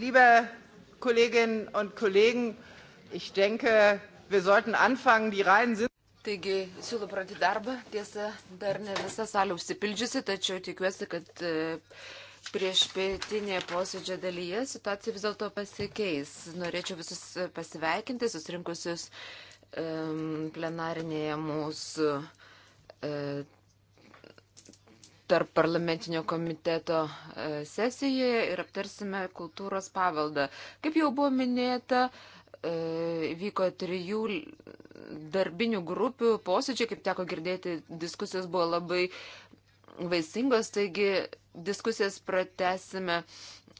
liebe Kolleginnen und Kollegen, ich denke, wir sollten anfangen, die Reihen sind. Taigi, siūlau pradėti darbą. Tiesa, dar ne visa salė užsipildžiusi, tačiau tikiuosi, kad e, prieš pietinėje posėdžio dalyje situacija vis dėlto pasikeis. Norėčiau visus e, pasiveikinti, susirinkusius um, plenarinėje mūsų uh, tarp parlamentinio komiteto e, sesijoje ir aptarsime kultūros paveldą. Kaip jau buvo minėta, e, vyko trijų darbinių grupių posėdžiai, kaip teko girdėti, diskusijos buvo labai vaisingos, taigi diskusijas pratesime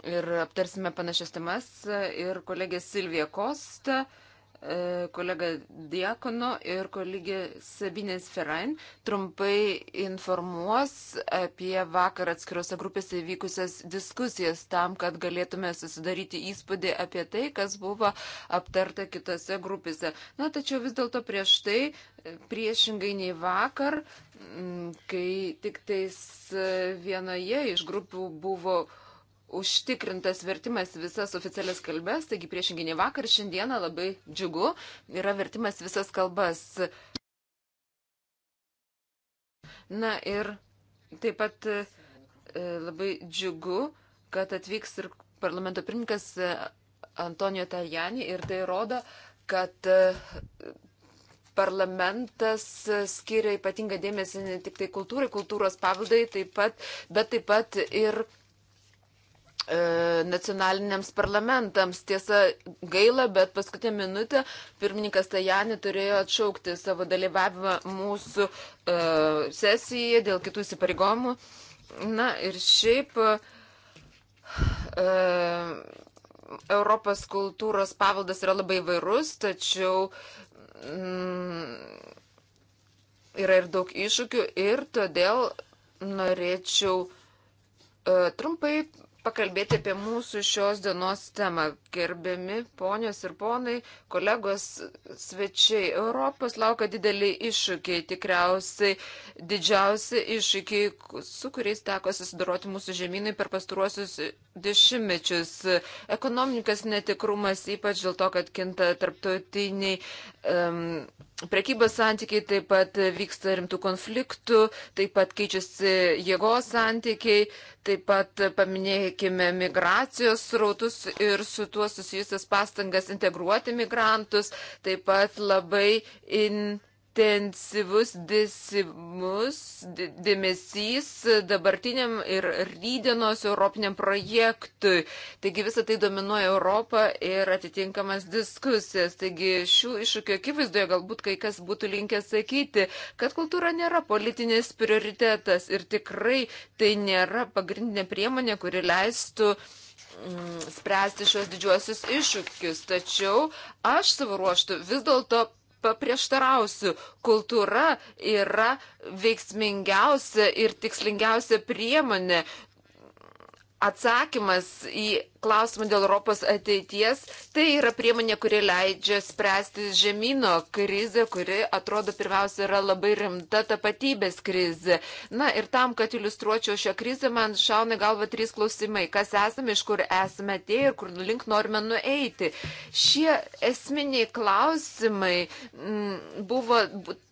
ir aptarsime panašias temas. E, ir kolegė Silvija Kosta E, kolega Diekono ir kolegė Sabinės Ferain trumpai informuos apie vakar atskirose grupėse vykusias diskusijas tam, kad galėtume susidaryti įspūdį apie tai, kas buvo aptarta kitose grupėse. Na, tačiau vis dėlto prieš tai, e, priešingai nei vakar, kai tik tais e, vienoje iš grupių buvo užtikrintas vertimas visas oficialias kalbas, taigi priešingai nei vakar, šiandieną labai džiugu, yra vertimas visas kalbas. Na ir taip pat e, labai džiugu, kad atvyks ir parlamento pirmininkas e, Antonijo Tajani ir tai rodo, kad e, parlamentas skiria ypatingą dėmesį ne tik tai kultūrai, kultūros pavaldai, taip pat, bet taip pat ir E, nacionaliniams parlamentams. Tiesa, gaila, bet paskutinę minutę pirmininkas Tajani turėjo atšaukti savo dalyvavimą mūsų uh, sesijoje dėl kitų įsipareigomų. Na ir šiaip uh, Europos kultūros pavaldas yra labai vairus, tačiau mm, yra ir daug iššūkių ir todėl norėčiau uh, trumpai pakalbėti apie mūsų šios dienos temą. Gerbiami ponios ir ponai, kolegos svečiai, Europos laukia dideliai iššūkiai, tikriausiai didžiausi iššūkiai, su kuriais teko susidoroti mūsų žemynai per pastaruosius dešimtmečius. Ekonomikas netikrumas, ypač dėl to, kad kinta tarptautiniai. Um, Prekybos santykiai taip pat vyksta rimtų konfliktų, taip pat keičiasi jėgos santykiai, taip pat paminėkime migracijos srautus ir su tuo susijusias pastangas integruoti migrantus, taip pat labai in, intensyvus disimus, dėmesys dabartiniam ir rydienos europiniam projektui. Taigi visą tai dominuoja Europą ir atitinkamas diskusijas. Taigi šių iššūkio akivaizdoje galbūt kai kas būtų linkęs sakyti, kad kultūra nėra politinės prioritetas ir tikrai tai nėra pagrindinė priemonė, kuri leistų mm, spręsti šios didžiuosius iššūkius. Tačiau aš savo ruoštų vis dėlto paprieštarausiu. Kultūra yra veiksmingiausia ir tikslingiausia priemonė atsakymas į klausimą dėl Europos ateities, tai yra priemonė, kuri leidžia spręsti žemynų krizę, kuri atrodo pirmiausia yra labai rimta tapatybės krizė. Na ir tam, kad iliustruočiau šią krizę, man šauna galva trys klausimai. Kas esame, iš kur esame atėję ir kur link norime nueiti. Šie esminiai klausimai m, mm, buvo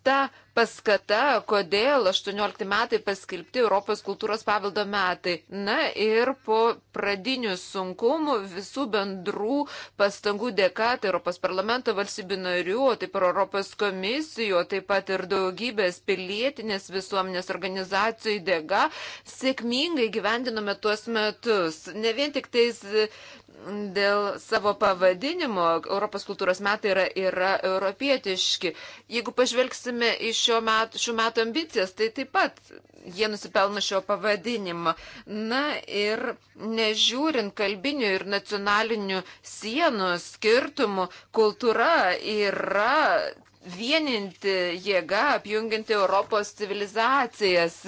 ta paskata, kodėl 18 metai paskelbti Europos kultūros paveldo metai. Na ir po pradinių sunkumų visų bendrų pastangų dėka, tai Europos parlamento valstybių narių, taip ir Europos komisijų, taip pat ir daugybės pilietinės visuomenės organizacijų dėka, sėkmingai gyvendinome tuos metus. Ne vien tik tais e, dėl savo pavadinimo Europos kultūros metai yra, yra europietiški. Jeigu pažvelgsime iš šio metų, šių metų ambicijas, tai taip pat jie nusipelno šio pavadinimo. Na ir nežiūrint kalbinių ir nacionalinių sienų skirtumų, kultūra yra vieninti jėga, apjunginti Europos civilizacijas.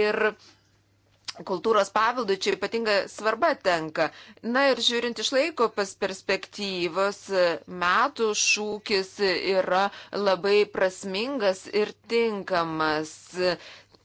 Ir kultūros paveldui čia ypatinga svarba tenka. Na ir žiūrint iš laiko perspektyvos, metų šūkis yra labai prasmingas ir tinkamas.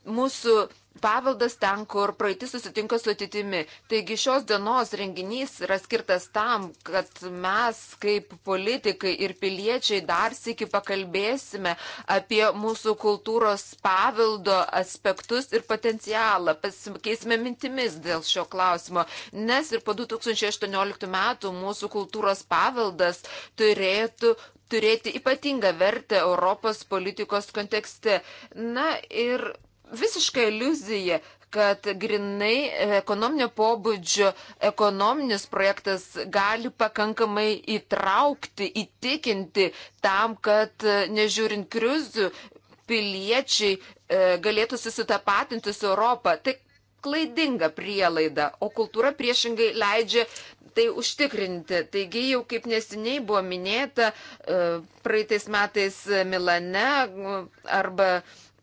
Mūsų paveldas ten, kur praeitis susitinka su atitimi. Taigi šios dienos renginys yra skirtas tam, kad mes kaip politikai ir piliečiai dar sėki pakalbėsime apie mūsų kultūros paveldo aspektus ir potencialą. Pasikeisime mintimis dėl šio klausimo, nes ir po 2018 metų mūsų kultūros paveldas turėtų turėti ypatingą vertę Europos politikos kontekste. Na ir visiška iliuzija, kad grinai ekonominio pobūdžio ekonominis projektas gali pakankamai įtraukti, įtikinti tam, kad e, nežiūrint krizių piliečiai e, galėtų susitapatinti su Europą. Tai klaidinga prielaida, o kultūra priešingai leidžia tai užtikrinti. Taigi jau kaip nesiniai buvo minėta e, praeitais metais Milane arba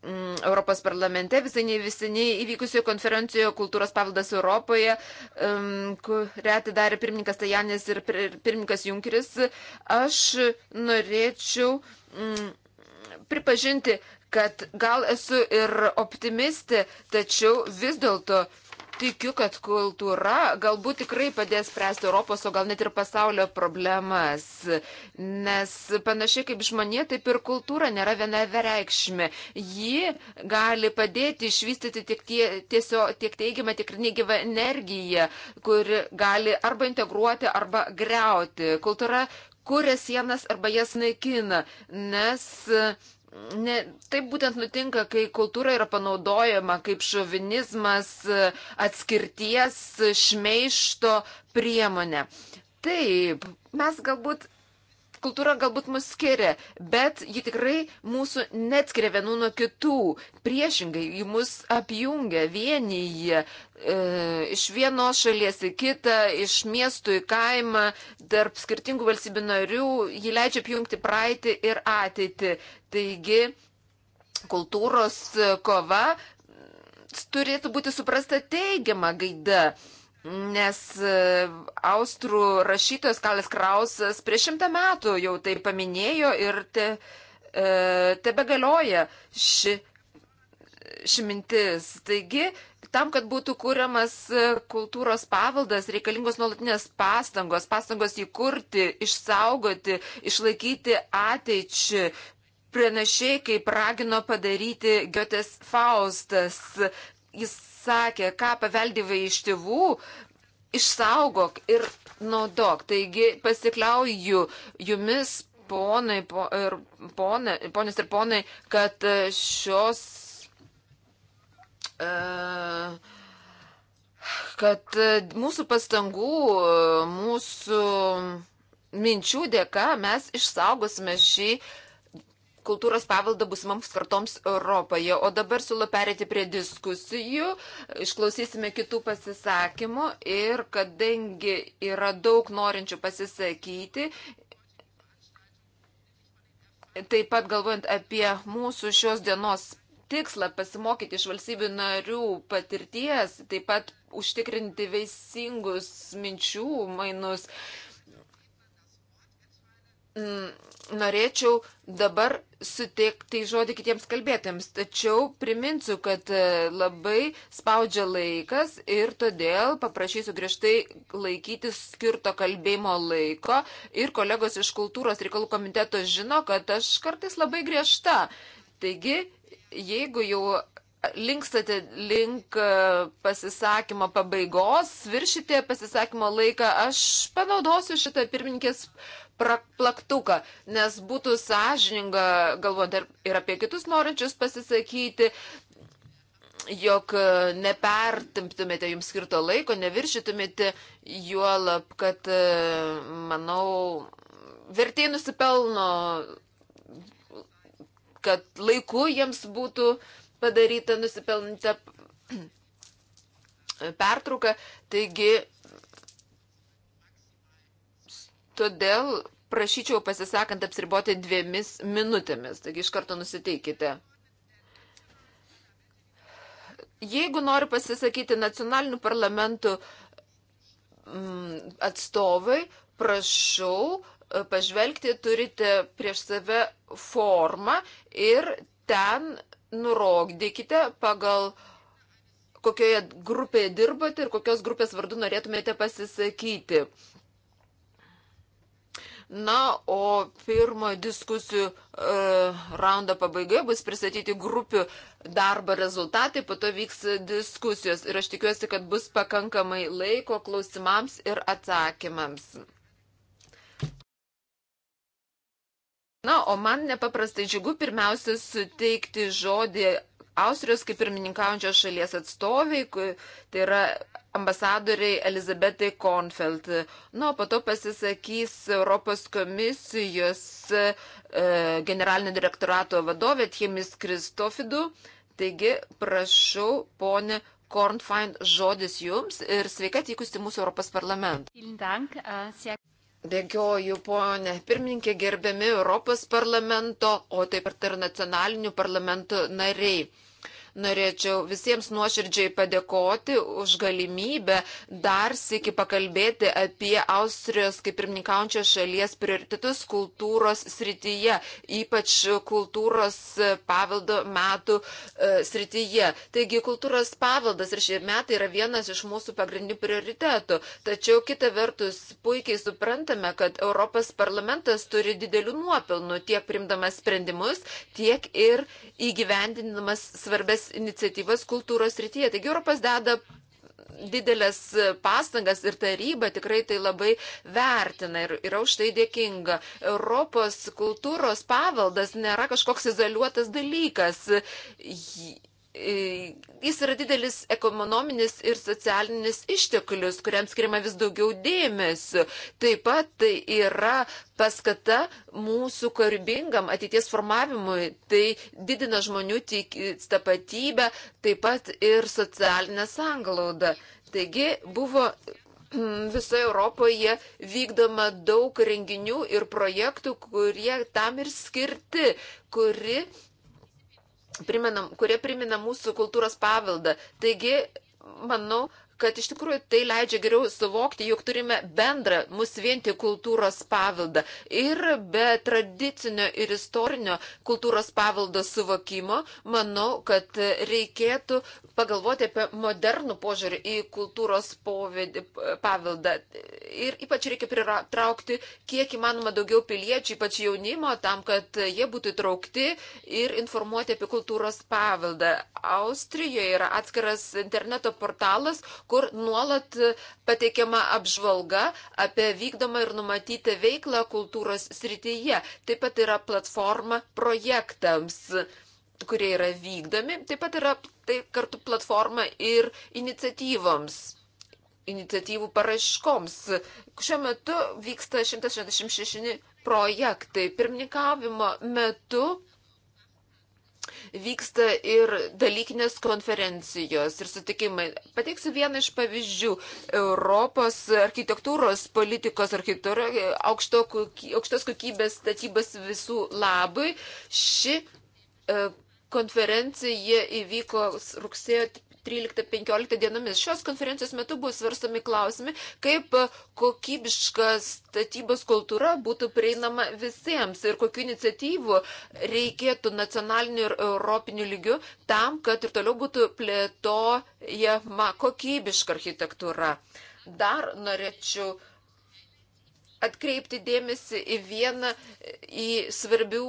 Mm, Europos parlamente visai neseniai įvykusioje konferencijoje Kultūros paveldas Europoje, mm, kurią atidarė pirmininkas Tajanis ir pirmininkas Junkeris, aš norėčiau mm, pripažinti, kad gal esu ir optimistė, tačiau vis dėlto tikiu, kad kultūra galbūt tikrai padės spręsti Europos, o gal net ir pasaulio problemas. Nes panašiai kaip žmonė, taip ir kultūra nėra viena vereikšmė. Ji gali padėti išvystyti tiek, tie, tiesio, tiek teigiamą, tiek neigiamą energiją, kuri gali arba integruoti, arba greuti. Kultūra kuria sienas arba jas naikina, nes uh, Ne, taip būtent nutinka, kai kultūra yra panaudojama kaip šovinizmas, atskirties, šmeišto priemonė. Taip, mes galbūt kultūra galbūt mus skiria, bet ji tikrai mūsų netskiria vienų nuo kitų. Priešingai, ji mus apjungia, vienyje, e, iš vienos šalies į kitą, iš miestų į kaimą, tarp skirtingų valstybių narių, ji leidžia apjungti praeitį ir ateitį. Taigi, kultūros kova turėtų būti suprasta teigiama gaida. E, Nes e, austrų rašytojas Kalis Krausas prieš šimtą metų jau tai paminėjo ir te, e, tebe galioja ši, ši mintis. Taigi, tam, kad būtų kūriamas e, kultūros paveldas, reikalingos nuolatinės pastangos, pastangos įkurti, išsaugoti, išlaikyti ateičiai, pranašiai, kaip ragino padaryti Götės Faustas. Jis sakė, ką paveldėvai iš tėvų, išsaugok ir naudok. Taigi pasikliauju jumis, ponai, po, ir ponai, ponis ir ponai, kad e, šios. Uh, kad e, mūsų pastangų, mūsų minčių dėka mes išsaugosime šį uh, kultūros paveldą busimams kartoms Europoje. O dabar siūlau perėti prie diskusijų, išklausysime kitų pasisakymų ir kadangi yra daug norinčių pasisakyti, taip pat galvojant apie mūsų šios dienos tikslą pasimokyti iš valstybių narių patirties, taip pat užtikrinti veisingus minčių mainus. Mm, norėčiau dabar suteikti žodį kitiems kalbėtėms, tačiau priminsiu, kad e, labai spaudžia laikas ir todėl paprašysiu griežtai laikytis skirto kalbėjimo laiko ir kolegos iš kultūros reikalų komiteto žino, kad aš kartais labai griežta. Taigi, jeigu jau linkstate link e, pasisakymo pabaigos, viršitė pasisakymo laiką, aš panaudosiu šitą pirmininkės plaktuką, nes būtų sąžininga, galvojant ir apie kitus norinčius pasisakyti, jog e, nepertimptumėte jums skirto laiko, neviršytumėte, juolab, kad, e, manau, vertėjai nusipelno, kad laiku jiems būtų uh, padaryta nusipelnyta pertrauka. Taigi, todėl prašyčiau pasisakant apsiriboti dviemis minutėmis. Taigi, iš karto nusiteikite. Jeigu nori pasisakyti nacionalinių parlamentų mm, atstovai, prašau, e, pažvelgti turite prieš save formą ir ten nurodykite pagal kokioje grupėje dirbate ir kokios grupės vardu norėtumėte pasisakyti. Na, o pirmo diskusijų uh, raundo pabaigoje bus pristatyti grupių darbo rezultatai, po to vyks diskusijos ir aš tikiuosi, kad bus pakankamai laiko klausimams ir atsakymams. Na, o man nepaprastai džiugu pirmiausia suteikti žodį Austrijos kaip pirmininkaujančios šalies atstoviai, tai yra ambasadoriai Elizabetai Konfeld. Nu, po to pasisakys Europos komisijos e, generalinio direktorato vadovė Tjemis Kristofidu. Taigi, prašau, ponė Kornfeind, žodis jums ir sveika atvykusi mūsų Europos parlamentą. Dėkoju, ponė pirmininkė, gerbiami Europos parlamento, o taip pat ir nacionalinių parlamentų nariai. Norėčiau visiems nuoširdžiai padėkoti už galimybę dar sėki pakalbėti apie Austrijos kaip pirmininkaujančios šalies prioritetus kultūros srityje, ypač kultūros paveldo metų e, srityje. Taigi kultūros paveldas ir šie metai yra vienas iš mūsų pagrindinių prioritetų. Tačiau kita vertus puikiai suprantame, kad Europos parlamentas turi didelių nuopelnų tiek primdamas sprendimus, tiek ir įgyvendinamas svarbes įvairias iniciatyvas kultūros rytyje. Taigi Europas deda didelės pastangas ir taryba tikrai tai labai vertina ir yra už tai dėkinga. Europos kultūros paveldas nėra kažkoks izoliuotas dalykas jis yra didelis ekonominis ir socialinis išteklius, kuriam skiriama vis daugiau dėmesio. Taip pat tai yra paskata mūsų karbingam ateities formavimui. Tai didina žmonių tapatybę, taip pat ir socialinę sanglaudą. Taigi buvo mm, visoje Europoje vykdoma daug renginių ir projektų, kurie tam ir skirti, kuri primenam, kurie primena mūsų kultūros paveldą. Taigi, manau, kad iš tikrųjų tai leidžia geriau suvokti, jog turime bendrą mūsų vienti kultūros paveldą. Ir be tradicinio ir istorinio kultūros paveldo suvokimo, manau, kad reikėtų pagalvoti apie modernų požiūrį į kultūros povėdį, paveldą. Ir ypač reikia pritraukti kiek įmanoma daugiau piliečių, ypač jaunimo, tam, kad jie būtų įtraukti ir informuoti apie kultūros paveldą. Austrijoje yra atskiras interneto portalas, kur nuolat pateikiama apžvalga apie vykdomą ir numatytą veiklą kultūros srityje. Taip pat yra platforma projektams kurie yra vykdomi, taip pat yra tai kartu platforma ir iniciatyvoms, iniciatyvų paraiškoms. Šiuo metu vyksta 166 projektai. Pirmininkavimo metu vyksta ir dalykinės konferencijos ir sutikimai. Pateiksiu vieną iš pavyzdžių. Europos architektūros politikos architektūra aukšto, aukštos kokybės statybas visų labui. Ši e, konferencija įvyko rugsėjo 13-15 dienomis. Šios konferencijos metu buvo svarstomi klausimai, kaip kokybiška statybos kultūra būtų prieinama visiems ir kokiu iniciatyvu reikėtų nacionaliniu ir europiniu lygiu tam, kad ir toliau būtų plėtojama kokybiška architektūra. Dar norėčiau atkreipti dėmesį į vieną į svarbių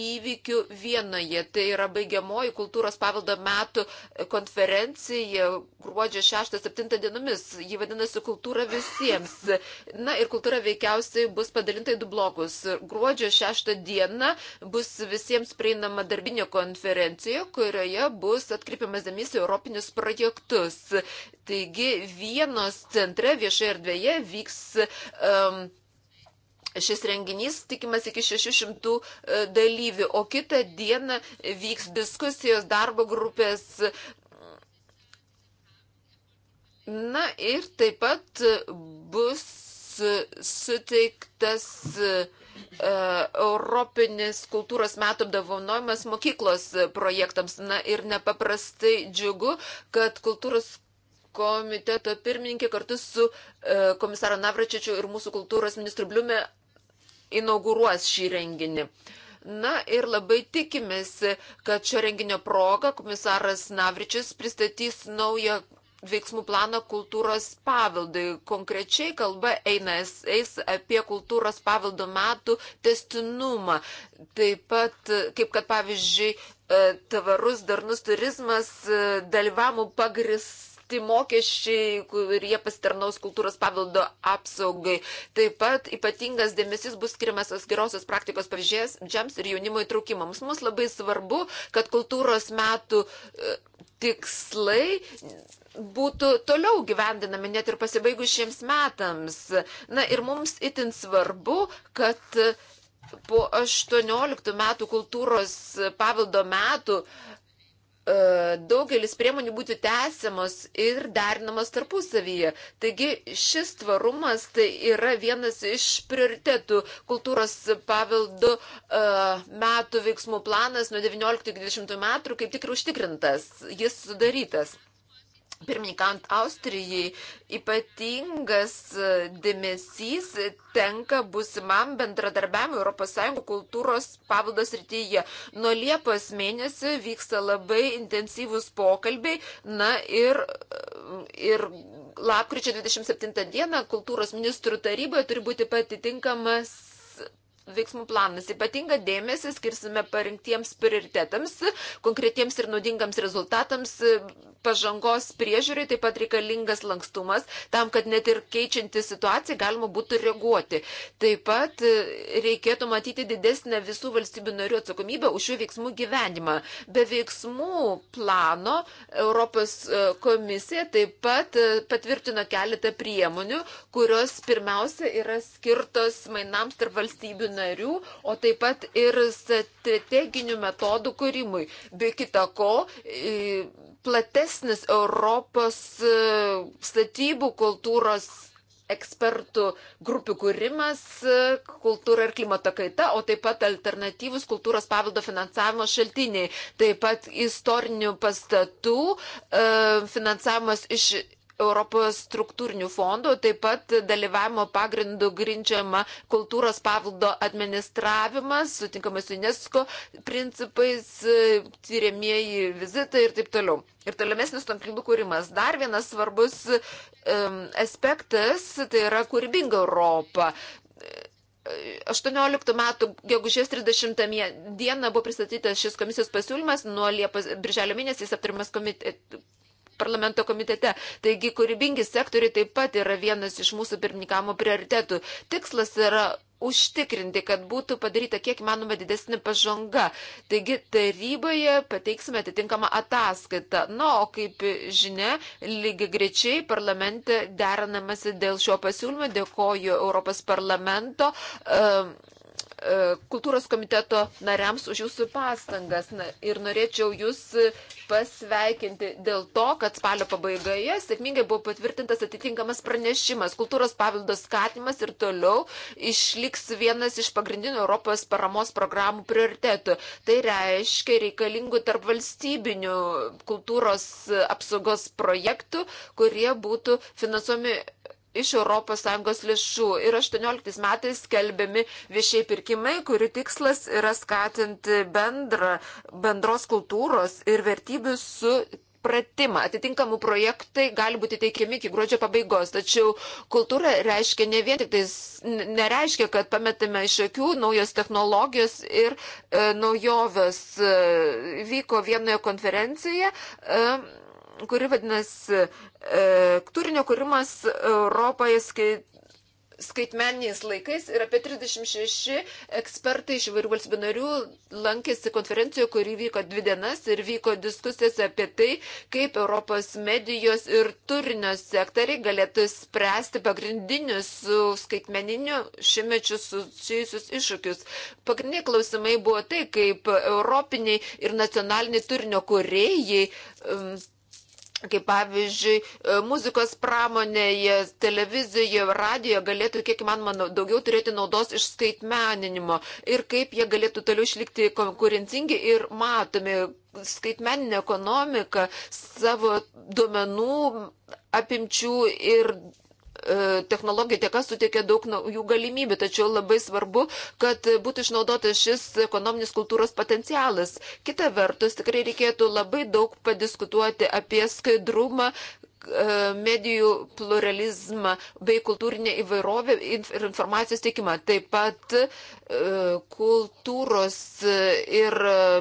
įvykių vienoje. Tai yra baigiamoji kultūros paveldo metų konferencija gruodžio 6-7 dienomis. Ji vadinasi Kultūra visiems. Na ir kultūra veikiausiai bus padalinta į du blokus. Gruodžio 6 diena bus visiems prieinama darbinė konferencija, kurioje bus atkreipiamas dėmesys į europinius projektus. Taigi vienos centre viešoje erdvėje vyks um, Šis renginys tikimas iki 600 e, dalyvių, o kitą dieną vyks diskusijos darbo grupės. Na ir taip pat bus suteiktas e, Europinis kultūros metų apdavanojimas mokyklos projektams. Na ir nepaprastai džiugu, kad kultūros komiteto pirmininkė kartu su e, komisaro Navračičiu ir mūsų kultūros ministru Bliume inauguruos šį renginį. Na ir labai tikimės, kad šio renginio proga komisaras Navričius pristatys naują veiksmų planą kultūros paveldui. Konkrečiai kalba eina eis apie kultūros paveldo metų testinumą. Taip pat, kaip kad pavyzdžiui, e, tvarus darnus turizmas e, dalyvamų pagris surinkti mokesčiai ir jie pasitarnaus kultūros paveldo apsaugai. Taip pat ypatingas dėmesys bus skiriamas gerosios praktikos pavyzdžiams ir jaunimo įtraukimams. Mums labai svarbu, kad kultūros metų e, tikslai būtų toliau gyvendinami net ir pasibaigus šiems metams. Na ir mums itin svarbu, kad po 18 metų kultūros paveldo metų E, daugelis priemonių būtų tęsiamos ir derinamos tarpusavyje. Taigi šis tvarumas tai yra vienas iš prioritetų kultūros paveldų e, metų veiksmų planas nuo 19-20 metų kaip tik ir užtikrintas, jis sudarytas pirmininkant Austrijai ypatingas e, dėmesys tenka busimam bendradarbiavimui ES kultūros pavaldos rytyje. Nuo Liepos mėnesio vyksta labai intensyvus pokalbiai, na ir, e, ir lapkričio 27 dieną kultūros ministrų taryboje turi būti patitinkama veiksmų planas. Ypatinga dėmesį skirsime parinktiems prioritetams, konkretiems ir naudingams rezultatams, pažangos priežiūrai, taip pat reikalingas lankstumas, tam, kad net ir keičianti situaciją galima būtų reaguoti. Taip pat e, reikėtų matyti didesnę visų valstybių narių atsakomybę už šių veiksmų gyvenimą. Be veiksmų plano Europos e, komisija taip pat e, patvirtino keletą priemonių, kurios pirmiausia yra skirtos mainams tarp valstybių narių, o taip pat ir strateginių metodų kūrimui. Be kita ko, platesnis Europos e, statybų kultūros ekspertų grupių kūrimas, e, kultūra ir klimato kaita, o taip pat alternatyvus kultūros paveldo finansavimo šaltiniai, taip pat istorinių pastatų e, finansavimas iš Europos struktūrinių fondų, taip pat dalyvavimo pagrindų grindžiama kultūros pavaldo administravimas, sutinkamai su UNESCO principais, tyriamieji vizitai ir taip toliau. Ir tolimesnis tinklų kūrimas. Dar vienas svarbus um, aspektas tai yra kūrybinga Europa. 18 metų gegužės 30 dieną buvo pristatytas šis komisijos pasiūlymas, nuo Liepos, birželio mėnesį jis aptarimas komite, parlamento komitete. Taigi, kūrybingi sektoriai taip pat yra vienas iš mūsų pirmininkamo prioritetų. Tikslas yra užtikrinti, kad būtų padaryta kiek manoma didesnė pažanga. Taigi taryboje pateiksime atitinkamą ataskaitą. Na, nu, o kaip žinia, lygiai grečiai parlamente deranamasi dėl šio pasiūlymo. Dėkoju Europos parlamento. Uh, E, kultūros komiteto nariams už jūsų pastangas na, ir norėčiau jūs pasveikinti dėl to, kad spalio pabaigoje sėkmingai buvo patvirtintas atitinkamas pranešimas. Kultūros pavildo skatimas ir toliau išliks vienas iš pagrindinių Europos paramos programų prioritetų. Tai reiškia reikalingų tarp valstybinių kultūros apsaugos projektų, kurie būtų finansuomi iš ES lėšų ir 18 metais skelbiami viešiai pirkimai, kurių tikslas yra skatinti bendrą, bendros kultūros ir vertybių su supratimą. Atitinkamų projektai gali būti teikiami iki gruodžio pabaigos, tačiau kultūra reiškia ne vien tik tai, nereiškia, kad pametame iš akių naujos technologijos ir e, naujovės. E, vyko vienoje konferencijoje. E, kuri vadinasi e, turinio kūrimas Europoje skait, skaitmeniniais laikais ir apie 36 ekspertai iš įvairių valstybių narių lankėsi konferencijoje, kuri vyko dvi dienas ir vyko diskusijose apie tai, kaip Europos medijos ir turinio sektoriai galėtų spręsti pagrindinius su skaitmeniniu šimečiu susijusius iššūkius. Pagrindiniai klausimai buvo tai, kaip europiniai ir nacionaliniai turinio kūrėjai um, kaip pavyzdžiui, e, muzikos pramonėje, televizijoje, radijoje galėtų kiek įmanoma daugiau turėti naudos iš skaitmeninimo ir kaip jie galėtų toliau išlikti konkurencingi ir matomi skaitmeninė ekonomika savo duomenų apimčių ir E, technologijų tieka suteikia daug naujų galimybių, tačiau labai svarbu, kad būtų išnaudotas šis ekonominis kultūros potencialas. Kita vertus, tikrai reikėtų labai daug padiskutuoti apie skaidrumą, E, medijų pluralizmą bei kultūrinę įvairovę ir informacijos teikimą. Taip pat e, kultūros ir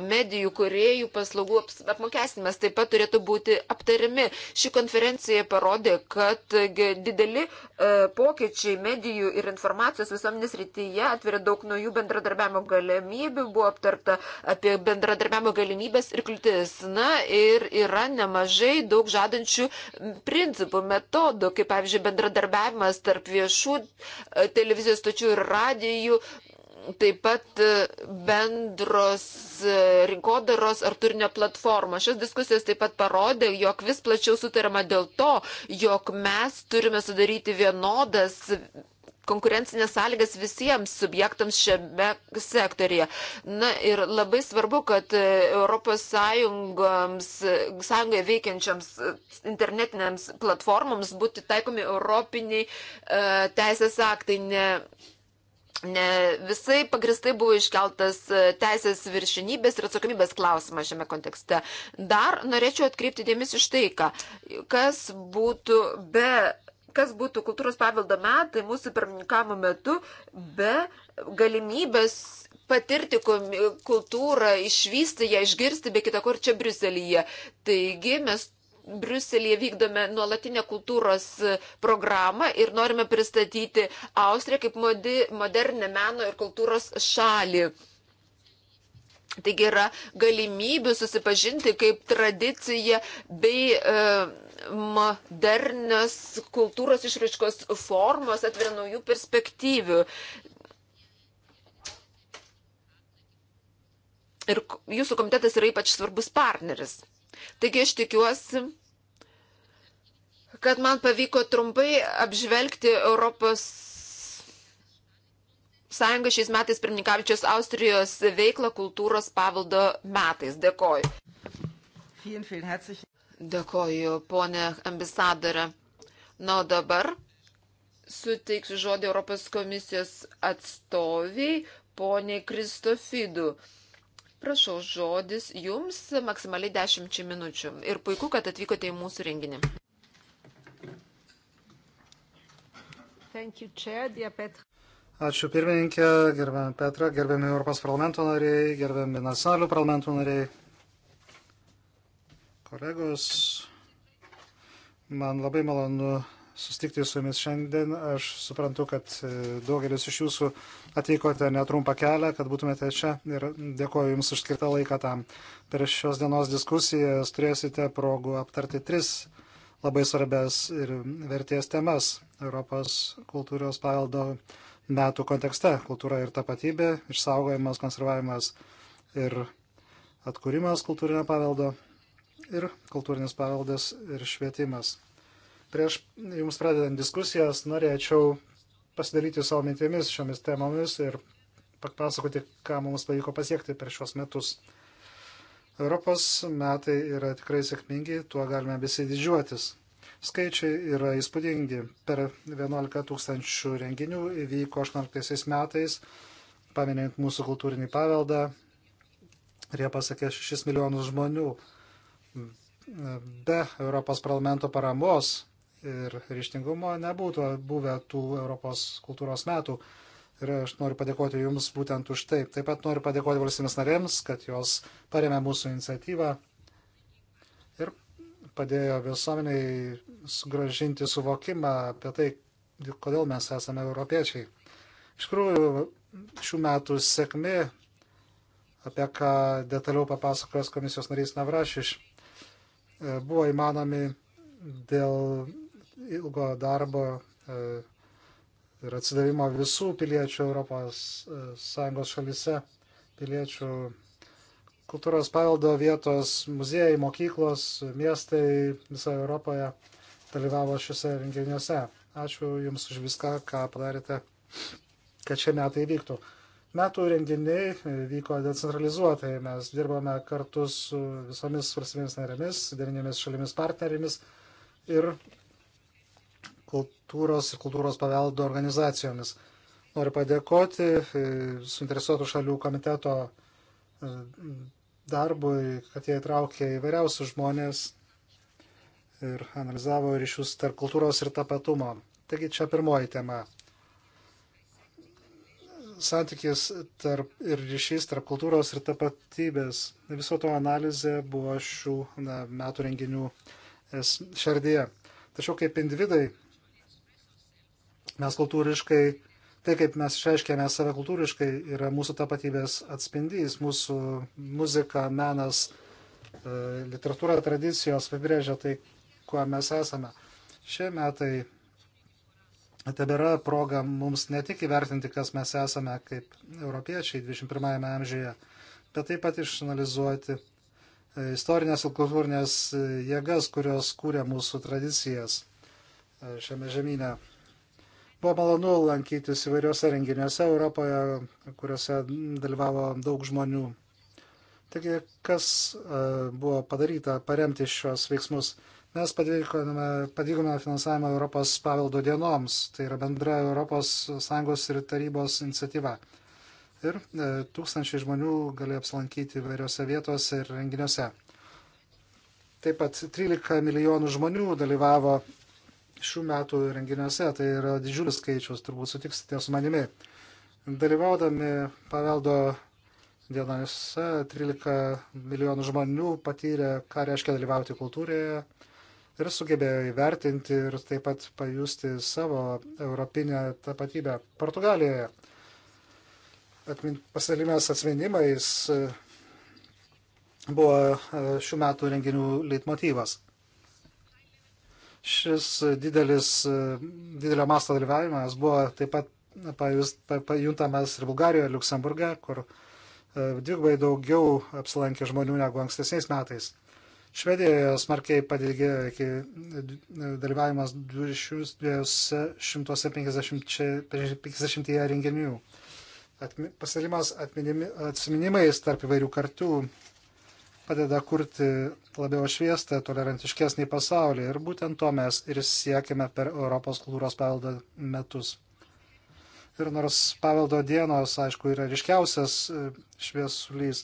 medijų kuriejų paslaugų apmokestinimas taip pat turėtų būti aptariami. Ši konferencija parodė, kad dideli e, pokyčiai medijų ir informacijos visuomenės rytyje atveria daug naujų bendradarbiavimo galimybių, buvo aptarta apie bendradarbiavimo galimybės ir kliūtis. Na ir yra nemažai daug žadančių principų, metodų, kaip pavyzdžiui bendradarbiavimas tarp viešų e, televizijos stočių ir radijų, taip pat e, bendros e, rinkodaros ar turinio platformos. Šios diskusijos taip pat parodė, jog vis plačiau sutarama dėl to, jog mes turime sudaryti vienodas konkurencinės sąlygas visiems subjektams šiame sektorėje. Na ir labai svarbu, kad ES sąjungoje veikiančiams e, internetiniams platformoms būtų taikomi europiniai e, teisės aktai. Ne, ne visai pagristai buvo iškeltas e, teisės viršinybės ir atsakomybės klausimas šiame kontekste. Dar norėčiau atkreipti dėmesį iš tai, ką, kas būtų be kas būtų kultūros paveldo metai mūsų pirmininkamo metu be galimybės patirti kultūrą, išvysti ją, išgirsti, be kita kur čia Briuselyje. Taigi mes Briuselėje vykdome nuolatinę kultūros programą ir norime pristatyti Austriją kaip modi, modernę meno ir kultūros šalį. Taigi yra galimybių susipažinti, kaip tradicija bei e, modernios kultūros išraiškos formos atveria naujų perspektyvių. Ir jūsų komitetas yra ypač svarbus partneris. Taigi aš tikiuosi, kad man pavyko trumpai apžvelgti Europos Sąjunga šiais metais pirmininkavičios Austrijos veiklą kultūros pavaldo metais. Dėkoju. Dėkoju, ponė ambasadorė. Na, o dabar suteiksiu žodį Europos komisijos atstoviai, poniai Kristofidų. Prašau, žodis jums maksimaliai 10 minučių. Ir puiku, kad atvykote į mūsų renginį. Ačiū pirmininkė, gerbiam Petrą, gerbiami Europos parlamento nariai, gerbiami nacionalių parlamentų nariai kolegos. Man labai malonu sustikti su jumis šiandien. Aš suprantu, kad e, daugelis iš jūsų atvykote netrumpą kelią, kad būtumėte čia ir dėkoju jums už skirtą laiką tam. Per šios dienos diskusijas turėsite progų aptarti tris labai svarbias ir verties temas Europos kultūros paveldo metų kontekste - kultūra ir tapatybė, išsaugojimas, konservavimas ir atkūrimas kultūrinio paveldo ir kultūrinis paveldas ir švietimas. Prieš jums pradedant diskusijas norėčiau pasidalyti savo mintimis šiomis temomis ir papasakoti, ką mums pavyko pasiekti per šios metus. Europos metai yra tikrai sėkmingi, tuo galime visi didžiuotis. Skaičiai yra įspūdingi. Per 11 tūkstančių renginių įvyko 18 metais, paminint mūsų kultūrinį paveldą, ir jie pasakė 6 milijonus žmonių be Europos parlamento paramos ir ryštingumo nebūtų buvę tų Europos kultūros metų. Ir aš noriu padėkoti Jums būtent už tai. Taip pat noriu padėkoti valstybės narėms, kad jos paremė mūsų iniciatyvą ir padėjo visuomeniai sugražinti suvokimą apie tai, kodėl mes esame europiečiai. Iš tikrųjų, šių metų sėkmė, apie ką detaliau papasakos komisijos narys Navrašiš, E, buvo įmanomi dėl ilgo darbo e, ir atsidavimo visų piliečių ES e, šalise, piliečių kultūros paveldo vietos, muziejai, mokyklos, miestai visoje Europoje dalyvavo šiuose renginiuose. Ačiū Jums už viską, ką padarėte, kad šie metai vyktų. Metų renginiai e, vyko decentralizuotai. Mes dirbame kartu su visomis svarstybėmis narėmis, devynėmis šalimis partnerėmis ir kultūros ir kultūros paveldo organizacijomis. Noriu padėkoti e, suinteresuotų šalių komiteto e, darbui, kad jie įtraukė įvairiausius žmonės ir analizavo ryšius tarp kultūros ir tapatumo. Taigi čia pirmoji tema santykis tarp, ir ryšys tarp kultūros ir tapatybės. Viso to analizė buvo šių na, metų renginių šerdyje. Tačiau kaip individai mes kultūriškai, tai kaip mes išreiškėme save kultūriškai, yra mūsų tapatybės atspindys, mūsų muzika, menas, e, literatūra, tradicijos apibrėžia tai, kuo mes esame. Šie metai tebėra proga mums ne tik įvertinti, kas mes esame kaip europiečiai 21-ame amžiuje, bet taip pat išanalizuoti e, istorinės ir kultūrinės e, jėgas, kurios kūrė mūsų tradicijas e, šiame žemynė. Buvo malonu lankytis įvairiuose renginiuose Europoje, kuriuose dalyvavo daug žmonių. Taigi, kas buvo padaryta paremti šios veiksmus? Mes padidinome finansavimą Europos paveldo dienoms, tai yra bendra ES ir tarybos iniciatyva. Ir e, tūkstančiai žmonių gali apsilankyti įvairiose vietose ir renginiuose. Taip pat 13 milijonų žmonių dalyvavo šių metų renginiuose, tai yra didžiulis skaičius, turbūt sutiksite su manimi. Dalyvaudami paveldo dienomis 13 e, milijonų žmonių patyrė, ką reiškia dalyvauti kultūrėje, ir sugebėjo įvertinti ir taip pat pajusti savo europinę tapatybę Portugalijoje. Atmin, pasidalimės atminimais buvo e, šių metų renginių leitmotyvas. Šis didelis, e, didelio masto dalyvavimas buvo taip pat pajuntamas ir Bulgarijoje, Luksemburge, kur e, dvigubai daugiau apsilankė žmonių negu ankstesniais metais. Švedijoje smarkiai padidėjo iki e, dalyvavimas 250 renginių. Atmi, pasirimas atsiminimais tarp įvairių kartų padeda kurti labiau šviestą, tolerantiškesnį pasaulį. Ir būtent to mes ir siekime per Europos kultūros paveldo metus. Ir nors paveldo dienos, aišku, yra ryškiausias e, šviesulys,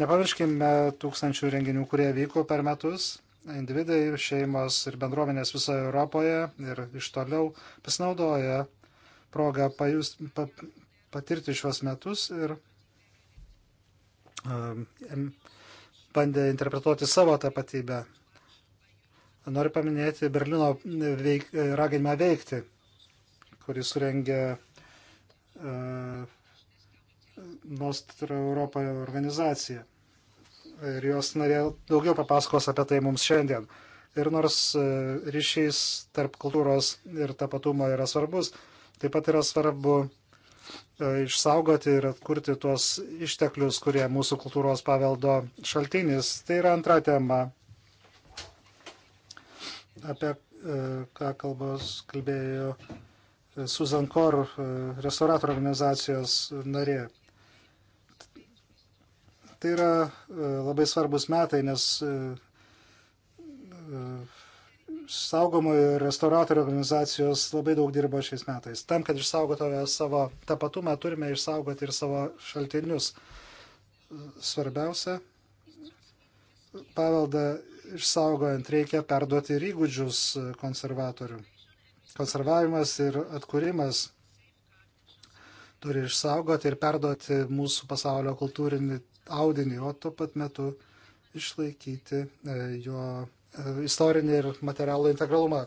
Nepamirškime tūkstančių renginių, kurie vyko per metus. Individai, šeimos ir bendruomenės visoje Europoje ir iš toliau pasinaudoja progą pajust, pa, patirti šios metus ir um, bandė interpretuoti savo tapatybę. Noriu paminėti Berlino veik, raginimą veikti, kurį surengė uh, Nostra Europa organizacija. Ir jos narė daugiau papasakos apie tai mums šiandien. Ir nors e, ryšys tarp kultūros ir tapatumo yra svarbus, taip pat yra svarbu e, išsaugoti ir atkurti tuos išteklius, kurie mūsų kultūros paveldo šaltinis. Tai yra antra tema, apie e, ką kalbos kalbėjo Susan Kor, restauratorių organizacijos narė. Tai yra e, labai svarbus metai, nes e, e, saugomo ir restauratorių organizacijos labai daug dirbo šiais metais. Tam, kad išsaugotume savo tapatumą, turime išsaugoti ir savo šaltinius. Svarbiausia, paveldą išsaugojant reikia perduoti ir įgūdžius konservatorių. Konservavimas ir atkūrimas turi išsaugoti ir perduoti mūsų pasaulio kultūrinį audinį, o tuo pat metu išlaikyti e, jo e, istorinį ir materialų integralumą.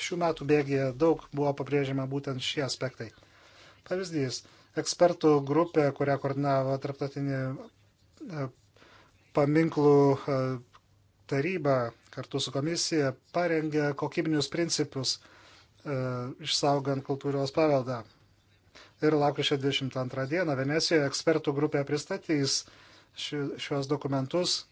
Šių metų bėgėje daug buvo pabrėžiama būtent šie aspektai. Pavyzdys, ekspertų grupė, kurią koordinavo tarptautinė e, paminklų taryba kartu su komisija, parengė kokybinius principus išsaugant kultūros paveldą. Ir lakryčio 22 dieną Venecijoje ekspertų grupė pristatys uh, šiuos dokumentus.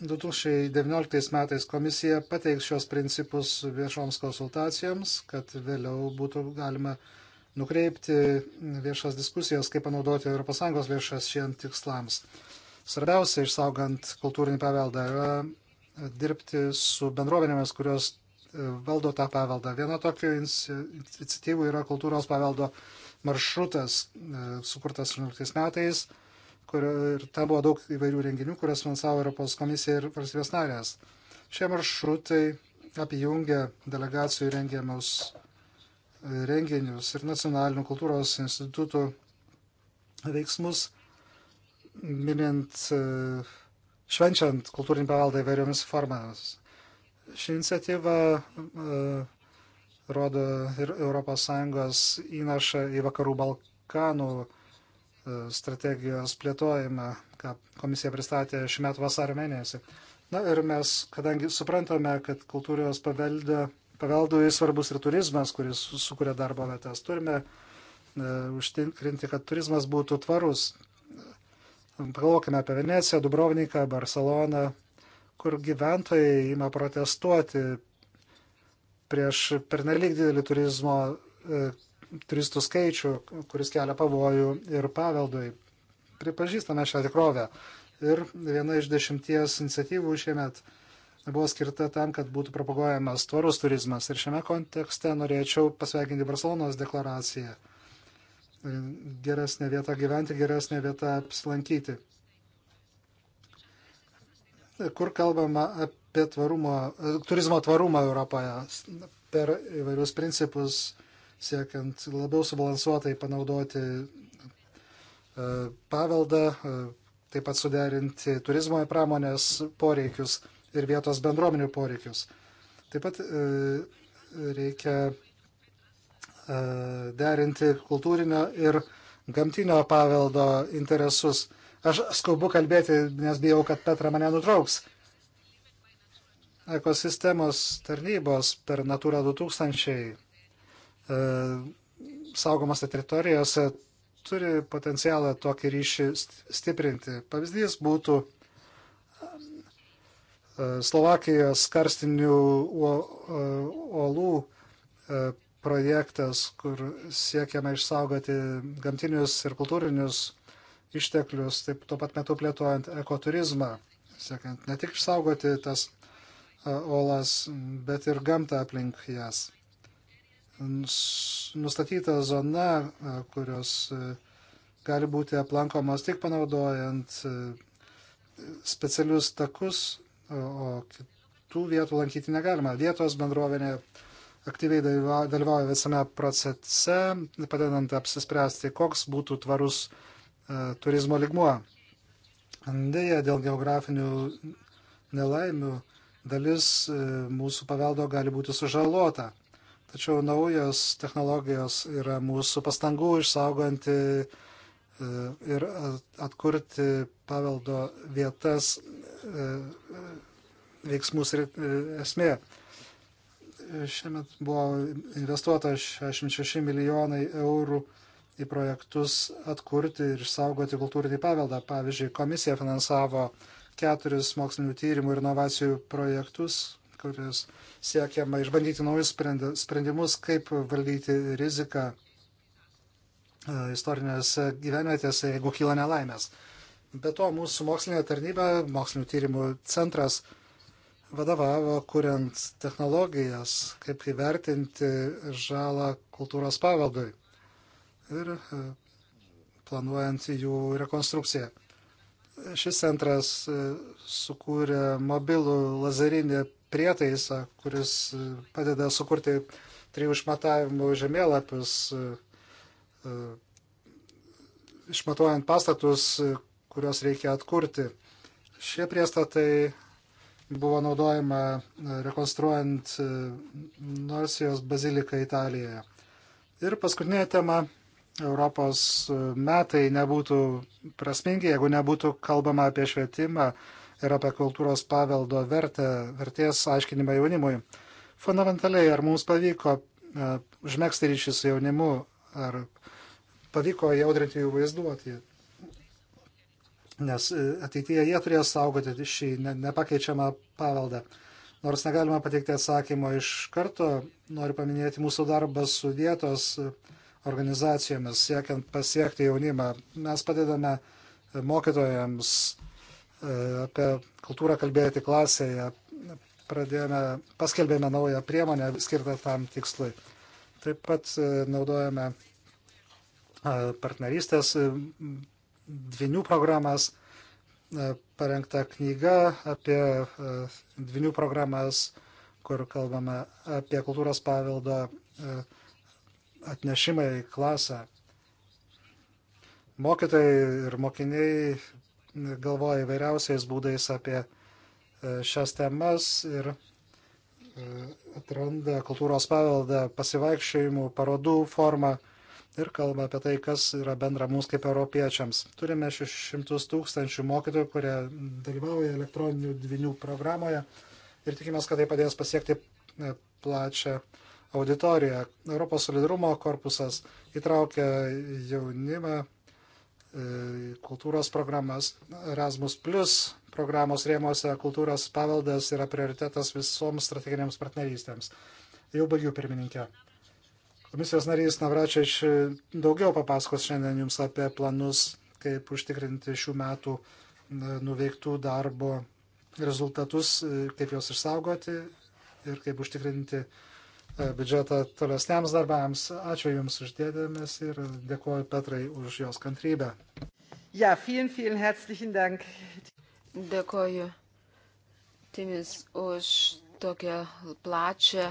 2019 metais komisija pateiks šios principus viešoms konsultacijoms, kad vėliau būtų galima nukreipti viešas diskusijas, kaip panaudoti ES lėšas šiems tikslams. Svarbiausia, išsaugant kultūrinį paveldą, yra dirbti su bendruomenėmis, kurios valdo tą paveldą. Viena tokių iniciatyvų yra kultūros paveldo maršrutas e, sukurtas 18 metais kur, ir ten buvo daug įvairių renginių, kurias finansavo Europos komisija ir valstybės narės. Šie maršrutai apjungia delegacijų rengiamus e, renginius ir nacionalinių kultūros institutų veiksmus, minint, e, švenčiant kultūrinį paveldą įvairiomis formomis. Ši iniciatyva uh, rodo ir ES įnašą į vakarų Balkanų e, strategijos plėtojimą, ką komisija pristatė šiuo metu vasario mėnesį. Na ir mes, kadangi suprantame, kad kultūros paveldą, paveldui svarbus ir turizmas, kuris sukuria darbo vietas, turime e, užtikrinti, kad turizmas būtų tvarus. Pagalvokime apie Veneciją, Dubrovniką, Barceloną, kur gyventojai ima protestuoti prieš pernelyg didelį turizmo e, turistų skaičių, kuris kelia pavojų ir paveldui. Pripažįstame šią tikrovę. Ir viena iš dešimties iniciatyvų šiemet buvo skirta tam, kad būtų propaguojamas tvarus turizmas. Ir šiame kontekste norėčiau pasveikinti Barcelonos deklaraciją. Geresnė vieta gyventi, geresnė vieta apsilankyti kur kalbama apie tvarumo, turizmo tvarumą Europoje per įvairius principus, siekiant labiau subalansuotai panaudoti e, paveldą, e, taip pat suderinti turizmo ir pramonės poreikius ir vietos bendruomenių poreikius. Taip pat e, reikia derinti kultūrinio ir gamtinio paveldo interesus. Aš skubu kalbėti, nes bijau, kad Petra mane nutrauks. Ekosistemos tarnybos per Natura 2000 e, saugomose teritorijose turi potencialą tokį ryšį stiprinti. Pavyzdys būtų e, Slovakijos karstinių e, uolų e, projektas, kur siekiama išsaugoti gamtinius ir kultūrinius išteklius, taip tuo pat metu plėtojant ekoturizmą, siekiant ne tik išsaugoti tas olas, bet ir gamtą aplink jas. Nustatyta zona, kurios gali būti aplankomos tik panaudojant specialius takus, o kitų vietų lankyti negalima. Vietos bendruomenė aktyviai dalyvauja visame procese, padedant apsispręsti, koks būtų tvarus E, turizmo ligmuo. Deja, dėl geografinių nelaimių dalis e, mūsų paveldo gali būti sužalota. Tačiau naujos technologijos yra mūsų pastangų išsauganti e, ir atkurti paveldo vietas veiksmus ir esmė. Šiemet buvo investuota 66 milijonai eurų į projektus atkurti ir išsaugoti kultūrinį paveldą. Pavyzdžiui, komisija finansavo keturis mokslinių tyrimų ir inovacijų projektus, kuris siekiama išbandyti naujus sprendimus, kaip valdyti riziką e, istorinėse gyvenvietėse, jeigu kyla nelaimės. Be to, mūsų mokslinė tarnyba, mokslinių tyrimų centras vadovavo, kuriant technologijas, kaip įvertinti žalą kultūros paveldui ir e, planuojant jų rekonstrukciją. Šis centras e, sukūrė mobilų lazerinį prietaisą, kuris e, padeda sukurti trijų išmatavimų žemėlapius, išmatuojant pastatus, kuriuos reikia atkurti. Šie priestatai buvo naudojama rekonstruojant Norsijos baziliką Italijoje. Ir paskutinė tema Europos e, metai nebūtų prasmingi, jeigu nebūtų kalbama apie švietimą ir apie kultūros paveldo vertę, vertės aiškinimą jaunimui. Fundamentaliai, ar mums pavyko e, užmėgsti ryšį su jaunimu, ar pavyko jaudrinti jų vaizduoti. Nes e, ateityje jie turės saugoti šį nepakeičiamą paveldą. Nors negalima pateikti atsakymo iš karto, noriu paminėti mūsų darbą su vietos uh, organizacijomis, siekiant pasiekti jaunimą. Mes padedame mokytojams e, apie kultūrą kalbėti klasėje. Pradėjome, paskelbėme naują priemonę skirtą tam tikslui. Taip pat e, naudojame e, partnerystės dvinių programas, parengta knyga apie dvinių programas, kur kalbame apie kultūros paveldo atnešimai į klasę. Mokytojai ir mokiniai galvoja įvairiausiais būdais apie e, šias temas ir e, atranda kultūros paveldą pasivaikščiojimų, parodų formą ir kalba apie tai, kas yra bendra mums kaip europiečiams. Turime 600 tūkstančių mokytojų, kurie dalyvauja elektroninių dvinių programoje ir tikimės, kad tai padės pasiekti e, plačią auditoriją. Europos solidarumo korpusas įtraukia jaunimą, e, kultūros programas, Erasmus Plus programos rėmose kultūros paveldas yra prioritetas visoms strateginėms partnerystėms. Jau baigiu pirmininkę. Komisijos narys Navračiš daugiau papasakos šiandien jums apie planus, kaip užtikrinti šių metų e, nuveiktų darbo rezultatus, e, kaip juos išsaugoti ir kaip užtikrinti uh, E, biudžetą tolesniams darbams. Ačiū Jums uždėdėmės ir dėkuoju Petrai už jos kantrybę. Ja, vielen, vielen herzlichen Dank. Dėkuoju Timis už tokią plačią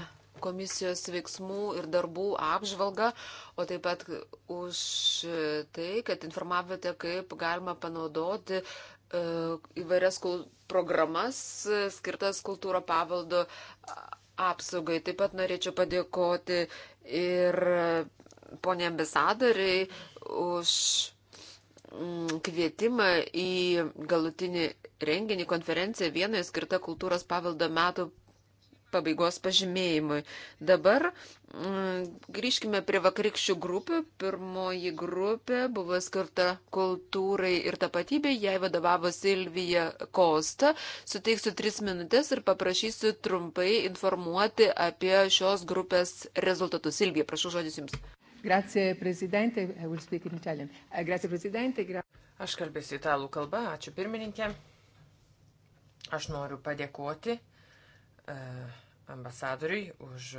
komisijos veiksmų ir darbų apžvalgą, o taip pat už tai, kad informavote, kaip galima panaudoti e, įvairias programas e, skirtas kultūro pavaldo apsaugai. Taip pat norėčiau padėkoti ir ponė ambasadoriai už mm, kvietimą į galutinį renginį konferenciją vienoje skirtą kultūros paveldo metų pabaigos pažymėjimui. Dabar mm, grįžkime prie vakarykščių grupių. Pirmoji grupė buvo skirta kultūrai ir tapatybei, jai vadovavo Silvija Kosta. Suteiksiu tris minutės ir paprašysiu trumpai informuoti apie šios grupės rezultatus. Silvija, prašau žodis Jums. Grazie, prezidentė. Eh, grazie, prezidentė. Gra... Aš kalbėsiu italų kalbą. Ačiū pirmininkė. Aš noriu padėkoti. Uh ambasadoriui už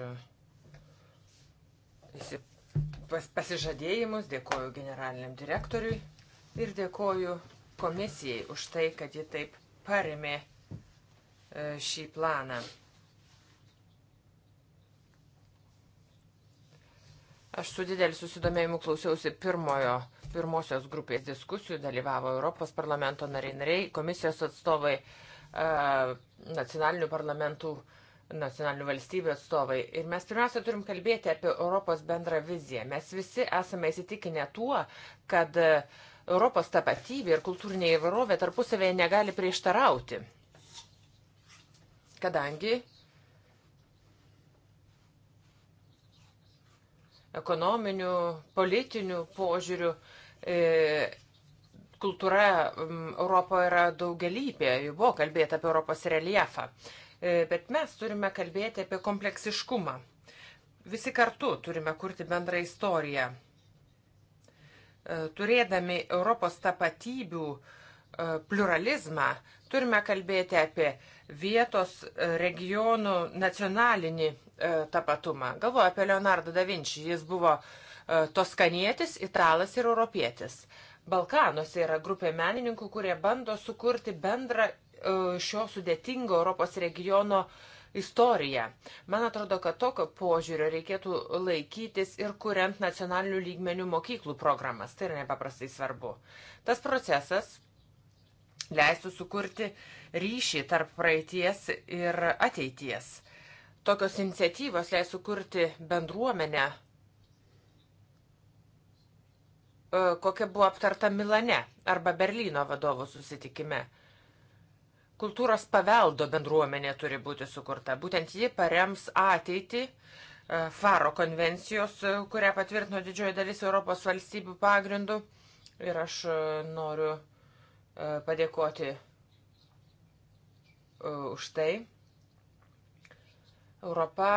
pasižadėjimus, dėkoju generaliniam direktoriui ir dėkoju komisijai už tai, kad ji taip paremė e, šį planą. Aš su dideliu susidomėjimu klausiausi pirmojo, pirmosios grupės diskusijų, dalyvavo Europos parlamento nariai, nariai komisijos atstovai, e, nacionalinių parlamentų uh, nacionalinių valstybių atstovai. Ir mes pirmiausia turim kalbėti apie Europos bendrą viziją. Mes visi esame įsitikinę tuo, kad Europos tapatybė ir kultūrinė įvairovė tarpusavėje negali prieštarauti. Kadangi ekonominių, politinių požiūrių e, kultūra Europoje yra daugelybė. Jau buvo kalbėta apie Europos reliefą. E, E, bet mes turime kalbėti apie kompleksiškumą. Visi kartu turime kurti bendrą istoriją. E, turėdami Europos tapatybių e, pluralizmą, turime kalbėti apie vietos regionų nacionalinį tapatumą. Galvoju apie Leonardo da Vinci. Jis buvo toskanietis, italas ir europietis. Balkanuose yra grupė menininkų, kurie bando sukurti bendrą E, šio sudėtingo Europos regiono istoriją. Man atrodo, kad tokio požiūrio reikėtų laikytis ir kuriant nacionalinių lygmenių mokyklų programas. Tai yra nepaprastai svarbu. Tas procesas leistų sukurti ryšį tarp praeities ir ateities. Tokios iniciatyvos leis sukurti bendruomenę, e, kokia buvo aptarta Milane arba Berlyno vadovų susitikime. Kultūros paveldo bendruomenė turi būti sukurta. Būtent ji parems ateitį e, Faro konvencijos, e, kurią patvirtino didžioji dalis Europos valstybių pagrindų. Ir aš e, noriu padėkoti už tai. Europa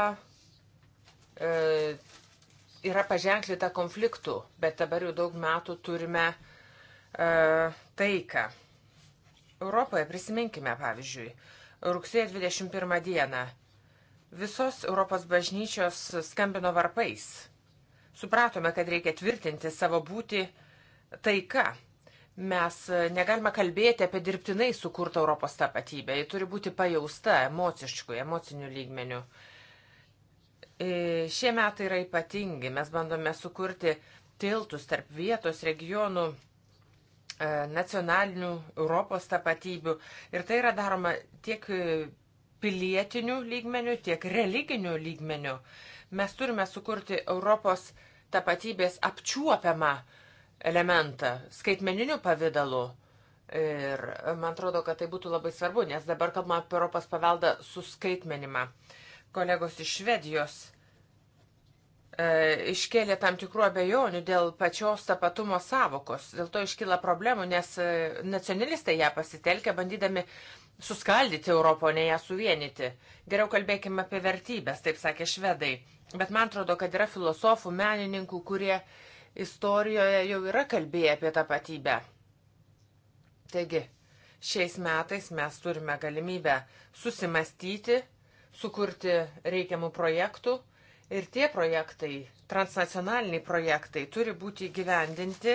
yra paženklyta konfliktų, bet dabar jau daug metų turime taiką. Europoje prisiminkime, pavyzdžiui, rugsėjo 21 dieną visos Europos bažnyčios skambino varpais. Supratome, kad reikia tvirtinti savo būti taika. Mes negalime kalbėti apie dirbtinai sukurtą Europos tapatybę. Ji turi būti pajausta emociškų, emocinių lygmenių. E, šie metai yra ypatingi. Mes bandome sukurti tiltus tarp vietos regionų E, nacionalinių Europos tapatybių. Ir tai yra daroma tiek e, pilietinių lygmenių, tiek religinių lygmenių. Mes turime sukurti Europos tapatybės apčiuopiamą elementą skaitmeniniu pavydalu. Ir man atrodo, kad tai būtų labai svarbu, nes dabar kalbame apie Europos paveldą suskaitmenimą. Kolegos iš Švedijos E, iškėlė tam tikrų abejonių dėl pačios tapatumo savokos. Dėl to iškyla problemų, nes e, nacionalistai ją pasitelkia, bandydami suskaldyti Europą, ne ją suvienyti. Geriau kalbėkime apie vertybės, taip sakė švedai. Bet man atrodo, kad yra filosofų, menininkų, kurie istorijoje jau yra kalbėję apie tapatybę. Taigi, šiais metais mes turime galimybę susimastyti, sukurti reikiamų projektų Ir tie projektai, transnacionaliniai projektai, turi būti įgyvendinti,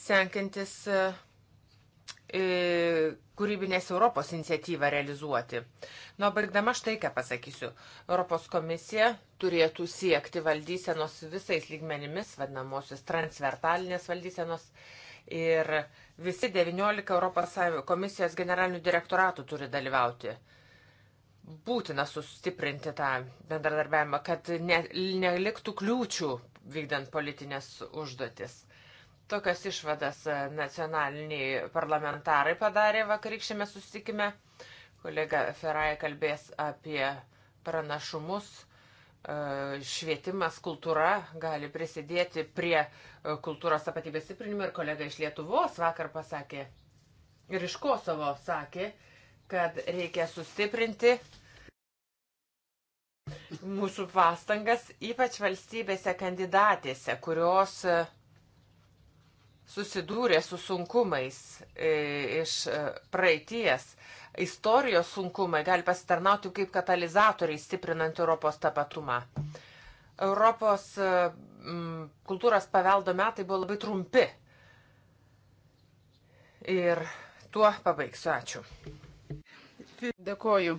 senkintis e, kūrybinės Europos iniciatyvą realizuoti. Nu, baigdama štai ką pasakysiu. Europos komisija turėtų siekti valdysenos visais lygmenimis, vadinamosios transvertalinės valdysenos. Ir visi 19 Europos komisijos generalinių direktoratų turi dalyvauti būtina sustiprinti tą bendradarbiavimą, kad ne, neliktų kliūčių vykdant politinės užduotis. Tokias išvadas e, nacionaliniai parlamentarai padarė vakarykščiame susitikime. Kolega Feraja kalbės apie pranašumus. E, švietimas, kultūra gali prisidėti prie e, kultūros tapatybės stiprinimo ir kolega iš Lietuvos vakar pasakė ir iš Kosovo sakė, kad reikia sustiprinti mūsų pastangas, ypač valstybėse kandidatėse, kurios e, susidūrė su sunkumais e, iš e, praeities. Istorijos sunkumai gali pasitarnauti kaip katalizatoriai stiprinant Europos tapatumą. Europos kultūros paveldo metai buvo labai trumpi. Ir tuo pabaigsiu. Ačiū. Dėkoju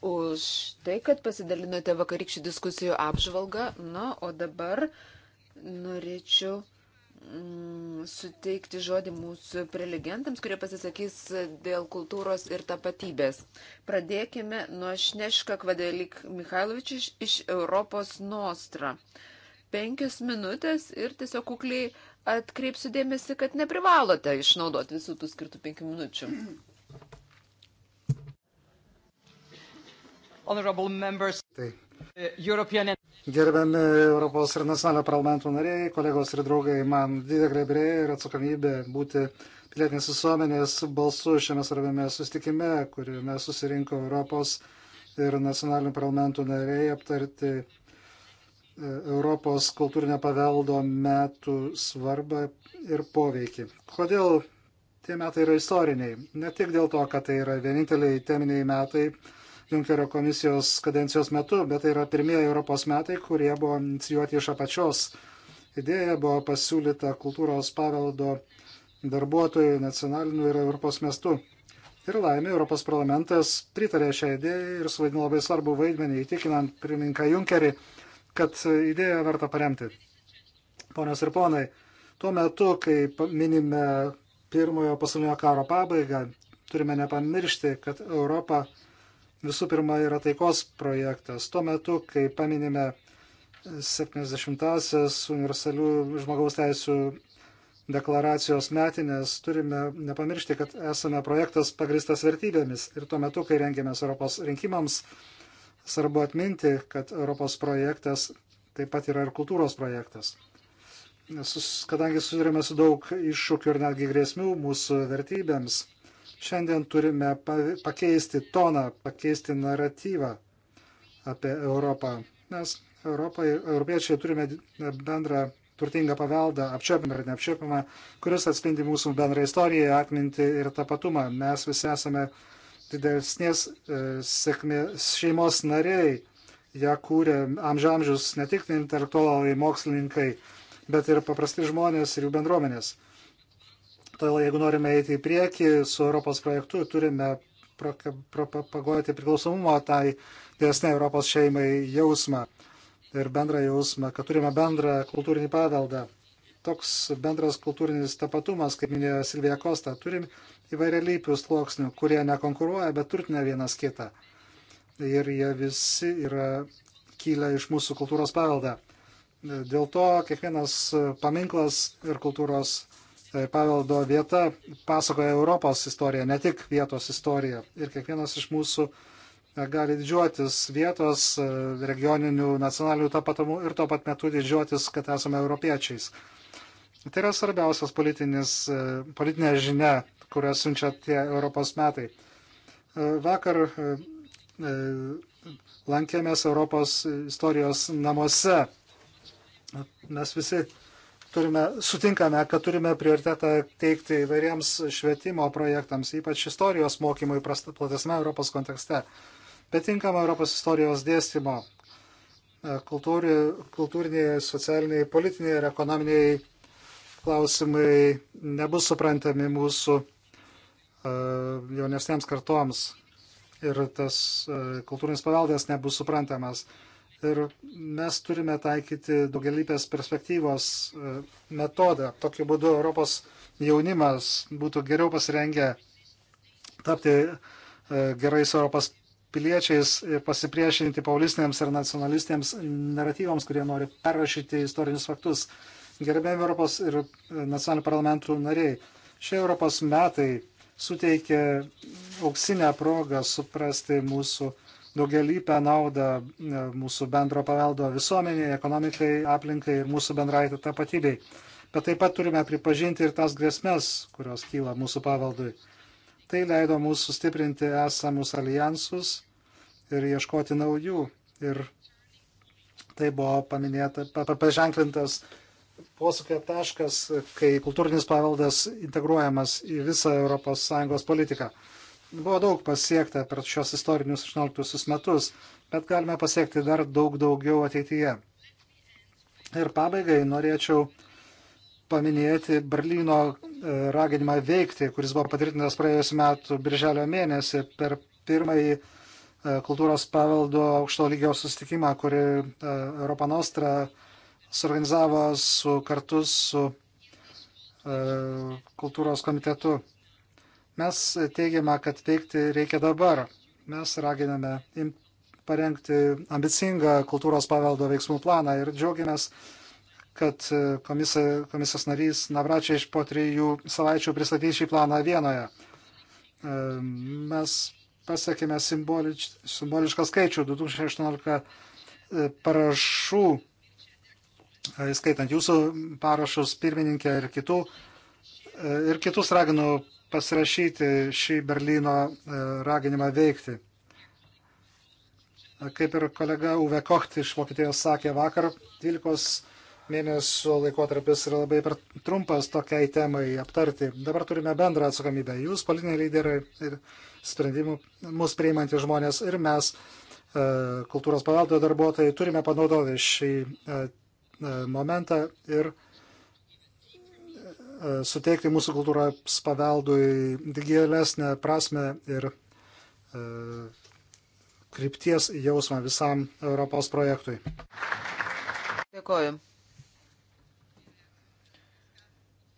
už tai, kad pasidalinote vakarykščių diskusijų apžvalgą. Na, o dabar norėčiau mm, suteikti žodį mūsų prelegentams, kurie pasisakys dėl kultūros ir tapatybės. Pradėkime nuo Šneška Kvadelik Mikhailovič iš, iš Europos Nostra. Penkios minutės ir tiesiog kukliai atkreipsiu dėmesį, kad neprivalote išnaudoti visų tų skirtų penkių minučių. Tai. Uh, Gerbiami Europos ir nacionalinio parlamento nariai, kolegos ir draugai, man didelė grebė ir atsakomybė būti pilietinės visuomenės balsu šiame svarbiame sustikime, kuriame susirinko Europos ir nacionalinių parlamentų nariai aptarti uh, Europos kultūrinio paveldo metų svarbą ir poveikį. Kodėl tie metai yra istoriniai? Ne tik dėl to, kad tai yra vieninteliai teminiai metai, Junkerio komisijos kadencijos metu, bet tai yra pirmieji Europos metai, kurie buvo inicijuoti iš apačios. Idėja buvo pasiūlyta kultūros paveldo darbuotojų nacionalinių ir Europos mestų. Ir laimė, Europos parlamentas pritarė šią idėją ir suvaidino labai svarbu vaidmenį, įtikinant pirmininką Junkerį, kad idėją verta paremti. Ponios ir ponai, tuo metu, kai minime pirmojo pasaulinio karo pabaigą, turime nepamiršti, kad Europa visų pirma yra taikos projektas. Tuo metu, kai paminime 70-asias universalių žmogaus teisų deklaracijos metinės, turime nepamiršti, kad esame projektas pagristas vertybėmis. Ir tuo metu, kai rengėmės Europos rinkimams, svarbu atminti, kad Europos projektas taip pat yra ir kultūros projektas. Nes, kadangi susidurime su daug iššūkių ir netgi grėsmių mūsų vertybėms, Šiandien turime pakeisti toną, pakeisti naratyvą apie Europą. Mes Europai, europiečiai turime bendrą turtingą paveldą, apčiopiamą ir neapčiopiamą, kuris atspindi mūsų bendrą istoriją, atmintį ir tapatumą. Mes visi esame didesnės e, sėkmės šeimos nariai. Ja kūrė amžiamžius ne tik intelektualai, mokslininkai, bet ir paprasti žmonės ir jų bendruomenės. Todėl, jeigu norime eiti į priekį su Europos projektu, turime propaguoti priklausomumo tai didesnė Europos šeimai jausmą ir bendrą jausmą, kad turime bendrą kultūrinį paveldą. Toks bendras kultūrinis tapatumas, kaip minėjo Silvija Kosta, turim įvairialypių sluoksnių, kurie nekonkuruoja, bet turtina vienas kitą. Ir jie visi yra kilę iš mūsų kultūros paveldą. Dėl to kiekvienas paminklas ir kultūros Tai paveldo vieta pasakoja Europos istoriją, ne tik vietos istoriją. Ir kiekvienas iš mūsų e, gali didžiuotis vietos, e, regioninių, nacionalinių tapatumų ir tuo pat metu didžiuotis, kad esame europiečiais. Tai yra svarbiausias e, politinė žinia, kurią siunčia tie Europos metai. Vakar lankėmės Europos istorijos namuose. Mes visi turime, sutinkame, kad turime prioritetą teikti įvairiems švietimo projektams, ypač istorijos mokymui platesnė Europos kontekste, bet tinkama Europos istorijos dėstymo e, kultūri, kultūriniai, socialiniai, politiniai ir ekonominiai klausimai nebus suprantami mūsų uh, jaunesniems kartoms ir tas uh, kultūrinis paveldas nebus suprantamas. Uh, Ir mes turime taikyti daugelįpės perspektyvos e, metodą. Tokiu būdu Europos jaunimas būtų geriau pasirengę tapti e, gerais Europos piliečiais ir pasipriešinti paulistiniams ir nacionalistiniams naratyvams, kurie nori perrašyti istorinius faktus. Gerbėjami Europos ir e, nacionalinių parlamentų nariai, šie Europos metai suteikia auksinę progą suprasti mūsų uh, daugelįpę naudą e, mūsų bendro paveldo visuomeniai, ekonomikai, aplinkai ir mūsų bendrai tapatybei. Bet taip pat turime pripažinti ir tas grėsmės, kurios kyla mūsų paveldui. Tai leido mums sustiprinti esamus alijansus ir ieškoti naujų. Ir tai buvo paminėta, paženklintas posūkio taškas, kai kultūrinis paveldas integruojamas į visą ES politiką. Buvo daug pasiekta per šios istorinius 18 metus, bet galime pasiekti dar daug daugiau ateityje. Ir pabaigai norėčiau paminėti Berlyno e, raginimą veikti, kuris buvo patvirtintas praėjusiu metu birželio mėnesį per pirmąjį e, kultūros paveldo aukšto lygio susitikimą, kurį e, Europa Nostra suorganizavo su, kartu su kultūros komitetu. Mes teigiame, kad veikti reikia dabar. Mes raginame parengti ambicingą kultūros paveldo veiksmų planą ir džiaugiamės, kad e, komisija, komisijos narys Navračiai iš po trijų savaičių pristatys šį planą vienoje. E, mes pasiekėme simbolič, simbolišką skaičių 2018 e, parašų, įskaitant jūsų parašus, pirmininkę ir kitų. Ir kitus raginu pasirašyti šį Berlyno e, raginimą veikti. Kaip ir kolega Uwe Kocht iš Vokietijos sakė vakar, 12 mėnesių laikotarpis yra labai per trumpas tokiai temai aptarti. Dabar turime bendrą atsakomybę. Jūs, politiniai lyderiai ir sprendimų mus priimantys žmonės ir mes, e, kultūros paveldo darbuotojai, turime panaudoti šį e, momentą ir uh, suteikti mūsų kultūros paveldui gilesnę prasme ir e, krypties jausmą visam Europos projektui. Dėkoju.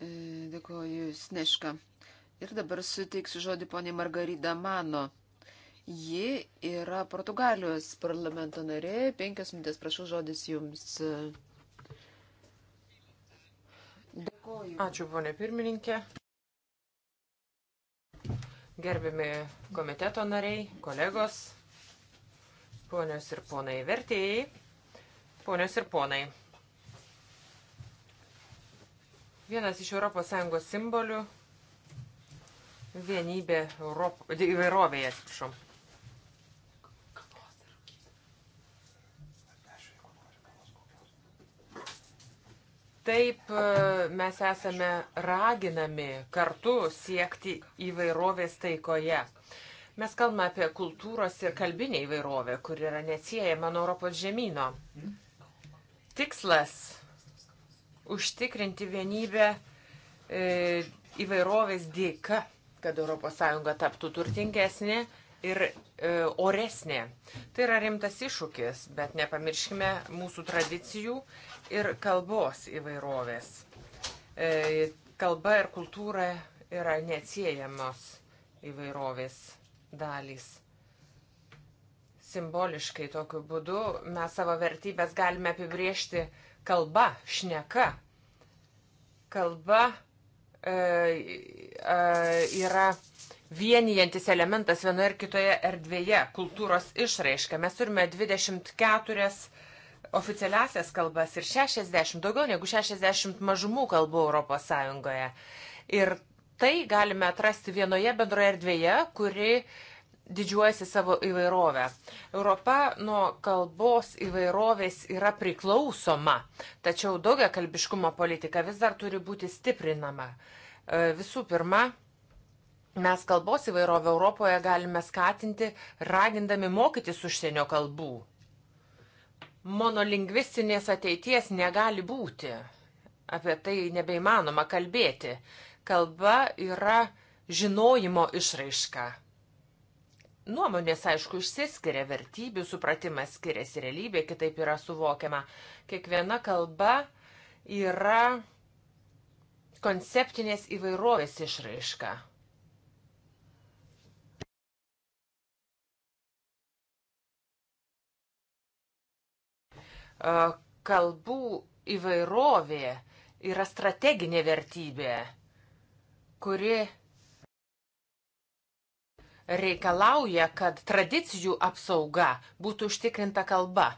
E, dėkoju, Sneška. Ir dabar suteiksiu žodį poniai Margarida Mano. Ji yra Portugalijos parlamento narė. Penkios minutės, prašau, žodis jums. Dėkoju. Ačiū, ponė pirmininkė. Gerbiami komiteto nariai, kolegos, ponios ir ponai vertėjai, ponios ir ponai. Vienas iš ES simbolių - vienybė Europo, įvairovėje, atsiprašau. Taip e, mes esame raginami kartu siekti įvairovės taikoje. Mes kalbame apie kultūros ir kalbinę įvairovę, kur yra neatsiejama nuo Europos žemynų. Tikslas - užtikrinti vienybę e, įvairovės dėka, kad ES taptų turtingesnė ir E, oresnė. Tai yra rimtas iššūkis, bet nepamirškime mūsų tradicijų ir kalbos įvairovės. E, kalba ir kultūra yra neatsiejamos įvairovės dalys. Simboliškai tokiu būdu mes savo vertybės galime apibriežti kalba, šneka. Kalba e, e, yra vienijantis elementas vienoje ar kitoje erdvėje - kultūros išraiška. Mes turime 24 oficialiasias kalbas ir 60, daugiau negu 60 mažumų kalbų Europos Sąjungoje. Ir tai galime atrasti vienoje bendroje erdvėje, kuri didžiuojasi savo įvairovę. Europa nuo kalbos įvairovės yra priklausoma, tačiau daugia kalbiškumo politika vis dar turi būti stiprinama. E, visų pirma, mes kalbos įvairovę Europoje galime skatinti, ragindami mokytis užsienio kalbų. Monolingvistinės ateities negali būti. Apie tai nebeįmanoma kalbėti. Kalba yra žinojimo išraiška. Nuomonės, aišku, išsiskiria, vertybių supratimas skiriasi, realybė kitaip yra suvokiama. Kiekviena kalba yra konceptinės įvairovės išraiška Kalbų įvairovė yra strateginė vertybė, kuri reikalauja, kad tradicijų apsauga būtų užtikrinta kalba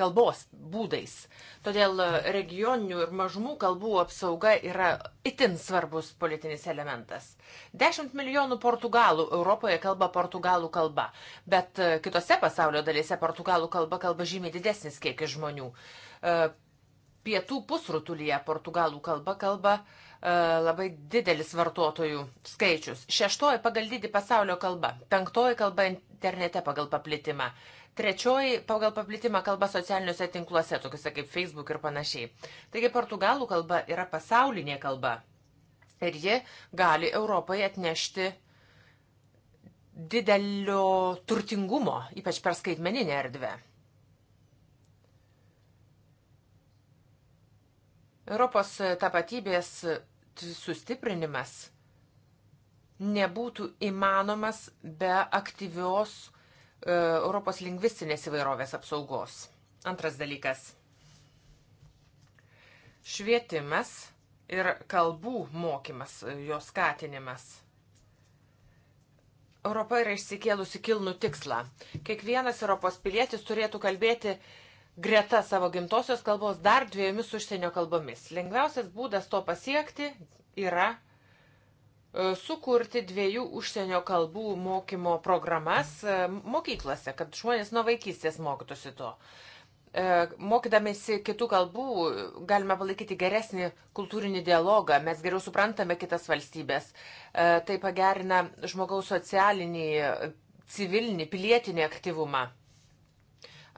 kalbos būdais. Todėl regioninių ir mažumų kalbų apsauga yra itin svarbus politinis elementas. 10 milijonų portugalų Europoje kalba portugalų kalba, bet e, kitose pasaulio dalyse portugalų kalba kalba žymiai didesnis kiekis žmonių. E, pietų pusrutulyje portugalų kalba kalba e, labai didelis vartotojų skaičius. Šeštoji pagal dydį pasaulio kalba, penktoji kalba internete pagal paplitimą. Trečioji pagal paplitimą kalba socialiniuose tinkluose, tokiuose kaip Facebook ir panašiai. Taigi portugalų kalba yra pasaulinė kalba ir ji gali Europai atnešti didelio turtingumo, ypač per skaitmeninę erdvę. Europos tapatybės sustiprinimas nebūtų įmanomas be aktyvios E, Europos lingvistinės įvairovės apsaugos. Antras dalykas. Švietimas ir kalbų mokymas, e, jo skatinimas. Europa yra išsikėlusi kilnų tikslą. Kiekvienas Europos pilietis turėtų kalbėti greta savo gimtosios kalbos dar dviejomis užsienio kalbomis. Lengviausias būdas to pasiekti yra E, sukurti dviejų užsienio kalbų mokymo programas e, mokyklose, kad žmonės nuo vaikystės mokytųsi to. E, Mokydamėsi kitų kalbų galime palaikyti geresnį kultūrinį dialogą, mes geriau suprantame kitas valstybės, tai pagerina žmogaus socialinį, civilinį, pilietinį aktyvumą.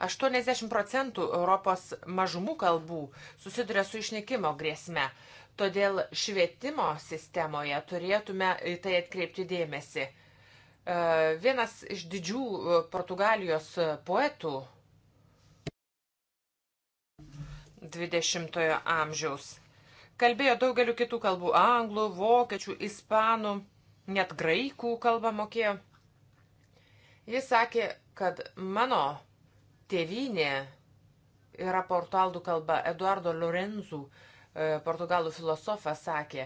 80 procentų Europos mažumų kalbų susiduria su išnykimo grėsme. Todėl švietimo sistemoje turėtume į tai atkreipti dėmesį. E, vienas iš didžių e, Portugalijos poetų 20-ojo amžiaus kalbėjo daugeliu kitų kalbų - anglų, vokiečių, ispanų, net graikų kalbą mokėjo. Jis sakė, kad mano tėvynė yra portugalų kalba Eduardo Lorenzų uh, E, portugalų filosofas sakė,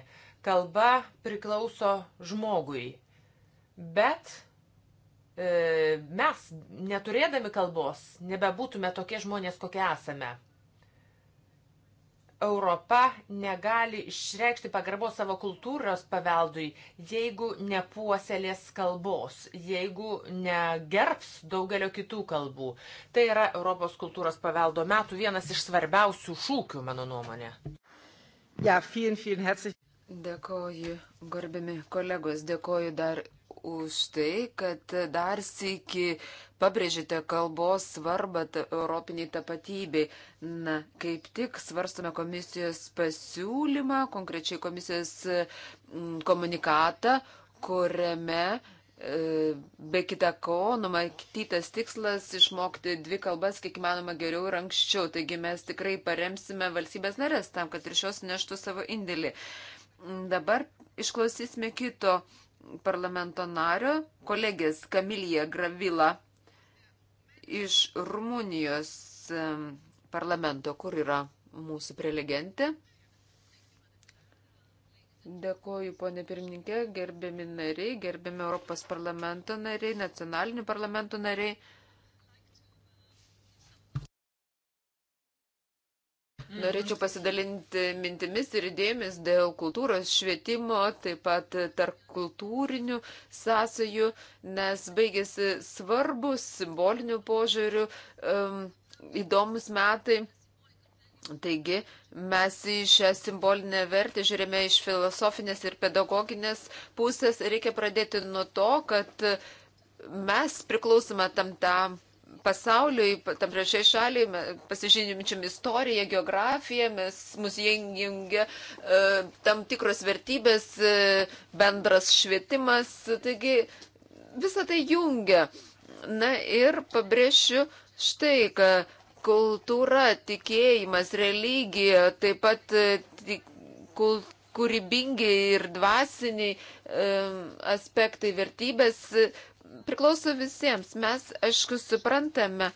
kalba priklauso žmogui, bet e, mes, neturėdami kalbos, nebebūtume tokie žmonės, kokie esame. Europa negali išreikšti pagarbos savo kultūros paveldui, jeigu nepuoselės kalbos, jeigu negerbs daugelio kitų kalbų. Tai yra Europos kultūros paveldo metų vienas iš svarbiausių šūkių, mano nuomonė. Ja, vielen, vielen herzlich. Dėkoju, garbimi kolegos, dėkoju dar už tai, kad dar sėki pabrėžite kalbos svarbą Europiniai tapatybei. Na, kaip tik svarstame komisijos pasiūlymą, konkrečiai komisijos mm, komunikatą, kuriame E, be kita ko, numatytas tikslas išmokti dvi kalbas kiek įmanoma geriau ir anksčiau. Taigi mes tikrai paremsime valstybės narės tam, kad ir šios neštų savo indėlį. Dabar išklausysime kito parlamento nario, kolegės Kamilija Gravila iš Rumunijos e, parlamento, kur yra mūsų prelegentė. Dėkoju, ponė pirmininkė, gerbiami nariai, gerbiami Europos parlamento nariai, nacionalinių parlamento nariai. Norėčiau pasidalinti mintimis ir idėjomis dėl kultūros švietimo, taip pat tarp kultūrinių sąsajų, nes baigėsi svarbus simbolinių požiūrių um, įdomus metai. Taigi mes į šią simbolinę vertę žiūrime iš filosofinės ir pedagoginės pusės. Reikia pradėti nuo to, kad mes priklausome tam tam pasauliui, tam trečiai šaliai, pasižyminčiam istoriją, geografiją, mes mus jungia e, tam tikros vertybės, e, bendras švietimas, taigi visą tai jungia. Na ir pabrėšiu štai, kad Kultūra, tikėjimas, religija, taip pat e, kūrybingi ir dvasiniai e, aspektai, vertybės e, priklauso visiems. Mes, aišku, suprantame.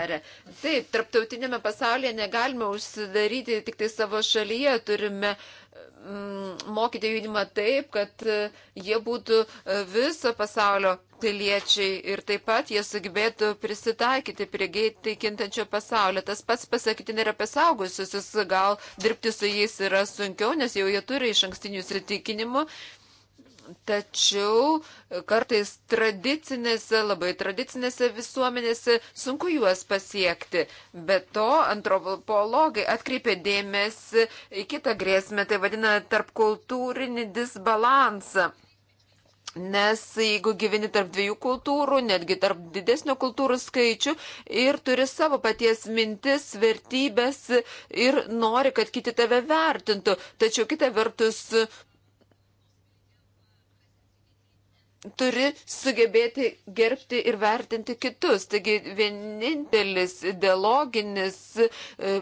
Taip, tarptautinėme pasaulyje negalime užsidaryti tik tai savo šalyje, turime uh, Mm, mokyti jaunimą taip, kad e, jie būtų e, viso pasaulio piliečiai ir taip pat jie sugebėtų prisitaikyti prie greitai kintančio pasaulio. Tas pats pasakyti nėra apie saugusius, gal dirbti su jais yra sunkiau, nes jau jie turi iš ankstinių sutikinimų. Tačiau kartais tradicinėse, labai tradicinėse visuomenėse sunku juos pasiekti. Be to, antropologai atkreipė dėmesį į kitą grėsmę, tai vadina tarpkultūrinį disbalansą. Nes jeigu gyveni tarp dviejų kultūrų, netgi tarp didesnio kultūrų skaičių ir turi savo paties mintis, vertybės ir nori, kad kiti tave vertintų, tačiau kita vertus turi sugebėti gerbti ir vertinti kitus. Taigi vienintelis ideologinis e,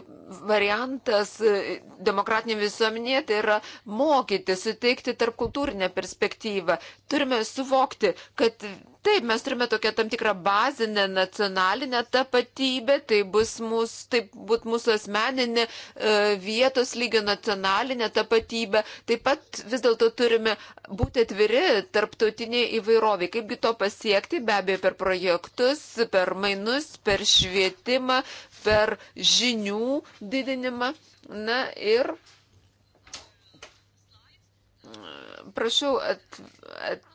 variantas e, demokratinė visuomenė tai yra mokyti, suteikti tarpkultūrinę perspektyvą. Turime suvokti, kad Taip, mes turime tokią tam tikrą bazinę nacionalinę tapatybę, tai bus mūsų, taip, būt mūsų asmeninė e, vietos lygio nacionalinė tapatybė. Taip pat vis dėlto turime būti atviri tarptautiniai įvairoviai. Kaipgi to pasiekti? Be abejo, per projektus, per mainus, per švietimą, per žinių didinimą. Na ir. E, prašau, at, at,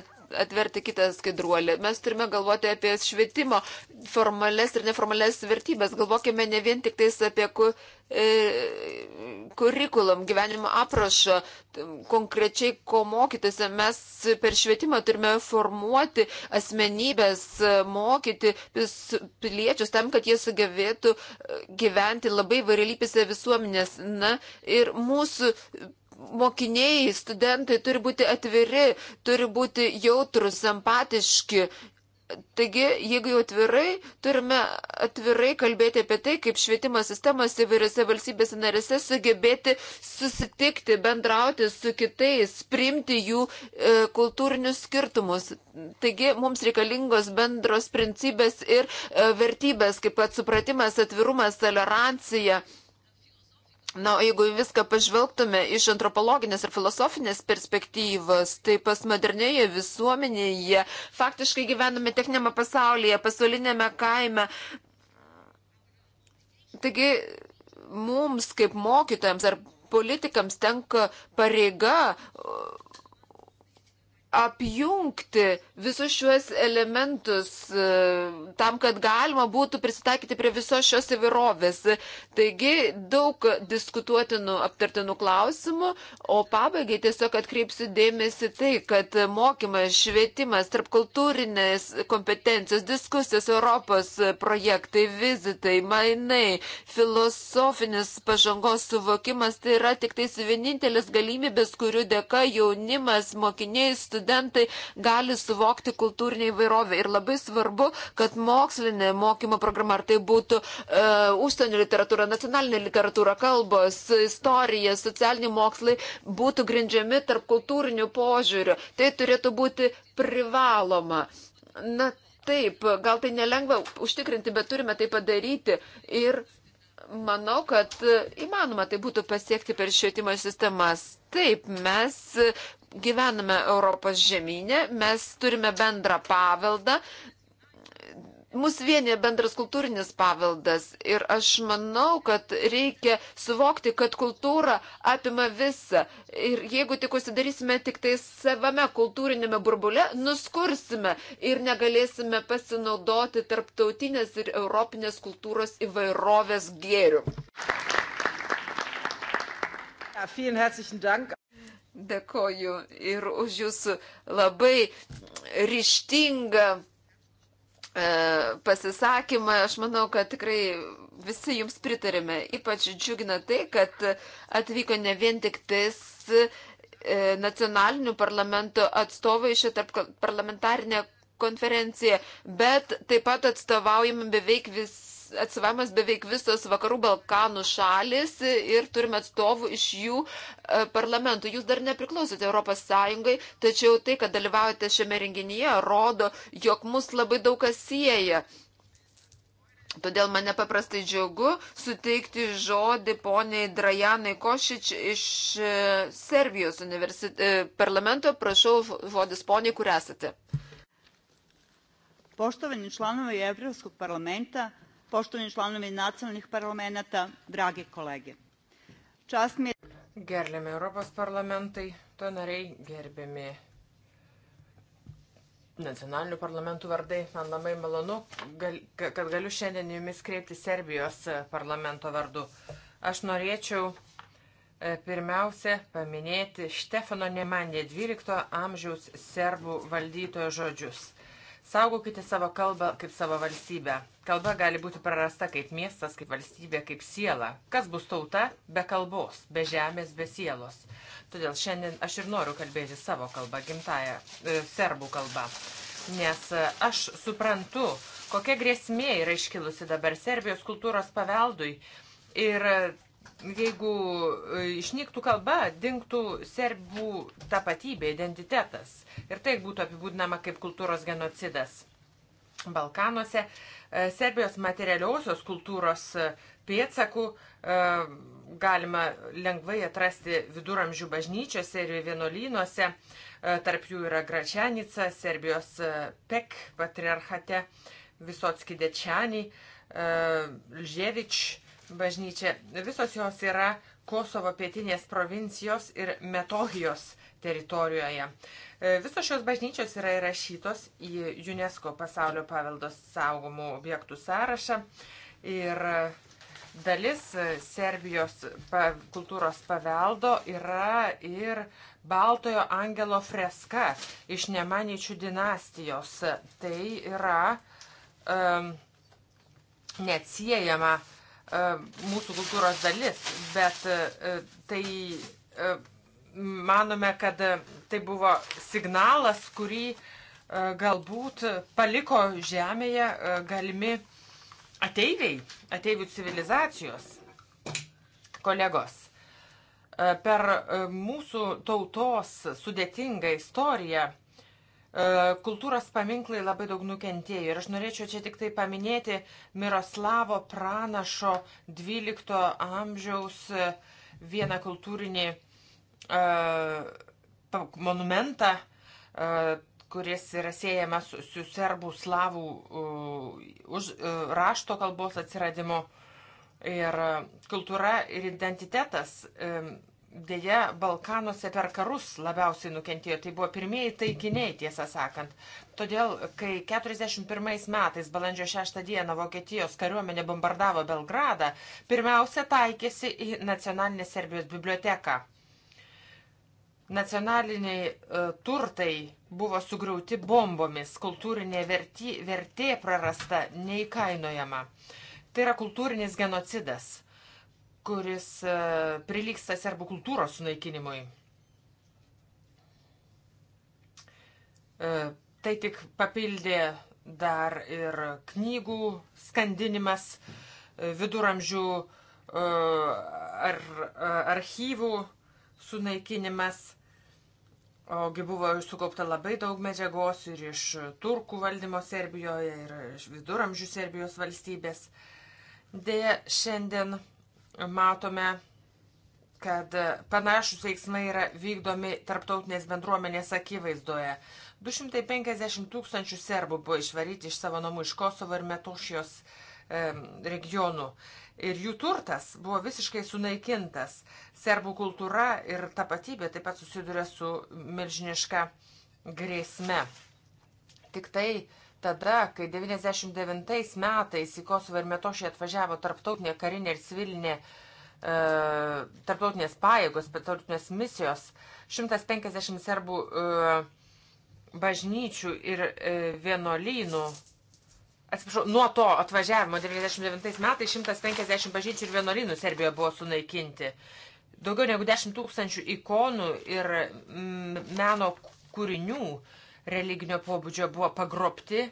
at, atverti kitą skaidruolį. Mes turime galvoti apie švietimo formales ir neformales vertybės. Galvokime ne vien tik tais apie ku, e, kurikulum, gyvenimo aprašą, konkrečiai ko mokytis. Mes per švietimą turime formuoti asmenybės, mokyti piliečius tam, kad jie sugebėtų gyventi labai varilypėse visuomenės. Na, ir mūsų mokiniai, studentai turi būti atviri, turi būti jautrus, empatiški. Taigi, jeigu jau atvirai, turime atvirai kalbėti apie tai, kaip švietimo sistemas įvairiose valstybėse narėse sugebėti susitikti, bendrauti su kitais, primti jų e, kultūrinius skirtumus. Taigi, mums reikalingos bendros principės ir e, vertybės, kaip pat supratimas, atvirumas, tolerancija. E, Na, jeigu viską pažvelgtume iš antropologinės ir filosofinės perspektyvos, tai pas modernėje visuomenėje faktiškai gyvename techninėme pasaulyje, pasaulinėme kaime. Taigi mums kaip mokytojams ar politikams tenka pareiga apjungti visus šiuos elementus e, tam, kad galima būtų prisitaikyti prie visos šios įvairovės. Taigi daug diskutuotinų, aptartinų klausimų, o pabaigai tiesiog atkreipsiu dėmesį tai, kad mokymas, švietimas, tarpkultūrinės kompetencijos, diskusijos, Europos projektai, vizitai, mainai, filosofinis pažangos suvokimas, tai yra tik tais vienintelis galimybės, kurių dėka jaunimas, mokiniai, studentai, studentai gali suvokti kultūrinį įvairovę. Ir labai svarbu, kad mokslinė mokymo programa, ar tai būtų e, užsienio literatūra, nacionalinė literatūra, kalbos, istorija, socialiniai mokslai, būtų grindžiami tarp kultūrinių požiūrių. Tai turėtų būti privaloma. Na, Taip, gal tai nelengva užtikrinti, bet turime tai padaryti. Ir manau, kad įmanoma tai būtų pasiekti per švietimo sistemas. Taip, mes gyvename Europos žemynė, mes turime bendrą paveldą, mūsų vienyje bendras kultūrinis paveldas ir aš manau, kad reikia suvokti, kad kultūra apima visą ir jeigu tik užsidarysime tik tai savame kultūrinėme burbule, nuskursime ir negalėsime pasinaudoti tarptautinės ir europinės kultūros įvairovės gėrių. Ja, vielen herzlichen Dank. Dėkoju ir už jūsų labai ryštingą e, pasisakymą. Aš manau, kad tikrai visi jums pritarėme. Ypač džiugina tai, kad atvyko ne vien tik tais e, nacionalinių parlamentų atstovai šią tarp parlamentarinę konferenciją, bet taip pat atstovaujame beveik vis atstovavimas beveik visos vakarų Balkanų šalis ir turime atstovų iš jų e, parlamentų. Jūs dar nepriklausote Europos Sąjungai, tačiau tai, kad dalyvaujate šiame renginyje, rodo, jog mus labai daug kas sieja. Todėl mane paprastai džiugu suteikti žodį poniai Drajanai Košič iš e, Serbijos universit... E, parlamento. Prašau, žodis poniai, kur esate. Poštovani članovi Evropskog parlamenta, poštovani članovi nacionalnih parlamenta, dragi kolege. Čast mi je. Gerbiami Europos parlamentai, to nariai, gerbiami nacionalinių parlamentų vardai, man labai malonu, gal, kad galiu šiandien jumis kreipti Serbijos parlamento vardu. Aš norėčiau e, pirmiausia paminėti Štefano Nemandė 12 amžiaus serbų valdytojo žodžius. Saugokite savo kalbą kaip savo valstybę. Kalba gali būti prarasta kaip miestas, kaip valstybė, kaip siela. Kas bus tauta be kalbos, be žemės, be sielos? Todėl šiandien aš ir noriu kalbėti savo kalbą, gimtają e, serbų kalbą. Nes e, aš suprantu, kokia grėsmė yra iškilusi dabar Serbijos kultūros paveldui ir jeigu e, išnyktų kalba, dinktų serbų tapatybė, identitetas. Ir tai būtų apibūdinama kaip kultūros genocidas. Balkanuose e, Serbijos materialiosios kultūros e, pėdsakų galima lengvai atrasti viduramžių bažnyčiose ir vienolynuose. Tarp jų yra Gračianica, Serbijos Pek patriarchate, Visotski Dečiani, Lževič bažnyčia. Visos jos yra Kosovo pietinės provincijos ir Metohijos teritorijoje. E, visos šios bažnyčios yra įrašytos į UNESCO pasaulio paveldos saugomų objektų sąrašą ir dalis Serbijos kultūros paveldo yra ir Baltojo angelo freska iš Nemaničių dinastijos. Tai yra um, neatsiejama uh, E, mūsų kultūros dalis, bet e, e, tai manome, kad tai buvo signalas, kurį galbūt paliko žemėje galimi ateiviai, ateivių civilizacijos kolegos. Per mūsų tautos sudėtingą istoriją E, kultūros paminklai labai daug nukentėjo ir aš norėčiau čia tik tai paminėti Miroslavo pranašo 12 amžiaus vieną kultūrinį e, monumentą, e, kuris yra siejamas su serbų slavų už rašto kalbos atsiradimu. Ir kultūra ir identitetas Deja, Balkanuose per karus labiausiai nukentėjo, tai buvo pirmieji taikiniai, tiesą sakant. Todėl, kai 41 metais balandžio 6 dieną Vokietijos kariuomenė bombardavo Belgradą, pirmiausia taikėsi į nacionalinę Serbijos biblioteką. Nacionaliniai uh, turtai buvo sugriauti bombomis, kultūrinė vertė, vertė prarasta neįkainojama. Tai yra kultūrinis genocidas kuris e, prilyksta serbų kultūros sunaikinimui. E, tai tik papildė dar ir knygų skandinimas e, viduramžių ar archyvų sunaikinimas. Ogi buvo sukaupta labai daug medžiagos ir iš turkų valdymo Serbijoje, ir iš viduramžių Serbijos valstybės. Deja, šiandien matome, kad panašus veiksmai yra vykdomi tarptautinės bendruomenės akivaizdoje. 250 tūkstančių serbų buvo išvaryti iš savo namų iš Kosovo ir Metušijos regionų. Ir jų turtas buvo visiškai sunaikintas. Serbų kultūra ir tapatybė taip pat susiduria su milžiniška grėsme. Tik tai uh, tada, kai 99 metais į Kosovą ir Metošį atvažiavo tarptautinė karinė ir civilinė e, tarptautinės pajėgos, tarptautinės misijos, 150 serbų e, bažnyčių ir e, vienuolynų, atsiprašau, nuo to atvažiavimo 99 metais 150 bažnyčių ir vienuolynų Serbijoje buvo sunaikinti. Daugiau negu 10 tūkstančių ikonų ir meno kūrinių uh, religinio pobūdžio buvo pagrobti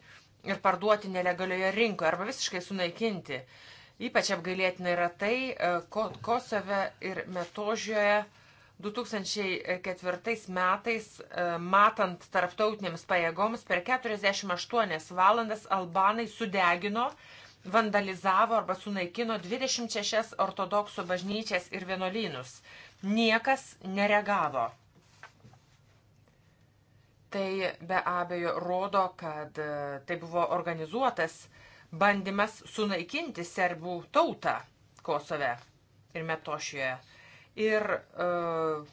ir parduoti nelegalioje rinkoje arba visiškai sunaikinti. Ypač apgailėtina yra tai, e, Kosove ir Metožijoje 2004 metais, e, matant tarptautinėms pajėgoms, per 48 valandas albanai sudegino, vandalizavo arba sunaikino 26 ortodoksų bažnyčias ir vienuolynus. Niekas neregavo tai be abejo rodo, kad e, tai buvo organizuotas bandymas sunaikinti serbų tautą Kosove ir Metošijoje ir uh,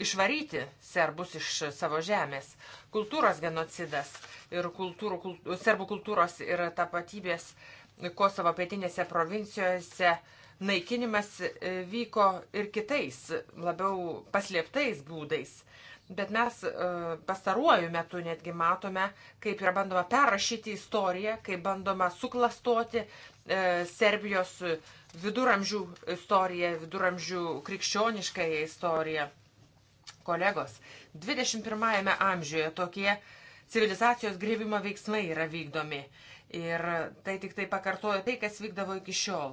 išvaryti serbus iš savo žemės. Kultūros genocidas ir kultūrų, kult, serbų kultūros ir tapatybės Kosovo pietinėse provincijose naikinimas e, vyko ir kitais, labiau paslėptais būdais. Bet mes e, pastaruoju metu netgi matome, kaip yra bandoma perrašyti istoriją, kaip bandoma suklastoti e, Serbijos viduramžių istoriją, viduramžių krikščioniškąją istoriją. Kolegos, 21-ame amžiuje tokie civilizacijos grėvimo veiksmai yra vykdomi. Ir tai tik tai pakartoja tai, kas vykdavo iki šiol.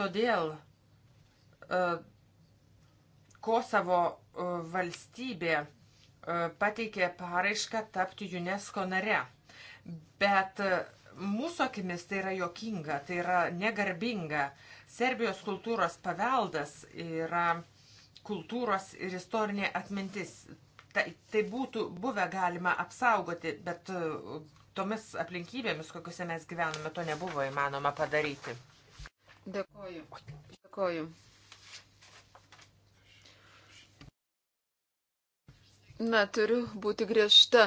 Todėl e, Kosovo valstybė e, pateikė paraišką tapti UNESCO nare. Bet mūsų akimis tai yra jokinga, tai yra negarbinga. Serbijos kultūros paveldas yra kultūros ir istorinė atmintis. Tai, tai būtų buvę galima apsaugoti, bet e, tomis aplinkybėmis, kokiuose mes gyvename, to nebuvo įmanoma padaryti. Dėkoju. Dėkoju. Na, turiu būti griežta,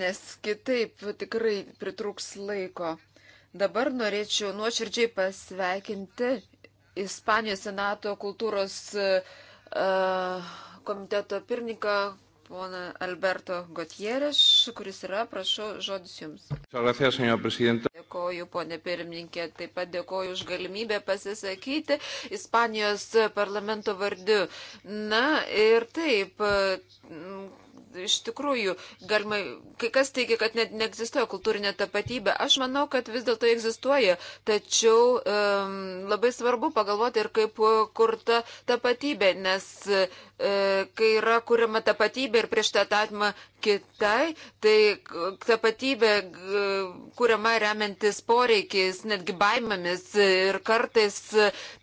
nes kitaip tikrai pritrūks laiko. Dabar norėčiau nuoširdžiai pasveikinti Ispanijos Senato kultūros uh, komiteto pirmininką Pona Alberto Gutierrez, kuris yra, prašau, žodis jums. Dėkoju, ponė pirmininkė, taip pat dėkoju už galimybę pasisakyti Ispanijos parlamento vardu. Na ir taip, iš tikrųjų galima, kai kas teigia, kad net neegzistuoja kultūrinė tapatybė. Aš manau, kad vis dėlto egzistuoja, tačiau um, labai svarbu pagalvoti ir kaip kurta tapatybė, nes uh, kai yra kuriama tapatybė ir prieš tą atmatymą kitai, tai tapatybė e, kuriama remiantis poreikiais, netgi baimėmis ir kartais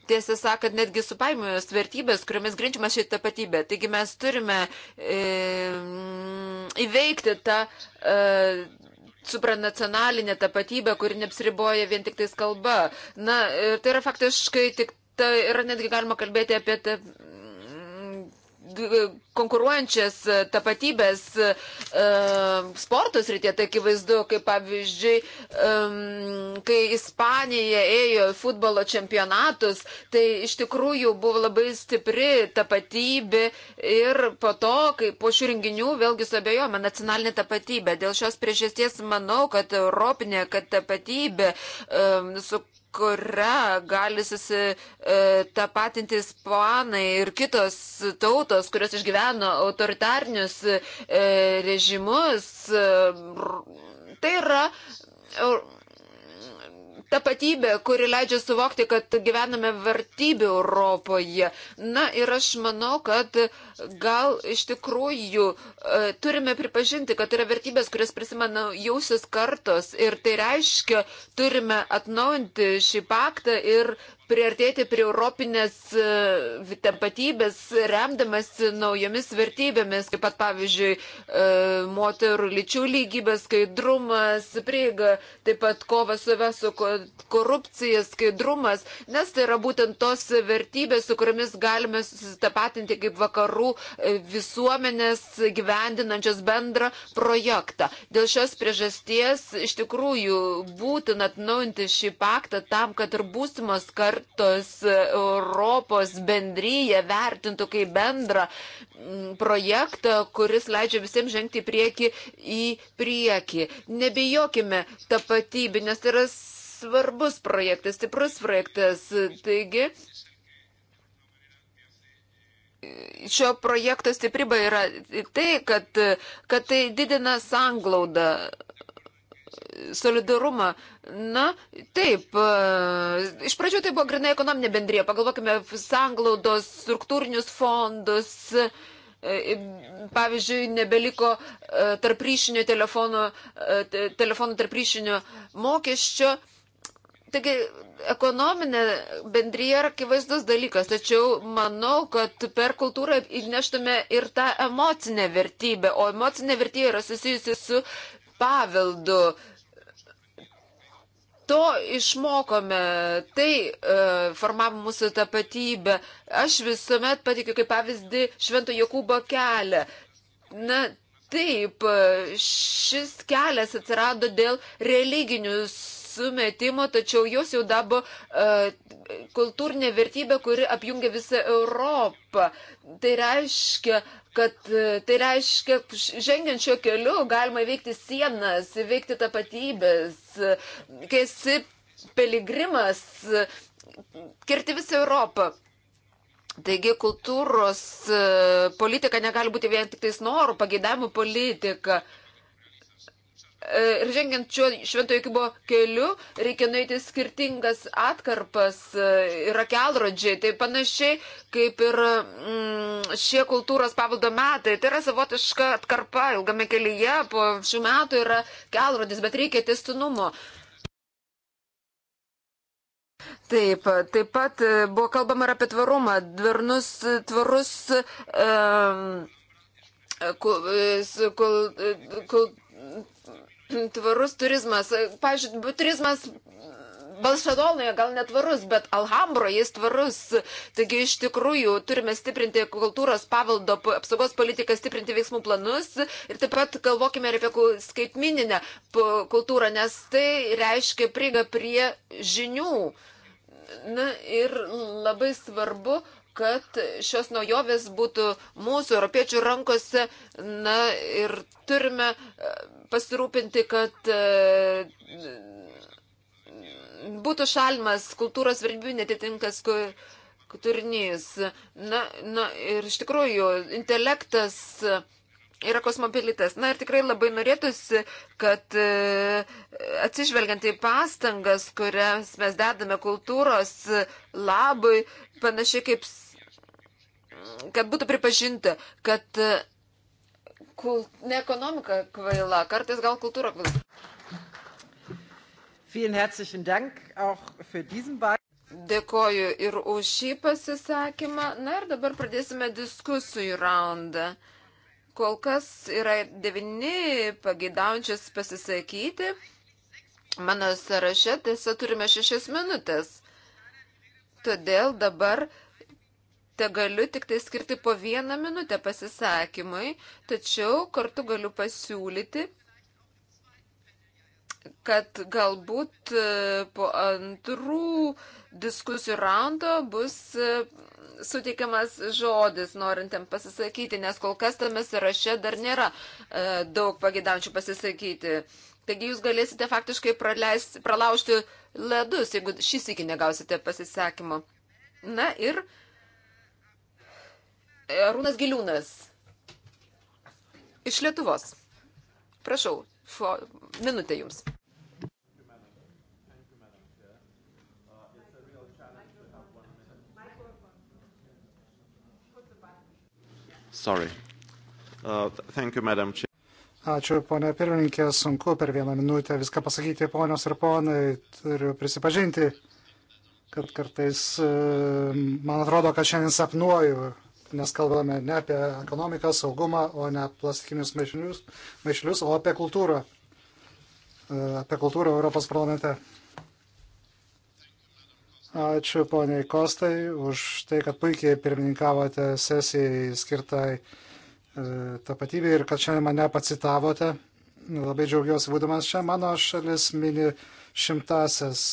tiesą sakant, netgi supaimėjus vertybės, kuriomis grindžiamas šį tapatybę. Taigi mes turime e, mm, įveikti tą e, supranacionalinę tapatybę, kuri neapsiriboja vien tik tais kalba. Na, tai yra faktiškai tik. Tai yra netgi galima kalbėti apie E, konkuruojančias e, tapatybės e, sportos rytė, tai akivaizdu, kaip pavyzdžiui, e, kai Ispanija ėjo į futbolo čempionatus, tai iš tikrųjų buvo labai stipri tapatybė ir po to, kai po šių renginių vėlgi sobėjome nacionalinė tapatybė. Dėl šios priežasties manau, kad europinė kad tapatybė e, su kuria gali susitapatinti e, ispanai ir kitos tautos, kurios išgyveno autoritarnius e, režimus. E, tai yra tapatybė, kuri leidžia suvokti, kad gyvename vertybių Europoje. Na ir aš manau, kad gal iš tikrųjų e, turime pripažinti, kad tai yra vertybės, kurias prisimena jausios kartos ir tai reiškia, turime atnaujinti šį paktą ir priartėti prie europinės e, tapatybės, remdamas naujomis vertybėmis, kaip pat pavyzdžiui e, moterų lyčių lygybės, skaidrumas, prieiga, taip pat kova su vesu korupcija, skaidrumas, nes tai yra būtent tos vertybės, su kuriamis galime susitapatinti kaip vakarų e, visuomenės gyvendinančios bendrą projektą. Dėl šios priežasties iš tikrųjų būtina atnaujinti šį paktą tam, kad ir būsimos kartos kartos Europos bendryje vertintų kaip bendrą mm, projektą, kuris leidžia visiems žengti į priekį į priekį. Nebijokime tapatybę, nes tai yra svarbus projektas, stiprus projektas. Taigi, šio projekto stiprybė yra tai, kad, kad tai didina sanglaudą solidarumą. Na, taip, e, iš pradžių tai buvo grinai ekonominė bendrija. Pagalvokime, sanglaudos, struktūrinius fondus. E, e, pavyzdžiui, nebeliko tarp ryšinio telefono, telefono tarp ryšinio mokesčio. Taigi, ekonominė bendryje yra akivaizdus dalykas, tačiau manau, kad per kultūrą įneštume ir tą emocinę vertybę, o emocinė vertybė yra susijusi su paveldu. To išmokome, tai e, formavo mūsų tapatybę. Aš visuomet patikiu kaip pavyzdį Švento Jokūbo kelią. Na, taip, e, šis kelias atsirado dėl religinių sumetimo, tačiau jos jau dabo e, kultūrinė vertybė, kuri apjungia visą Europą. Tai reiškia, kad e, tai reiškia, žengiant šiuo keliu galima įveikti sienas, įveikti tapatybės, e, kai esi peligrimas, e, kerti visą Europą. Taigi kultūros politika negali būti vien tik tais norų, pageidavimų politika. Uh, E, ir žengiant šiuo švento Jokūbo keliu, reikia nueiti skirtingas atkarpas, e, yra kelrodžiai, tai panašiai kaip ir mm, šie kultūros pavaldo metai. Tai yra savotiška atkarpa ilgame kelyje, po šių metų yra kelrodis, bet reikia testinumo. Taip, taip pat e, buvo kalbama ir apie tvarumą, dvarnus, tvarus. Um, kul, kul, kul, tvarus turizmas. Pavyzdžiui, turizmas Balšadolnoje gal netvarus, bet Alhambroje jis tvarus. Taigi iš tikrųjų turime stiprinti kultūros paveldo apsaugos politiką, stiprinti veiksmų planus ir taip pat galvokime ir apie skaitmininę kultūrą, nes tai reiškia prieiga prie žinių. Na ir labai svarbu kad šios naujovės būtų mūsų europiečių rankose. Na ir turime e, pasirūpinti, kad e, būtų šalimas kultūros vertybių netitinkas turinys. Na, na ir iš tikrųjų, intelektas yra kosmopolitas. Na ir tikrai labai norėtųsi, kad e, atsižvelgiant į pastangas, kurias mes dedame kultūros labui, panašiai kaip kad būtų pripažinta, kad e, kul... ne ekonomika kvaila, kartais gal kultūra kvaila. Dėkoju ir už šį pasisakymą. Na ir dabar pradėsime diskusijų raundą. Kol kas yra devini pagėdaujančius pasisakyti. Mano sąraše tiesa turime šešias minutės. Todėl dabar uh, te galiu tik tai skirti po vieną minutę pasisakymui, tačiau kartu galiu pasiūlyti, kad galbūt e, po antrų diskusijų raundo bus e, suteikiamas žodis norintėm pasisakyti, nes kol kas tame sąraše dar nėra e, daug pagėdančių pasisakyti. Taigi jūs galėsite faktiškai praleist, pralaužti ledus, jeigu šį sėkį negausite pasisakymo. Na ir uh, E, Arūnas Giliūnas iš Lietuvos. Prašau, fo, minutė jums. Sorry. Uh, thank you, Madam Chair. Ačiū, ponė pirmininkė, sunku per vieną minutę viską pasakyti, ponios ir ponai, turiu prisipažinti, kad kartais uh, man atrodo, kad šiandien sapnuoju nes kalbame ne apie ekonomiką, saugumą, o ne plastikinius maišelius, maišelius o apie kultūrą. E, apie kultūrą Europos parlamente. Ačiū poniai Kostai už tai, kad puikiai pirmininkavote sesijai skirtai e, tapatybei ir kad šiandien mane pacitavote. Labai džiaugiuosi būdamas čia. Mano šalis mini šimtasias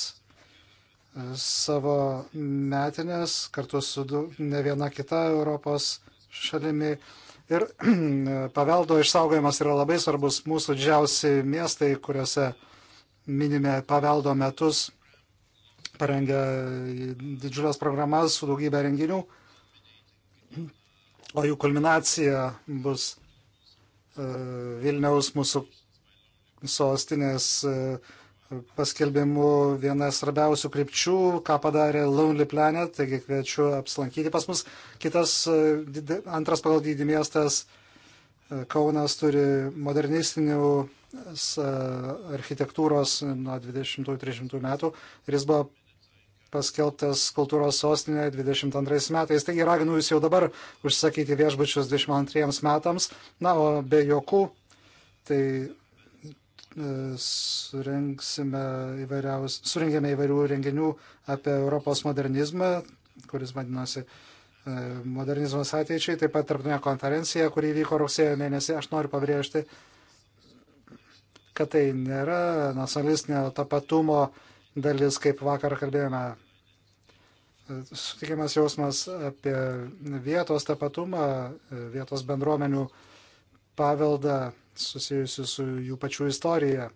savo metinės kartu su ne viena kita Europos šalimi. Ir paveldo išsaugojimas yra labai svarbus mūsų didžiausi miestai, kuriuose minime paveldo metus, parengia didžiulės programas su daugybė renginių, o jų kulminacija bus e, Vilniaus mūsų sostinės uh, paskelbimu viena svarbiausių krypčių, ką padarė Lonely Planet, taigi kviečiu apsilankyti pas mus. Kitas, e, antras pagal dydį miestas e, Kaunas turi modernistinių e, architektūros nuo 20-30 metų ir jis buvo paskelbtas kultūros sostinė 22 metais. Taigi raginu jūs jau dabar užsakyti viešbučius 22 metams, na, o be jokų, tai surengėme įvairių renginių apie Europos modernizmą, kuris vadinosi e, modernizmas ateičiai, taip pat tarptautinė konferencija, kuri vyko rugsėjo mėnesį, aš noriu pabrėžti, kad tai nėra nacionalistinio tapatumo dalis, kaip vakar kalbėjome. E, sutikimas jausmas apie vietos tapatumą, e, vietos bendruomenių paveldą susijusių su jų pačių istorija.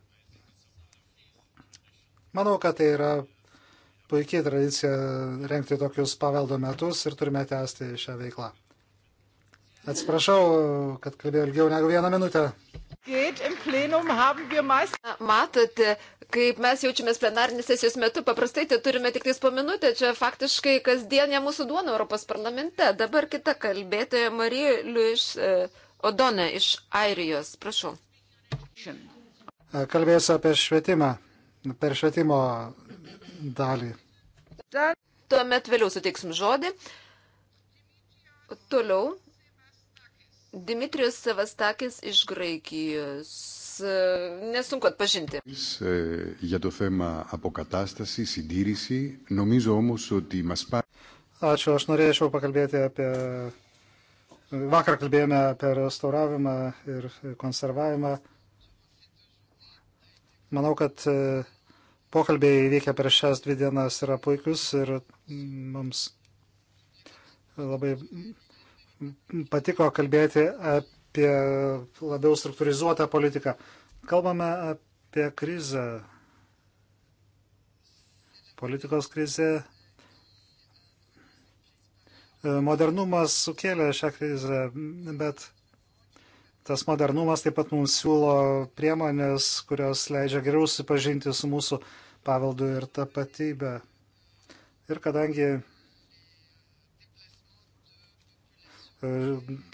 Manau, kad tai yra puikiai tradicija renkti tokius paveldo metus ir turime tęsti šią veiklą. Atsiprašau, kad kalbėjau ilgiau negu vieną minutę. Matote, kaip mes jaučiamės plenarinės sesijos metu, paprastai tai turime tik tais po minutę, čia faktiškai kasdienė mūsų duona Europos parlamente. Dabar kita kalbėtoja Marija Liuš. Uh, e, Odone iš Airijos, prašau. Kalbėsiu apie švietimą, per švietimo dalį. Tuomet vėliau suteiksim žodį. Toliau. Dimitrijus Sevastakis iš Graikijos. Nesunku atpažinti. E, για το θέμα αποκατάσταση, συντήρηση, νομίζω όμως ότι μας πάει... Ačiū, aš norėčiau pakalbėti apie Vakar kalbėjome apie restauravimą ir konservavimą. Manau, kad e, pokalbiai veikia per šias dvi dienas yra puikius ir mm, mums labai patiko kalbėti apie labiau struktūrizuotą politiką. Kalbame apie krizę, politikos krizę Modernumas sukėlė šią krizę, bet tas modernumas taip pat mums siūlo priemonės, kurios leidžia geriau susipažinti su mūsų paveldu ir tapatybė. Ir kadangi e,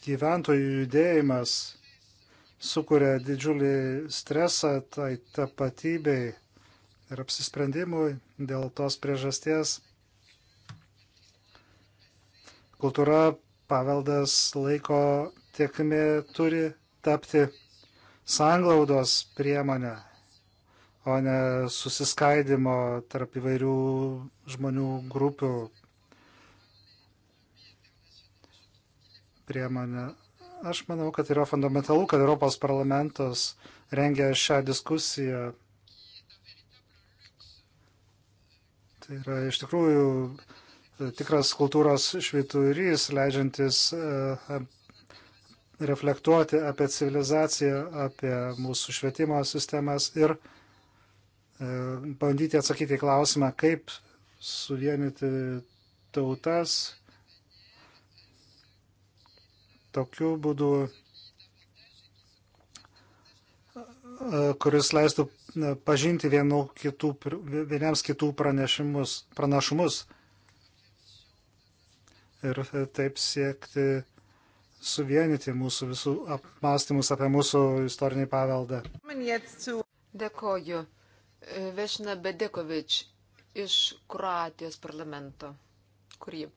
gyventojų judėjimas sukuria didžiulį stresą tai tapatybei ir apsisprendimui dėl tos priežasties Kultūra, paveldas, laiko tiekmi turi tapti sanglaudos priemonę, o ne susiskaidimo tarp įvairių žmonių grupių priemonę. Aš manau, kad yra fundamentalu, kad Europos parlamentas rengia šią diskusiją. Tai yra iš tikrųjų tikras kultūros švyturys, leidžiantis e, reflektuoti apie civilizaciją, apie mūsų švietimo sistemas ir e, bandyti atsakyti į klausimą, kaip suvienyti tautas tokiu būdu, e, kuris leistų pažinti vienų kitų, vieniems kitų pranašumus ir taip siekti suvienyti mūsų visų apmąstymus apie mūsų istorinį paveldą. Dėkoju. Vešina Bedekovič iš Kroatijos parlamento. Kur ji?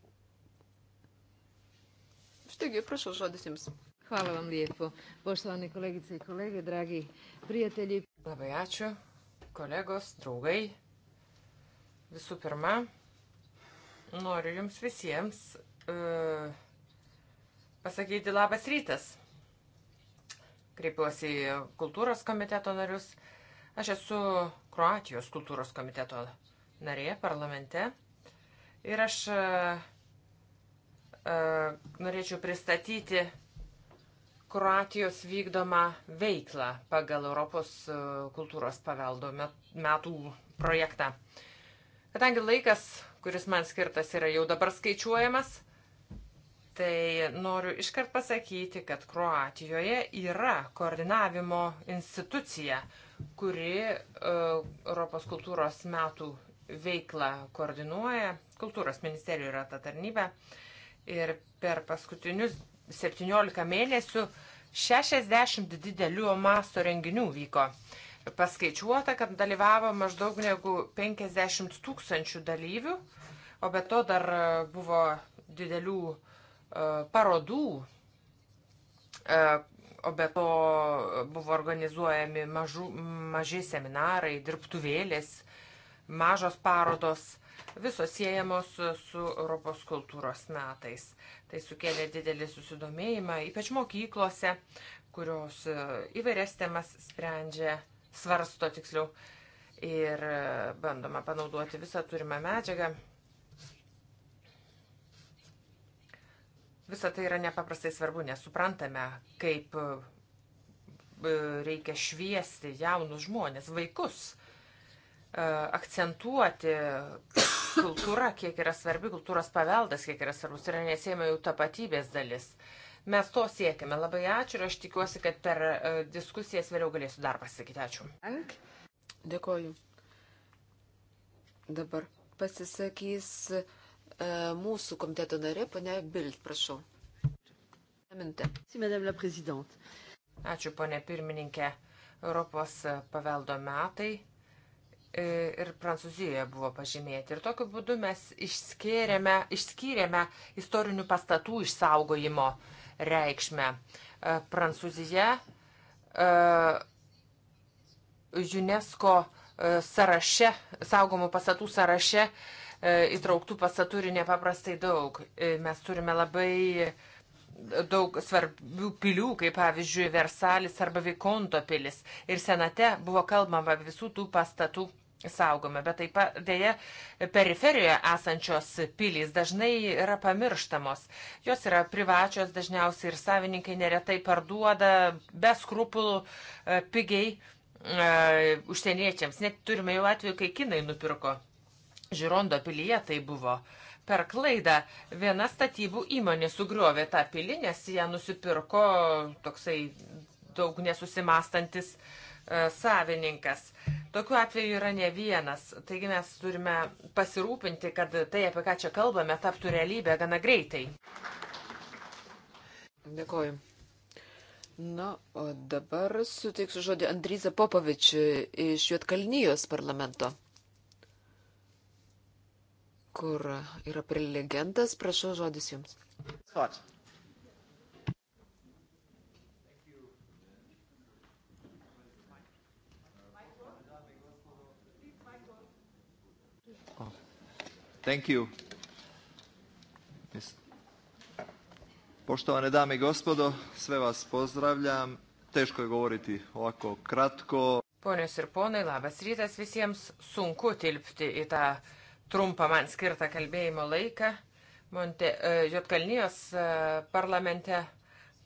Štaigi, prašau, žodis jums. Hvala vam lijepo, poštovani kolegice i kolege, dragi prijatelji. Labai ačiū, kolegos, draugai. Visų pirma, noriu jums visiems uh, pasakyti labas rytas. Kreipiuosi į kultūros komiteto narius. Aš esu Kroatijos kultūros komiteto narė parlamente. Ir aš uh, uh, norėčiau pristatyti Kroatijos vykdomą veiklą pagal Europos kultūros paveldo metų projektą. Kadangi laikas, kuris man skirtas, yra jau dabar skaičiuojamas, tai noriu iškart pasakyti, kad Kroatijoje yra koordinavimo institucija, kuri e, Europos kultūros metų veiklą koordinuoja. Kultūros ministerija yra ta tarnybė. Ir per paskutinius 17 mėnesių 60 didelių masto renginių vyko. Paskaičiuota, kad dalyvavo maždaug negu 50 tūkstančių dalyvių, o be to dar buvo didelių uh, E, parodų, e, o be to buvo organizuojami mažu, maži seminarai, dirbtuvėlės, mažos parodos, visos siejamos su Europos kultūros metais. Tai sukėlė didelį susidomėjimą, ypač mokyklose, kurios e, įvairias temas sprendžia, svarsto tiksliau ir bandoma panaudoti visą turimą medžiagą. Visą tai yra nepaprastai svarbu, nes suprantame, kaip e, reikia šviesti jaunus žmonės, vaikus, e, akcentuoti kultūrą, kiek yra svarbi kultūros paveldas, kiek yra svarbus, yra neatsiejama jų tapatybės dalis. Mes to siekime. Labai ačiū ir aš tikiuosi, kad per e, diskusijas vėliau galėsiu dar pasakyti. Ačiū. Dėkoju. Dabar pasisakys E, mūsų komiteto narė, ponia Bild, prašau. Minutė. Ačiū, ponia pirmininkė. Europos paveldo metai e, ir Prancūzijoje buvo pažymėti. Ir tokiu būdu mes išskyrėme istorinių pastatų išsaugojimo reikšmę. E, Prancūzija UNESCO sąraše, saugomų pastatų sąraše E, įtrauktų pastatų yra nepaprastai daug. E, mes turime labai daug svarbių pilių, kaip pavyzdžiui Versalis arba Vikonto pilis. Ir senate buvo kalbama visų tų pastatų saugome, bet taip pat dėja periferijoje esančios pilys dažnai yra pamirštamos. Jos yra privačios dažniausiai ir savininkai neretai parduoda be skrupulų e, pigiai e, užsieniečiams. Net turime jau atveju, kai kinai nupirko Žirondo pilyje tai buvo. Per klaidą viena statybų įmonė sugriovė tą pilį, nes ją nusipirko toksai daug nesusimastantis e, savininkas. Tokių atvejų yra ne vienas, taigi mes turime pasirūpinti, kad tai, apie ką čia kalbame, taptų realybę gana greitai. Dėkoju. Na, o dabar suteiksiu žodį Andryze Popovičiui iš Juotkalnyjos parlamento kur yra prelegentas. Prašau žodis jums. Svart. Thank you. Poštovane dame i gospodo, sve vas pozdravljam. Teško je govoriti ovako kratko. Ponios ir ponai, labas rytas visiems. Sunku tilpti į tą trumpą man skirtą kalbėjimo laiką. Monte, e, Jotkalnijos e, parlamente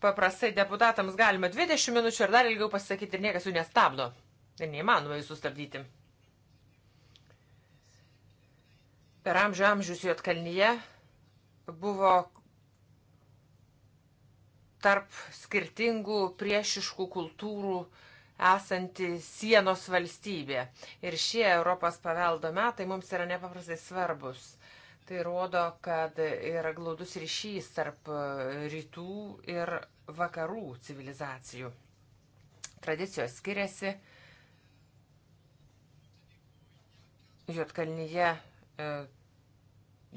paprastai deputatams galima 20 minučių ir dar ilgiau pasakyti ir niekas jų nestabdo. Ir neįmanoma jų sustabdyti. Per amžių amžius Jotkalnyje buvo tarp skirtingų priešiškų kultūrų uh, esanti sienos valstybė. Ir šie Europos paveldo metai mums yra nepaprastai svarbus. Tai rodo, kad yra glaudus ryšys tarp e, rytų ir vakarų civilizacijų. Tradicijos skiriasi. Jotkalnyje, e,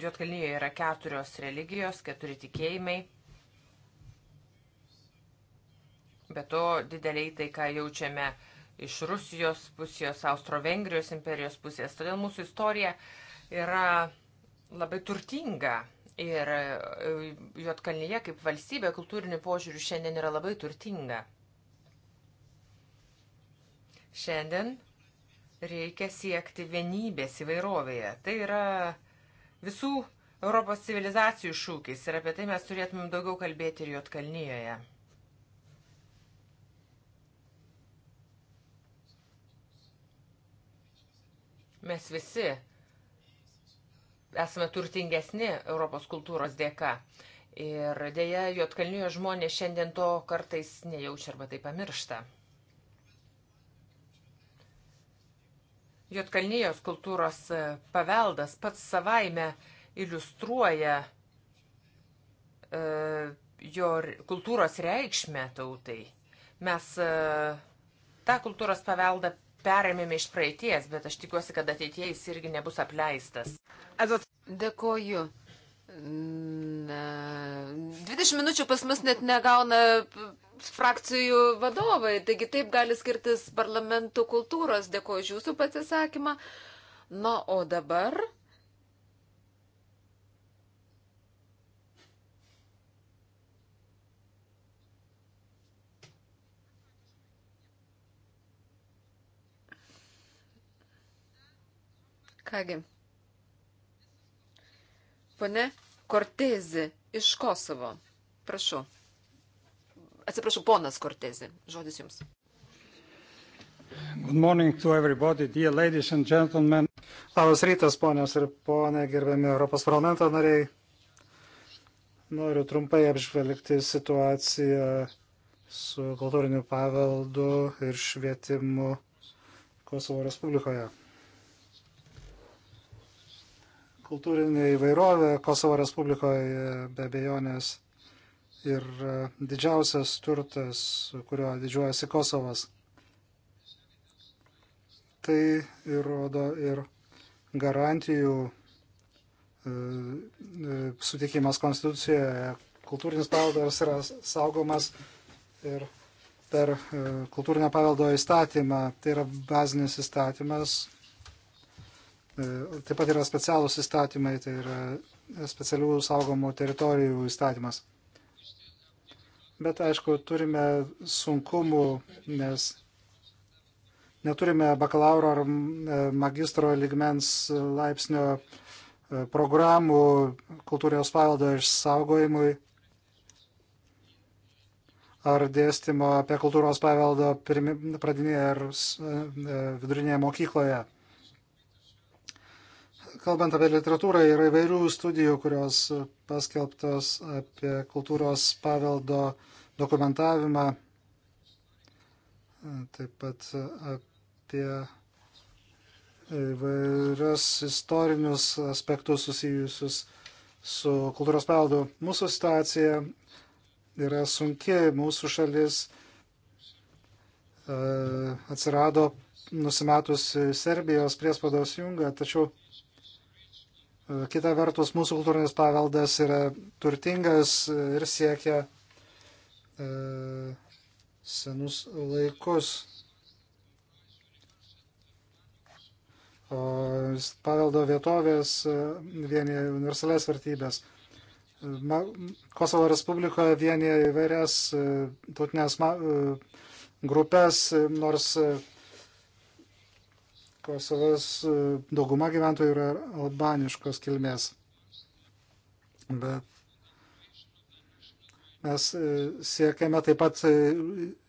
Jotkalnyje yra keturios religijos, keturi tikėjimai Be to dideliai tai, ką jaučiame iš Rusijos pusės, Austro-Vengrijos imperijos pusės. Todėl mūsų istorija yra labai turtinga. Ir e, Jotkalnyje kaip valstybė kultūriniu požiūriu šiandien yra labai turtinga. Šiandien reikia siekti vienybės įvairovėje. Tai yra visų Europos civilizacijų šūkis ir apie tai mes turėtumėm daugiau kalbėti ir Jotkalnyjoje. Mes visi esame turtingesni Europos kultūros dėka. Ir dėja, Jotkalnyje žmonės šiandien to kartais nejaučia arba tai pamiršta. Jotkalnyjos kultūros paveldas pats savaime iliustruoja e, jo kultūros reikšmę tautai. Mes e, tą kultūros paveldą perėmėme iš praeities, bet aš tikiuosi, kad ateitie jis irgi nebus apleistas. Dėkoju. Na, 20 minučių pas mus net negauna frakcijų vadovai, taigi taip gali skirtis parlamentų kultūros. Dėkoju už jūsų pasisakymą. Na, o dabar Kągi. Pone Kortezi iš Kosovo. Prašau. Atsiprašau, ponas Kortezi. Žodis jums. Good morning to everybody, dear ladies and gentlemen. Labas rytas, ponios ir ponai, gerbiami Europos parlamento nariai. Noriu trumpai apžvelgti situaciją su kultūriniu paveldu ir švietimu Kosovo Respublikoje. Kultūrinė įvairovė Kosovo Respublikoje be abejonės ir e, didžiausias turtas, kurio didžiuojasi Kosovas. Tai įrodo ir garantijų e, e, sutikimas Konstitucijoje. Kultūrinis paveldas yra saugomas ir per kultūrinio paveldo įstatymą. Tai yra bazinis įstatymas, E, taip pat yra specialūs įstatymai, tai yra specialių saugomų teritorijų įstatymas. Bet aišku, turime sunkumų, nes neturime bakalauro ar e, magistro ligmens laipsnio e, programų kultūrijos paveldo išsaugojimui ar dėstymo apie kultūros paveldo pradinėje ar vidurinėje mokykloje kalbant apie literatūrą, yra įvairių studijų, kurios paskelbtos apie kultūros paveldo dokumentavimą, taip pat apie įvairias istorinius aspektus susijusius su kultūros paveldu. Mūsų situacija yra sunki, mūsų šalis e, atsirado nusimetus Serbijos priespaudos jungą, tačiau Kita vertus, mūsų kultūrinis paveldas yra turtingas ir siekia e, senus laikus. O paveldo vietovės e, vienyje universalias vertybės. Ma, Kosovo Respublikoje vienyje įvairias e, tautinės e, grupės, nors Kosovas e, dauguma gyventojų yra albaniškos kilmės. Bet mes e, siekiame taip pat e,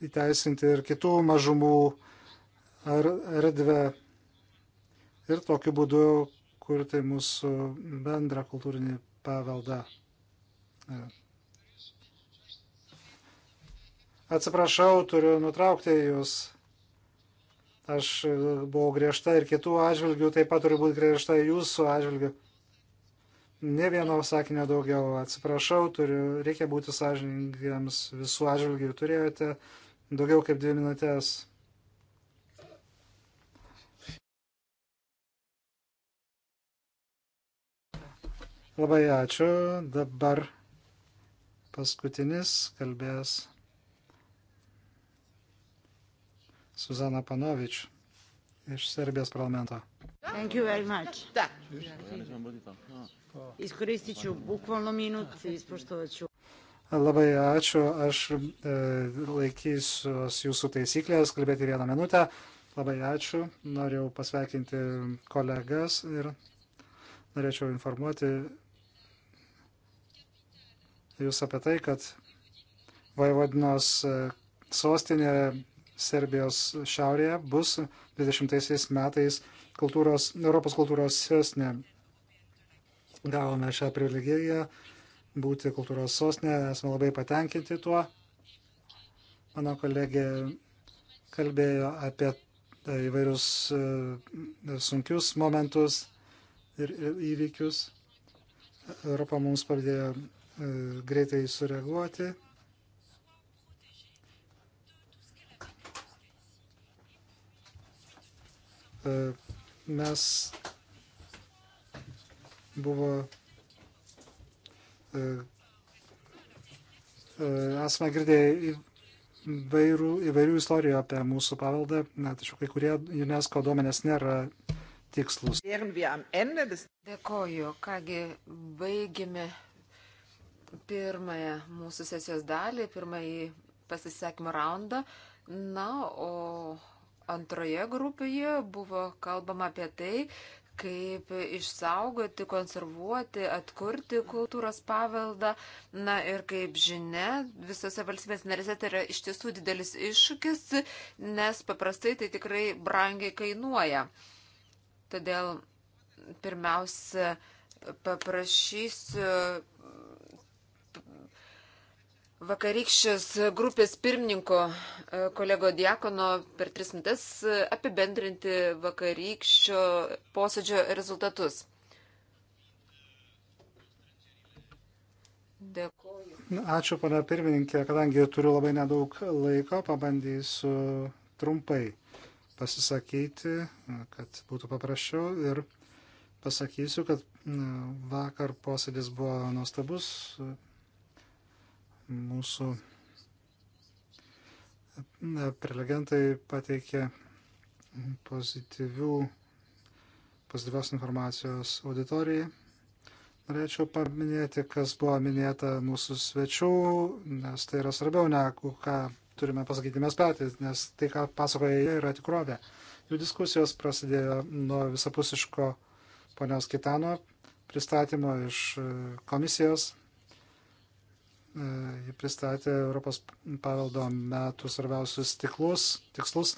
įteisinti ir kitų mažumų ar erdvę ir tokiu būdu kurti mūsų bendrą kultūrinį paveldą. Atsiprašau, turiu nutraukti jūs. Aš e, buvau griežta ir kitų atžvilgių, taip pat turiu būti griežta jūsų atžvilgių. Ne vieno sakinio daugiau, atsiprašau, turiu, reikia būti sąžininkiams visų atžvilgių. Turėjote daugiau kaip dvi minutės. Labai ačiū. Dabar paskutinis kalbės Suzana Panovič iš Serbijos parlamento. Thank you very much. Da. Iskoristit ću bukvalno minut, ispoštovat ću. Labai ačiū, aš e, laikysiu jūsų taisyklės, kalbėti vieną minutę. Labai ačiū, norėjau pasveikinti kolegas ir norėčiau informuoti jūs apie tai, kad Vaivodinos e, sostinė Serbijos šiaurėje bus 20 metais kultūros, Europos kultūros sostinė. Gavome šią privilegiją būti kultūros sostinė, esame labai patenkinti tuo. Mano kolegė kalbėjo apie įvairius e, sunkius momentus ir įvykius. Europa mums padėjo e, greitai sureaguoti E, mes buvo e, e, esame girdėję įvairių, įvairių istorijų apie mūsų paveldą, na, tačiau kai kurie UNESCO duomenės nėra tikslus. Dėkoju, kągi baigime pirmąją mūsų sesijos dalį, pirmąjį pasisakymą raundą. Na, o Antroje grupėje buvo kalbama apie tai, kaip išsaugoti, konservuoti, atkurti kultūros paveldą. Na ir kaip žinia, visose valstybės narėse tai yra iš tiesų didelis iššūkis, nes paprastai tai tikrai brangiai kainuoja. Todėl pirmiausia, paprašysiu Vakarykščios grupės pirmininko e, kolego Diakono per tris mintes e, apibendrinti vakarykščio posėdžio rezultatus. Dėkuoju. Ačiū, pana pirmininkė, kadangi turiu labai nedaug laiko, pabandysiu trumpai pasisakyti, kad būtų paprasčiau ir pasakysiu, kad vakar posėdis buvo nuostabus, mūsų prelegentai pateikė pozityvių, pozityvios informacijos auditorijai. Norėčiau paminėti, kas buvo minėta mūsų svečių, nes tai yra svarbiau negu ką turime pasakyti mes patys, nes tai, ką pasakoja jie, yra tikrovė. Jų diskusijos prasidėjo nuo visapusiško ponios Kitano pristatymo iš e, komisijos E, ji pristatė Europos paveldo metų svarbiausius tiklus, tikslus,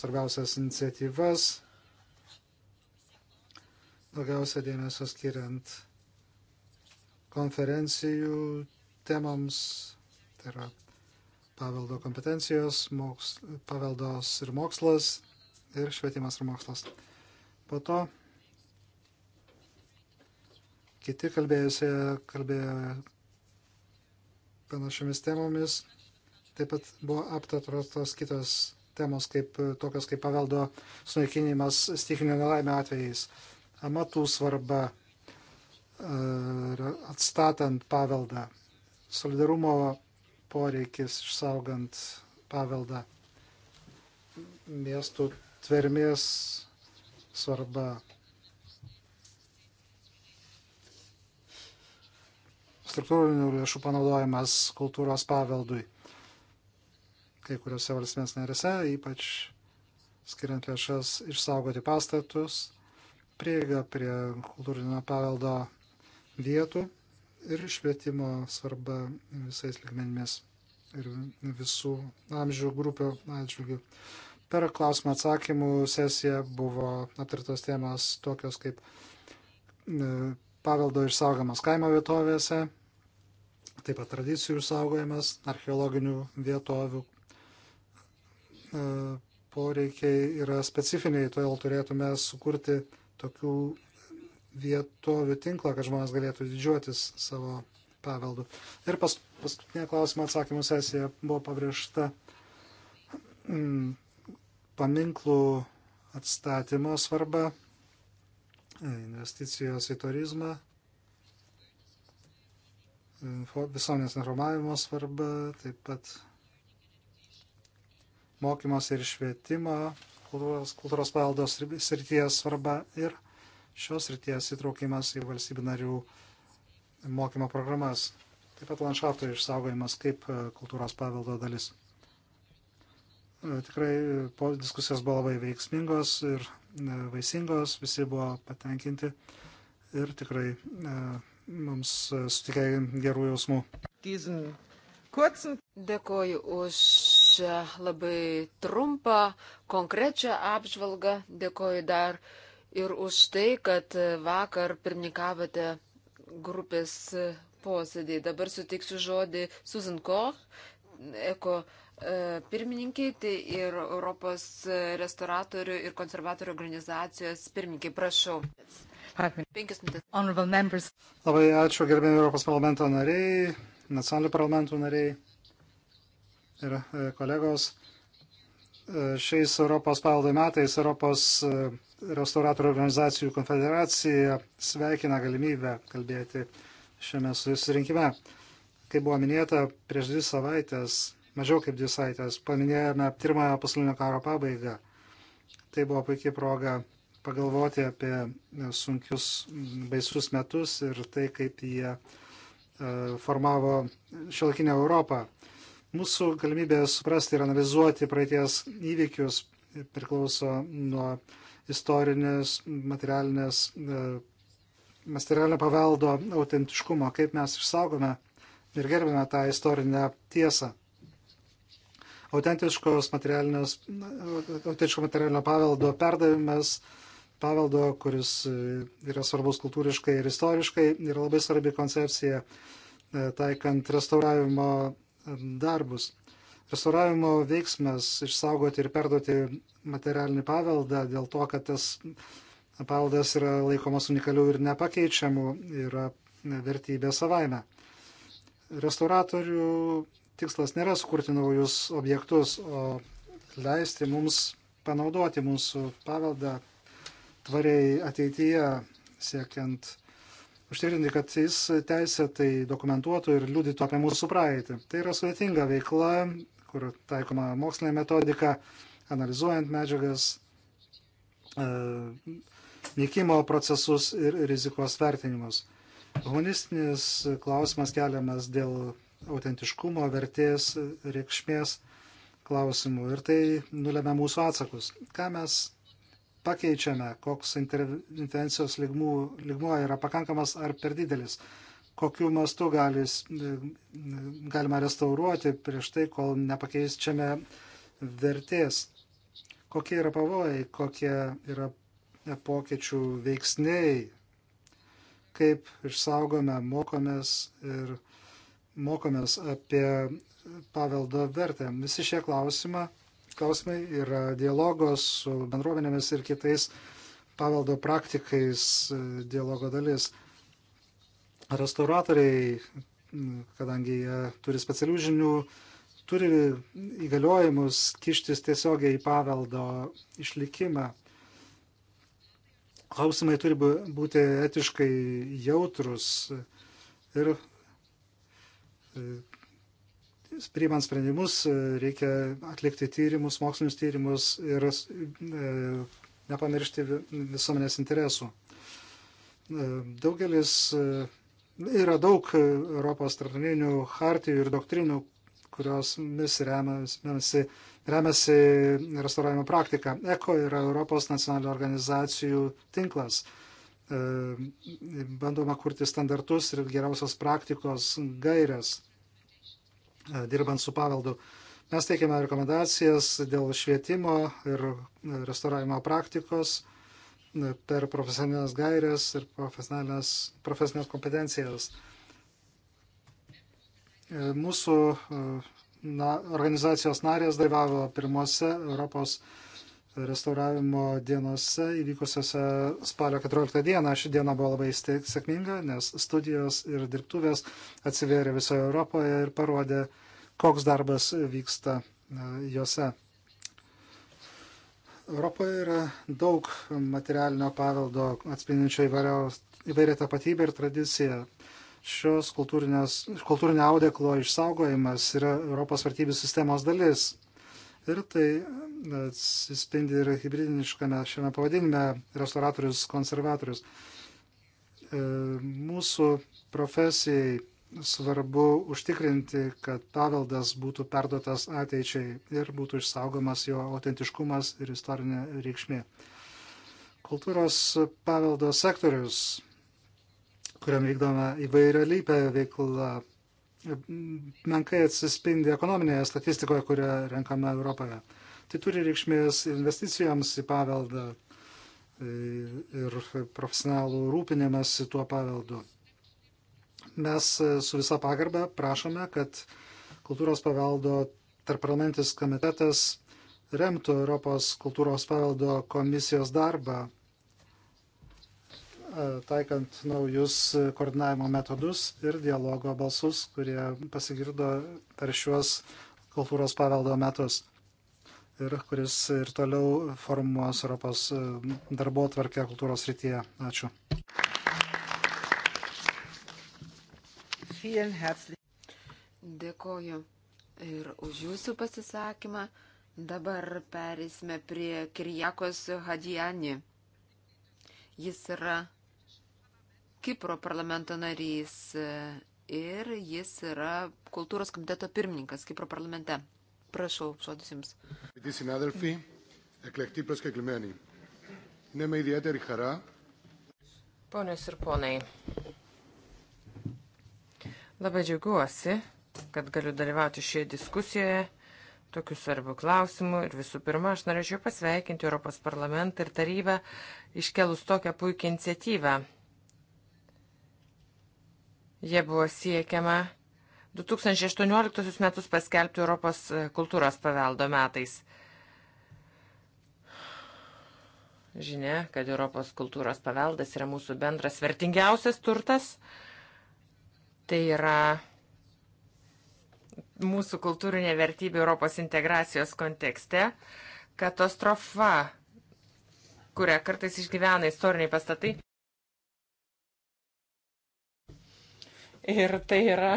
svarbiausias iniciatyvas, daugiausia dėmesio skiriant konferencijų temams, tai yra paveldo kompetencijos, moks, paveldos ir mokslas ir švietimas ir mokslas. Po to kiti kalbėjusie kalbėjo panašiamis temomis. Taip pat buvo aptatratos kitos temos, kaip, tokios kaip paveldo sunaikinimas stikinio nelaimė atvejais, amatų svarba e, atstatant paveldą, solidarumo poreikis išsaugant paveldą, miestų tvermės svarba, struktūrinių lėšų panaudojimas kultūros paveldui. Kai kuriuose valstybės narėse, ypač skiriant lėšas išsaugoti pastatus, prieiga prie kultūrinio paveldo vietų ir švietimo svarba visais ligmenimis ir visų amžių grupių atžvilgių. Per klausimą atsakymų sesiją buvo aptartos temas tokios kaip e, paveldo išsaugamas kaimo vietovėse, taip pat tradicijų išsaugojimas, archeologinių vietovių e, poreikiai yra specifiniai, todėl turėtume sukurti tokių vietovių tinklą, kad žmonės galėtų didžiuotis savo paveldu. Ir pas, paskutinė klausimo atsakymų sesija buvo pabrėžta mm, paminklų atstatymo svarba, investicijos į turizmą visuomenės informavimo svarba, taip pat mokymos ir švietimo kultūros, kultūros paveldos srities svarba ir šios srities įtraukimas į valstybių narių mokymo programas. Taip pat landšafto išsaugojimas kaip e, kultūros paveldo dalis. E, tikrai diskusijos buvo labai veiksmingos ir e, vaisingos, visi buvo patenkinti ir tikrai mums e, sutikė gerų jausmų. Dėkoju už labai trumpą, konkrečią apžvalgą. Dėkoju dar ir už tai, kad vakar pirmininkavote grupės posėdį. Dabar sutiksiu žodį Susan Koch, eko e, pirmininkiai tai ir Europos restauratorių ir konservatorių organizacijos pirmininkiai. Prašau. Labai ačiū gerbėjai Europos parlamento nariai, nacionalinių parlamentų nariai ir e, kolegos. E, šiais Europos paveldo metais Europos e, restauratorių organizacijų konfederacija sveikina galimybę kalbėti šiame susirinkime. Kaip buvo minėta, prieš dvi savaitės, mažiau kaip dvi savaitės, paminėjome pirmąją pasaulinio karo pabaigą. Tai buvo puikiai proga pagalvoti apie sunkius, baisus metus ir tai, kaip jie e, formavo šiolkinę Europą. Mūsų galimybė suprasti ir analizuoti praeities įvykius priklauso nuo istorinės, materialinės, e, materialinio paveldo autentiškumo, kaip mes išsaugome ir gerbėme tą istorinę tiesą. Autentiškos materialinės, autentiško materialinio paveldo perdavimas uh, paveldo, kuris e, yra svarbus kultūriškai ir istoriškai, yra labai svarbi koncepcija e, taikant restauravimo e, darbus. Restauravimo veiksmas išsaugoti ir perduoti materialinį paveldą dėl to, kad tas paveldas yra laikomas unikalių ir nepakeičiamų, yra vertybė savaime. Restauratorių tikslas nėra sukurti naujus objektus, o leisti mums panaudoti mūsų paveldą tvariai ateityje, siekiant užtikrinti, kad jis teisė tai dokumentuotų ir liudytų apie mūsų praeitį. Tai yra sudėtinga veikla, kur taikoma mokslinė metodika, analizuojant medžiagas, e, nykimo procesus ir rizikos vertinimus. Humanistinis klausimas keliamas dėl autentiškumo, vertės, reikšmės klausimų ir tai nulėmė mūsų atsakus. Ką mes pakeičiame, koks intervencijos ligmų, ligmuo yra pakankamas ar per didelis, kokiu mastu galis, galima restauruoti prieš tai, kol nepakeičiame vertės, kokie yra pavojai, kokie yra pokyčių veiksniai, kaip išsaugome, mokomės ir mokomės apie paveldo vertę. Visi šie klausimai klausimai yra dialogos su bendruomenėmis ir kitais paveldo praktikais e, dialogo dalis. Restauratoriai, kadangi jie turi specialių žinių, turi įgaliojimus kištis tiesiogiai į paveldo išlikimą. Klausimai turi būti etiškai jautrus ir e, priimant sprendimus, e, reikia atlikti tyrimus, mokslinius tyrimus ir e, nepamiršti visuomenės interesų. E, daugelis yra daug Europos tarptautinių hartijų ir doktrinų, kurios mis remiasi, remiasi restauravimo praktika. ECO yra Europos nacionalinių organizacijų tinklas. Bandoma kurti standartus ir geriausios praktikos gairias E, dirbant su paveldu. Mes teikiame rekomendacijas dėl švietimo ir restauravimo praktikos e, per profesionalias gairias ir profesionalias, profesinės kompetencijas. E, mūsų na, organizacijos narės dalyvavo pirmose Europos restauravimo dienose įvykusiose spalio 14 dieną. Ši diena buvo labai sėkminga, nes studijos ir dirbtuvės atsivėrė visoje Europoje ir parodė, koks darbas vyksta e, juose. Europoje yra daug materialinio paveldo atspindinčio įvairią tapatybę ir tradiciją. Šios kultūrinio audeklo išsaugojimas yra Europos vertybių sistemos dalis Ir tai e, atsispindi ir hybridiniškame šiame pavadinime restauratorius, konservatorius. E, mūsų profesijai svarbu užtikrinti, kad paveldas būtų perduotas ateičiai ir būtų išsaugomas jo autentiškumas ir istorinė reikšmė. Kultūros paveldo sektorius, kuriam vykdome įvairią lypę veiklą, menkai atsispindi ekonominėje statistikoje, kurią renkame Europoje. Tai turi reikšmės investicijoms į paveldą e, ir profesionalų rūpinimas tuo paveldu. Mes e, su visa pagarba prašome, kad kultūros paveldo tarparlamentis komitetas remtų Europos kultūros paveldo komisijos darbą E, taikant naujus koordinavimo metodus ir dialogo balsus, kurie pasigirdo per šiuos kultūros paveldo metus ir kuris ir toliau formuos Europos e, darbo tvarkę kultūros rytyje. Ačiū. Dėkoju ir už jūsų pasisakymą. Dabar perėsime prie Kirjakos Hadijani. Jis yra Kipro parlamento narys e, ir jis yra kultūros komiteto pirmininkas Kipro parlamente. Prašau, žodis jums. Ponios ir ponai, labai džiaugiuosi, kad galiu dalyvauti šioje diskusijoje tokių svarbių klausimų. Ir visų pirma, aš norėčiau pasveikinti Europos parlamentą ir tarybą iškelus tokią puikią iniciatyvą Jie buvo siekiama 2018 metus paskelbti Europos kultūros paveldo metais. Žinia, kad Europos kultūros paveldas yra mūsų bendras vertingiausias turtas. Tai yra mūsų kultūrinė vertybė Europos integracijos kontekste. Katastrofa, kurią kartais išgyvena istoriniai pastatai. Ir tai yra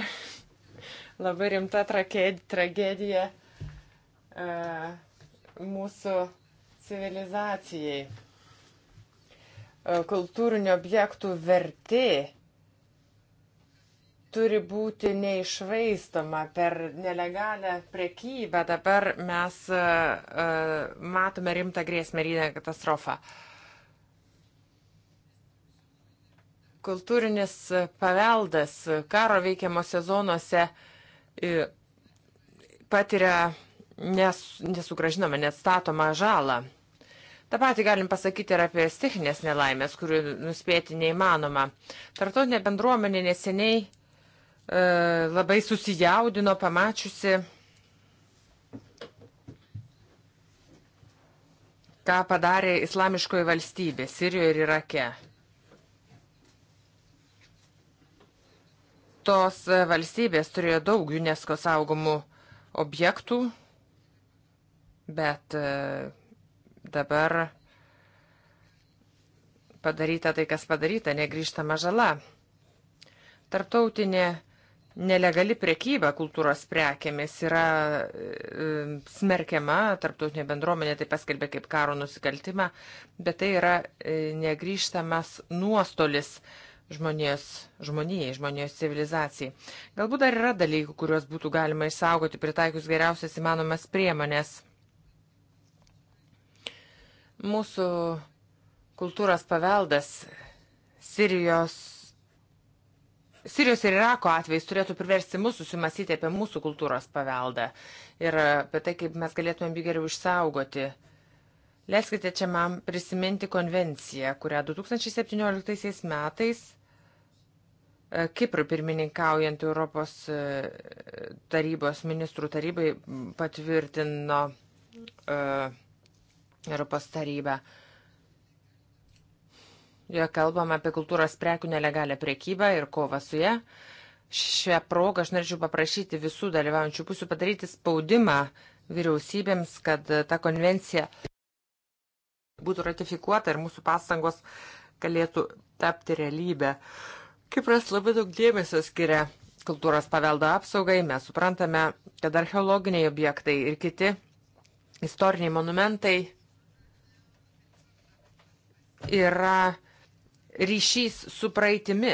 labai rimta tragedija e, mūsų civilizacijai. E, kultūrinių objektų vertė turi būti neišvaistoma per nelegalę prekybą. Dabar mes e, matome rimtą grėsmę, rimtą katastrofą. Uh, Kultūrinis paveldas karo veikiamose zonose e, patiria nes, nesugražinamą, netstatomą žalą. Ta pati galim pasakyti ir apie stichinės nelaimės, kurių nuspėti neįmanoma. Tartotinė bendruomenė neseniai e, labai susijaudino pamačiusi, ką padarė islamiškoji valstybė Sirijoje ir Irake. Ir tos valstybės turėjo daug UNESCO saugomų objektų, bet e, dabar padaryta tai, kas padaryta, negryžtama žala. Tartautinė nelegali priekyba kultūros prekėmis yra e, smerkiama, tarptautinė bendruomenė tai paskelbė kaip karo nusikaltimą, bet tai yra e, negryžtamas nuostolis žmonijos, žmonijai, žmonijos civilizacijai. Galbūt dar yra dalykų, kuriuos būtų galima išsaugoti, pritaikius geriausias įmanomas priemonės. Mūsų kultūros paveldas Sirijos. Sirijos ir Irako atvejs turėtų priversti mus susimastyti apie mūsų kultūros paveldą ir apie tai, kaip mes galėtumėm jį geriau išsaugoti. Leiskite čia man prisiminti konvenciją, kurią 2017 metais E, Kiprui pirmininkaujant Europos e, tarybos ministrų tarybai patvirtino uh, Europos tarybą. Joje kalbama apie kultūros prekių nelegalę priekybą ir kovą su ją. Šią progą aš norėčiau paprašyti visų dalyvaujančių pusių padaryti spaudimą vyriausybėms, kad ta konvencija būtų ratifikuota ir mūsų pastangos galėtų tapti realybę. Uh, Kipras labai daug dėmesio skiria kultūros paveldo apsaugai. Mes suprantame, kad archeologiniai objektai ir kiti istoriniai monumentai yra ryšys su praeitimi,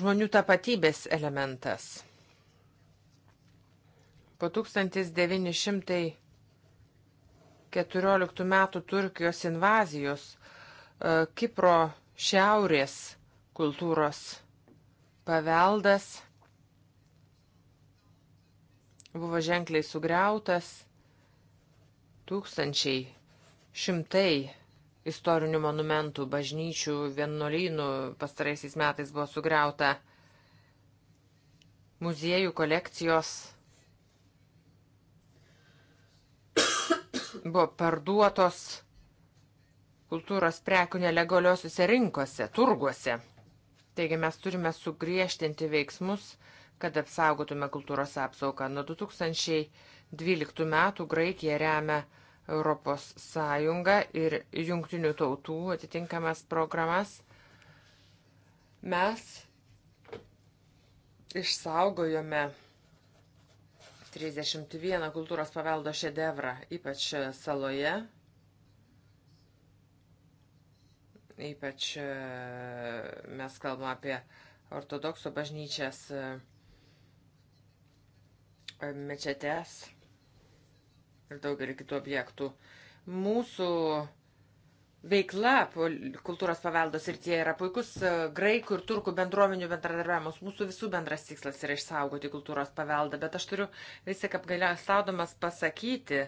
žmonių tapatybės elementas. Po 1914 metų Turkijos invazijos e, Kipro šiaurės kultūros paveldas buvo ženkliai sugriautas, tūkstančiai, šimtai istorinių monumentų, bažnyčių, vienuolynų pastaraisiais metais buvo sugriauta, muziejų kolekcijos buvo parduotos kultūros prekių nelegaliosiuose rinkose, turguose. Taigi mes turime sugriežtinti veiksmus, kad apsaugotume kultūros apsaugą. Nuo 2012 metų Graikija remia Europos Sąjungą ir jungtinių tautų atitinkamas programas. Mes išsaugojome 31 kultūros paveldo šedevrą, ypač saloje Ypač e, mes kalbam apie ortodoksų bažnyčias e, mečetes ir daugelį kitų objektų. Mūsų veikla kultūros paveldos ir tie yra puikus e, graikų ir turkų bendruomenių bendradarbiavimas. Mūsų visų bendras tikslas yra išsaugoti kultūros paveldą, bet aš turiu vis tik apgailę staudamas pasakyti,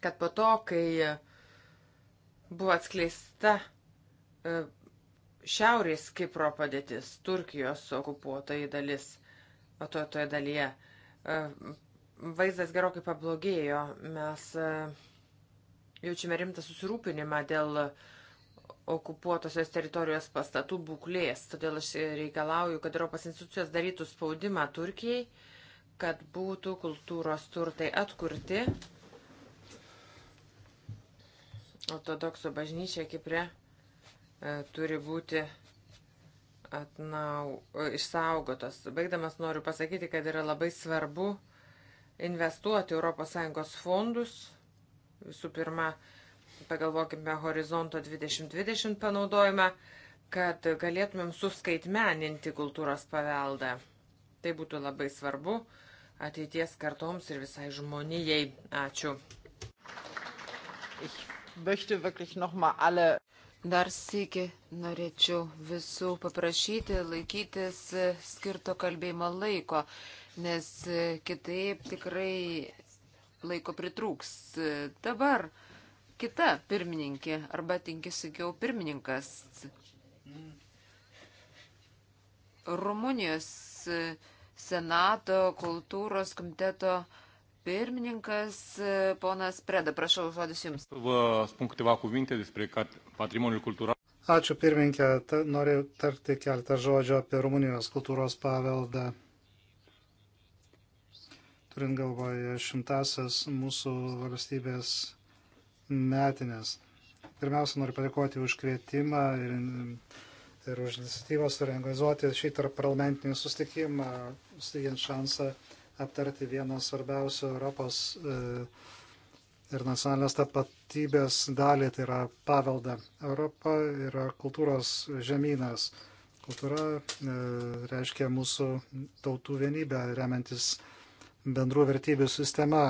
kad po to, kai buvo atskleista e, šiaurės Kipro padėtis, Turkijos okupuotojai dalis, o to toje dalyje, e, vaizdas gerokai pablogėjo. Mes e, jaučiame rimtą susirūpinimą dėl okupuotosios teritorijos pastatų būklės. Todėl aš reikalauju, kad Europos institucijos darytų spaudimą Turkijai, kad būtų kultūros turtai atkurti Ortodoksų bažnyčia Kipre e, turi būti atnau, e, išsaugotos. Baigdamas noriu pasakyti, kad yra labai svarbu investuoti ES fondus. Visų pirma, pagalvokime horizonto 2020 panaudojimą, kad galėtumėm suskaitmeninti kultūros paveldą. Tai būtų labai svarbu ateities kartoms ir visai žmonijai. Ačiū. Ich möchte wirklich nochmal alle. Dar sėki norėčiau visų paprašyti laikytis e, skirto kalbėjimo laiko, nes e, kitaip tikrai laiko pritrūks. E, dabar kita pirmininkė, arba tinki sakiau pirmininkas. Rumunijos Senato kultūros komiteto uh, Pirmininkas, e, ponas Preda, prašau, žodis jums. Ačiū pirmininkė, Ta, noriu tarti keletą žodžių apie Rumunijos kultūros paveldą. Turint galvoje šimtasias mūsų valstybės metinės. Pirmiausia, noriu padėkoti už kvietimą ir, ir už iniciatyvą suorganizuoti šį tarp parlamentinį sustikimą, suteikiant šansą aptarti vieną svarbiausių Europos e, ir nacionalinės tapatybės dalį, tai yra paveldą. Europa yra kultūros žemynas. Kultūra e, reiškia mūsų tautų vienybę, remiantis bendrų vertybių sistema,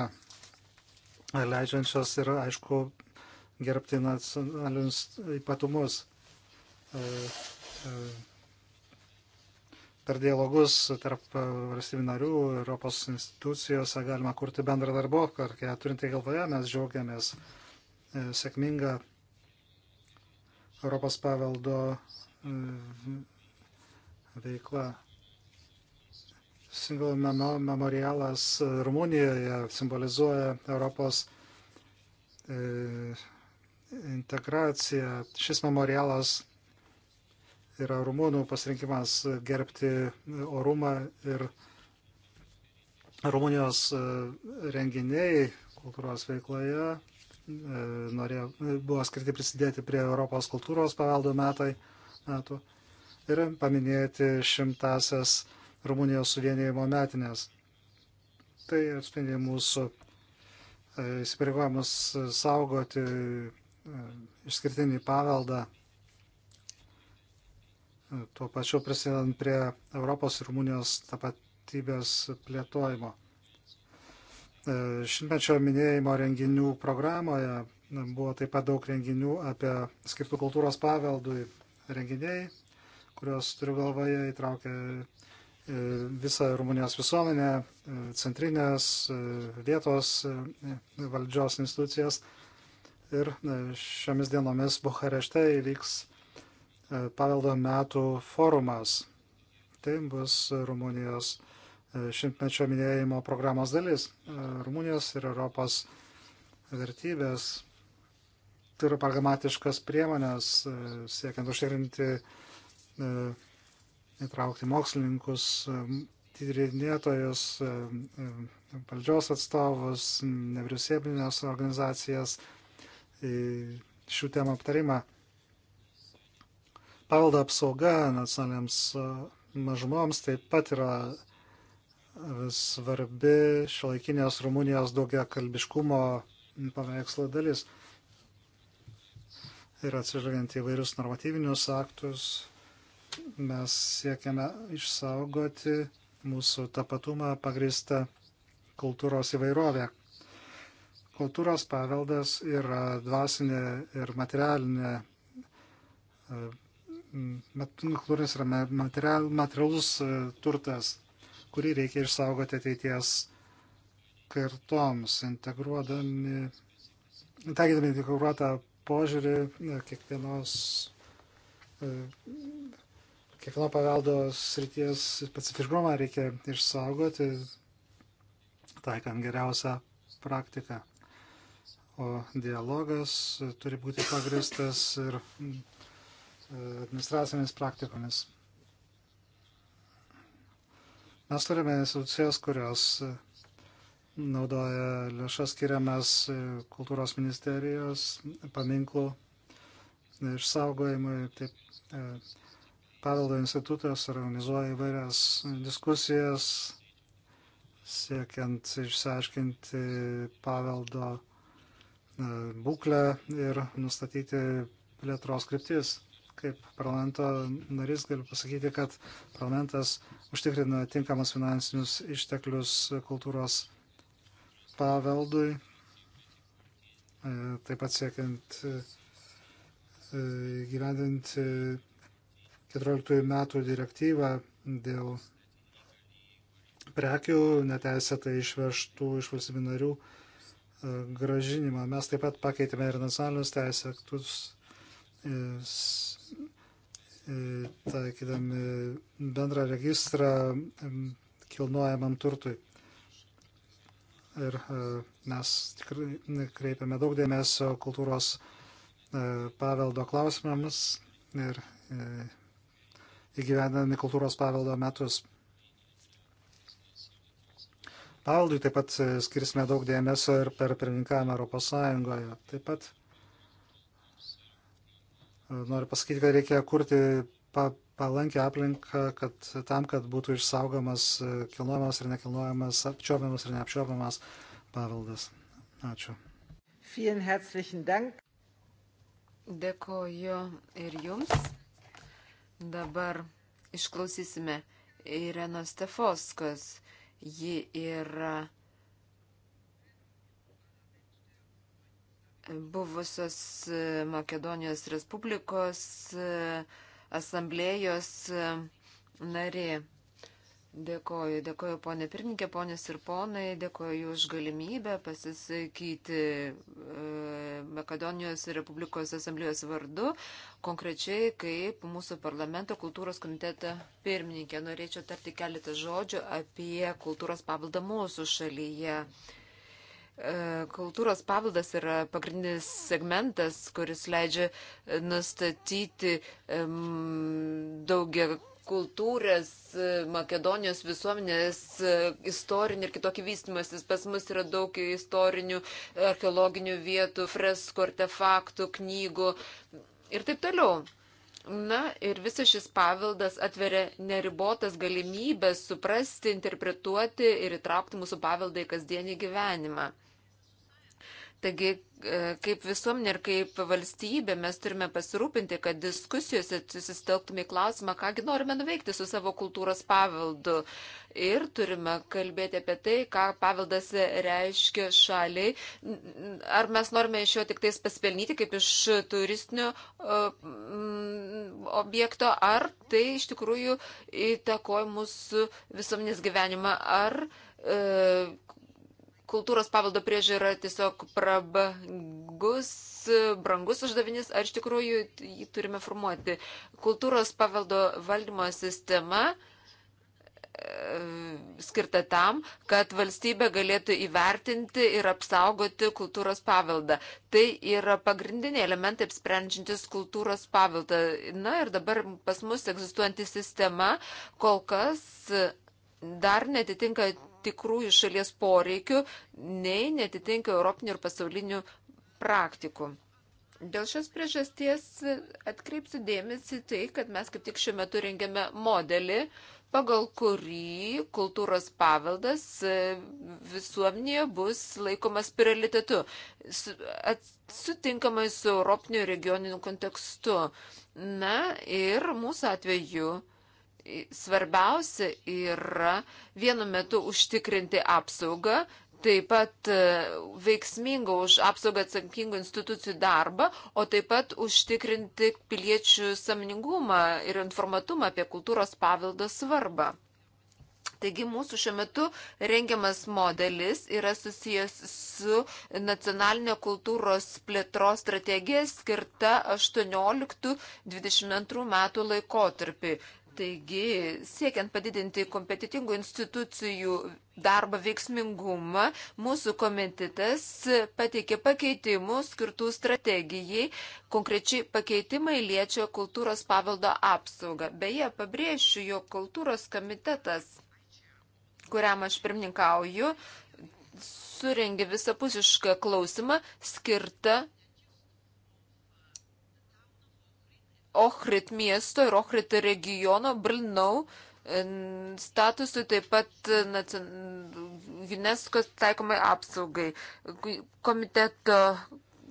leidžiančios ir, aišku, gerbti nacionalinius ypatumus e, per dialogus tarp e, valstybių narių Europos institucijose galima kurti bendrą darbo, karkia turintai galvoje mes džiaugiamės e, sėkmingą Europos paveldo e, veiklą. Single memorialas Rumunijoje simbolizuoja Europos integraciją. Šis memorialas yra rumūnų pasirinkimas gerbti orumą ir Rumunijos e, renginiai kultūros veikloje e, norėjo, buvo skirti prisidėti prie Europos kultūros paveldo metai, metų ir paminėti šimtasias Rumunijos suvienėjimo metinės. Tai atspindi mūsų e, įsipareigojimus saugoti išskirtinį paveldą tuo pačiu prisidedant prie Europos ir Rumunijos tapatybės plėtojimo. E, šimtmečio minėjimo renginių programoje buvo taip pat daug renginių apie skirtų kultūros paveldui renginiai, kurios turiu galvoje įtraukia e, visą Rumunijos visuomenę, e, centrinės vietos valdžios institucijas. Ir šiomis dienomis Bukarešte įvyks E, paveldo metų forumas. Tai bus Rumunijos e, šimtmečio minėjimo programos dalis. E, Rumunijos ir Europos vertybės turi pragmatiškas priemonės siekiant užtikrinti įtraukti mokslininkus, tyrinėtojus, valdžios atstovus, nevyriausybinės organizacijas į šių temų aptarimą paveldo apsauga nacionaliniams mažumoms taip pat yra svarbi šiuolaikinės Rumunijos daugia kalbiškumo paveikslo dalis. Ir atsižvelgiant į vairius normatyvinius aktus, mes siekiame išsaugoti mūsų tapatumą pagrįstą kultūros įvairovę. Kultūros paveldas yra dvasinė ir materialinė Chloris yra materialus e, turtas, kurį reikia išsaugoti ateities kartoms, integruodami, taikydami integruotą požiūrį e, kiekvienos e, kiekvieno paveldo srities specifiškumą reikia išsaugoti, taikant geriausią praktiką. O dialogas turi būti pagristas ir administracinėmis praktikomis. Mes turime institucijas, kurios e, naudoja lėšas skiriamas e, kultūros ministerijos paminklų e, išsaugojimui. Taip, paveldo institutas organizuoja įvairias diskusijas, siekiant išsiaiškinti paveldo būklę ir nustatyti plėtros kryptis kaip parlamento narys galiu pasakyti, kad parlamentas užtikrina tinkamas finansinius išteklius kultūros paveldui, e, taip pat siekiant e, e, gyvendinti 14 metų direktyvą dėl prekių neteisėtai išvežtų iš valstybių narių gražinimą. Mes taip pat pakeitėme ir nacionalinius teisės aktus taikydami bendrą registrą kilnojamam turtui. Ir e, mes tikrai kreipiame daug dėmesio kultūros e, paveldo klausimams ir e, įgyvendami kultūros paveldo metus. Paveldui taip pat skirsime daug dėmesio ir per pirmininkavimą Europos Sąjungoje. Taip pat Noriu pasakyti, kad reikia kurti pa, palankę aplinką, kad tam, kad būtų išsaugomas kilnojamas ir nekilnojamas, apčiopiamas ir neapčiopiamas paveldas. Ačiū. Vielen herzlichen Dank. Dėkoju ir jums. Dabar išklausysime Irenos Tefoskos. Ji yra buvusios e, Makedonijos Respublikos e, asamblėjos e, narė. Dėkoju, dėkoju ponė pirmininkė, ponės ir ponai, dėkoju už galimybę pasisakyti Makedonijos Republikos asamblėjos vardu, konkrečiai kaip mūsų parlamento kultūros komiteto pirmininkė. Norėčiau tarti keletą žodžių apie kultūros pavaldą mūsų šalyje. E, kultūros paveldas yra pagrindinis segmentas, kuris leidžia e, nustatyti daugia kultūrės e, Makedonijos visuomenės istorinį ir kitokį vystimasis. Pas mus yra daug istorinių, archeologinių vietų, freskų, artefaktų, knygų ir taip toliau. Na ir visas šis paveldas atveria neribotas galimybės suprasti, interpretuoti ir įtraukti mūsų paveldą į kasdienį gyvenimą. Taigi, e, kaip visuomenė ir kaip valstybė mes turime pasirūpinti, kad diskusijose susitelktume į klausimą, kągi norime nuveikti su savo kultūros paveldu. Ir turime kalbėti apie tai, ką paveldas reiškia šaliai. Ar mes norime iš jo tik tais pasipelnyti kaip iš turistinio e, objekto, ar tai iš tikrųjų įtakoja mūsų visuomenės gyvenimą, ar e, kultūros pavaldo priežiūra tiesiog prabangus, brangus uždavinys, ar iš tikrųjų jį turime formuoti. Kultūros pavaldo valdymo sistema e, skirta tam, kad valstybė galėtų įvertinti ir apsaugoti kultūros paveldą. Tai yra pagrindiniai elementai apsprendžiantis kultūros paveldą. Na ir dabar pas mus egzistuojanti sistema kol kas dar netitinka tikrųjų šalies poreikių, nei netitinka europinių ir pasaulinių praktikų. Dėl šios priežasties atkreipsiu dėmesį tai, kad mes kaip tik šiuo metu rengiame modelį, pagal kurį kultūros paveldas visuomenėje bus laikomas prioritetu, sutinkamai su Europiniu regioniniu kontekstu. Na ir mūsų atveju svarbiausia yra vienu metu užtikrinti apsaugą, taip pat e, veiksmingą už apsaugą atsakingų institucijų darbą, o taip pat užtikrinti piliečių samoningumą ir informatumą apie kultūros paveldo svarbą. Taigi mūsų šiuo metu rengiamas modelis yra susijęs su nacionalinė kultūros plėtros strategija skirta 18-22 metų laikotarpį. Taigi, siekiant padidinti kompetitingų institucijų darbo veiksmingumą, mūsų komitetas pateikė pakeitimus skirtų strategijai. Konkrečiai pakeitimai liečia kultūros paveldo apsaugą. Beje, pabrėšiu, jog kultūros komitetas, kuriam aš pirmininkauju, surengė visapusišką klausimą skirtą Ohrid miesto ir Ohrid regiono Brnau e, statusui, taip pat e, UNESCO taikomai apsaugai. Komiteto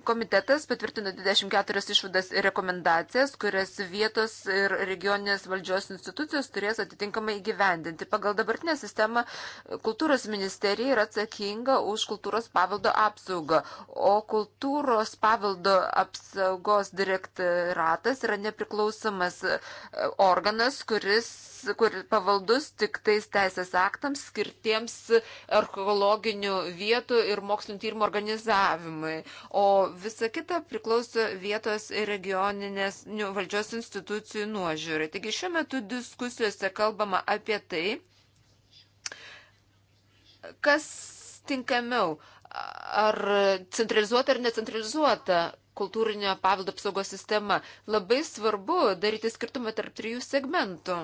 Komitetas patvirtino 24 išvadas ir rekomendacijas, kurias vietos ir regioninės valdžios institucijos turės atitinkamai įgyvendinti. Pagal dabartinę sistemą kultūros ministerija yra atsakinga už kultūros paveldo apsaugą, o kultūros paveldo apsaugos direktoratas yra nepriklausomas e, organas, kuris kur pavaldus tik tais teisės aktams skirtiems archeologinių vietų ir mokslinio tyrimo organizavimui, o visa kita priklauso vietos ir regioninės nu, valdžios institucijų nuožiūrai. Taigi šiuo metu diskusijose kalbama apie tai, kas tinkamiau, ar centralizuota ar necentralizuota kultūrinio paveldo apsaugos sistema. Labai svarbu daryti skirtumą tarp trijų segmentų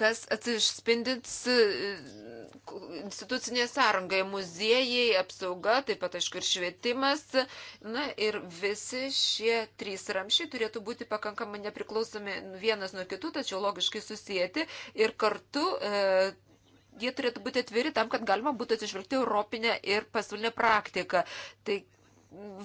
kas atsispindins e, institucinėje sąrangoje - muziejai, apsauga, taip pat, aišku, ir švietimas. Na ir visi šie trys ramšiai turėtų būti pakankamai nepriklausomi vienas nuo kitų, tačiau logiškai susijęti ir kartu. E, Jie turėtų būti atviri tam, kad galima būtų atsižvelgti europinę ir pasaulinę praktiką. Tai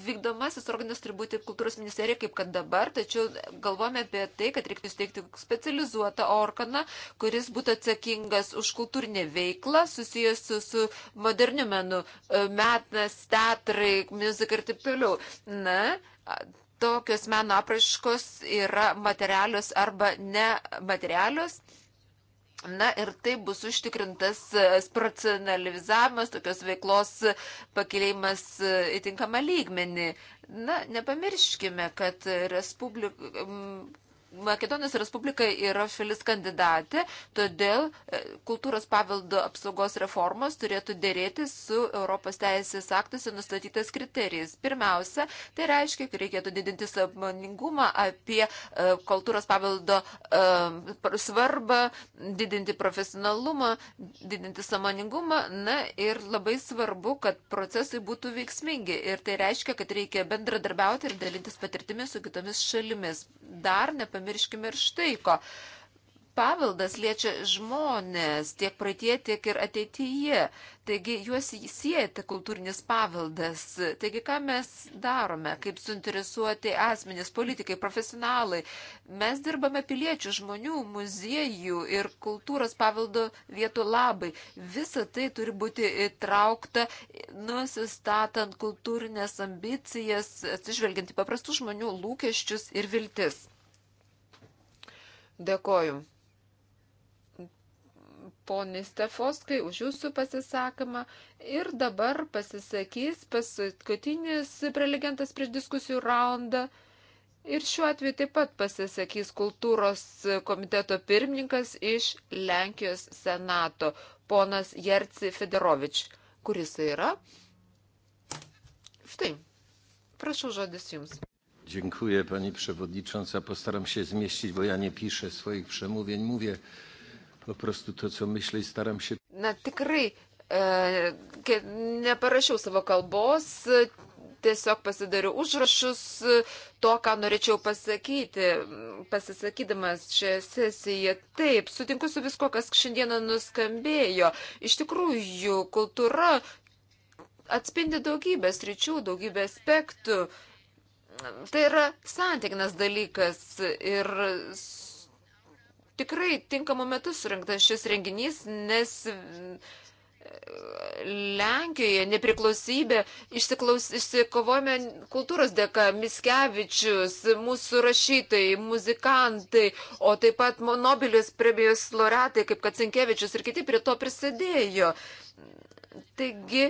vykdomasis organas turi būti kultūros ministerija, kaip kad dabar, tačiau galvome apie tai, kad reiktų steigti specializuotą organą, kuris būtų atsakingas už kultūrinę veiklą susijusiu su moderniu menu, e, metas, teatrai, muzika ir taip toliau. Na, tokios meno apraiškos yra materialios arba nematerialios. Na ir taip bus užtikrintas spracionalizavimas, e, tokios veiklos pakelimas e, įtinkamą lygmenį. Na, nepamirškime, kad Respublik Makedonijos Respublika yra šalis kandidatė, todėl e, kultūros paveldo apsaugos reformos turėtų dėrėti su Europos teisės aktuose nustatytas kriterijais. Pirmiausia, tai reiškia, kad reikėtų didinti samoningumą apie e, kultūros paveldo e, svarbą, didinti profesionalumą, didinti samoningumą. Na ir labai svarbu, kad procesai būtų veiksmingi. Ir tai reiškia, kad reikia bendradarbiauti ir dalintis patirtimis su kitomis šalimis. Dar nepamiršti nepamirškime ir štai ko. Paveldas liečia žmonės tiek praeitie, tiek ir ateityje. Taigi juos siejate kultūrinis paveldas. Taigi ką mes darome, kaip suinteresuoti asmenys, politikai, profesionalai. Mes dirbame piliečių, žmonių, muziejų ir kultūros paveldo vietų labai. Visa tai turi būti įtraukta, nusistatant kultūrinės ambicijas, atsižvelgiant į paprastų žmonių lūkesčius ir viltis. Dėkoju. Pone Stefoskai, už jūsų pasisakymą. Ir dabar pasisakys paskutinis prelegentas prieš diskusijų raundą. Ir šiuo atveju taip pat pasisakys kultūros komiteto pirmininkas iš Lenkijos senato, ponas Jerci Federovič. Kuris yra? Štai. Prašau žodis jums. Dziękuję Pani Przewodnicząca. Postaram się zmieścić, bo ja nie piszę swoich przemówień. Mówię po prostu to, co myślę i staram się. Na tikrai e, neparašiau savo kalbos, tiesiog pasidariau užrašus to, ką norėčiau pasakyti, pasisakydamas čia sesiją. Taip, sutinku su viskuo, kas šiandieną nuskambėjo. Iš tikrųjų, kultūra atspindi daugybę sričių, daugybę aspektų. E, tai yra santykinas dalykas ir tikrai tinkamu metu surinktas šis renginys, nes e, Lenkijoje nepriklausybė išsikovojame kultūros dėka, Miskevičius, mūsų rašytojai, muzikantai, o taip pat Nobelis premijos laureatai, kaip Kacinkievičius ir kiti prie to prisidėjo. Taigi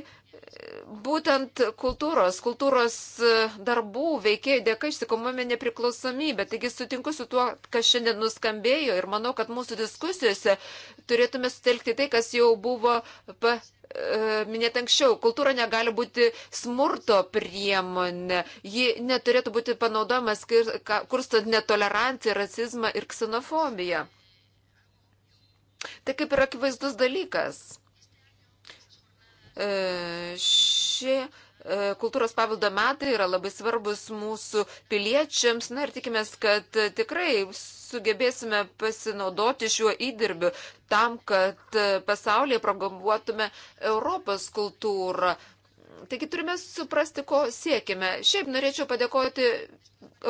būtent kultūros, kultūros e, darbų veikėjų dėka išsikomome nepriklausomybę. Taigi sutinku su tuo, kas šiandien nuskambėjo ir manau, kad mūsų diskusijose turėtume sutelkti tai, kas jau buvo pa, e, minėt anksčiau. Kultūra negali būti smurto priemonė. Ji neturėtų būti panaudojama kurstant netoleranciją, rasizmą ir ksenofobiją. Tai kaip ir akivaizdus dalykas. Šie kultūros pavildo metai yra labai svarbus mūsų piliečiams. Na ir tikimės, kad tikrai sugebėsime pasinaudoti šiuo įdirbiu tam, kad e, pasaulyje programuotume Europos kultūrą. Taigi turime suprasti, ko siekime. Šiaip norėčiau padėkoti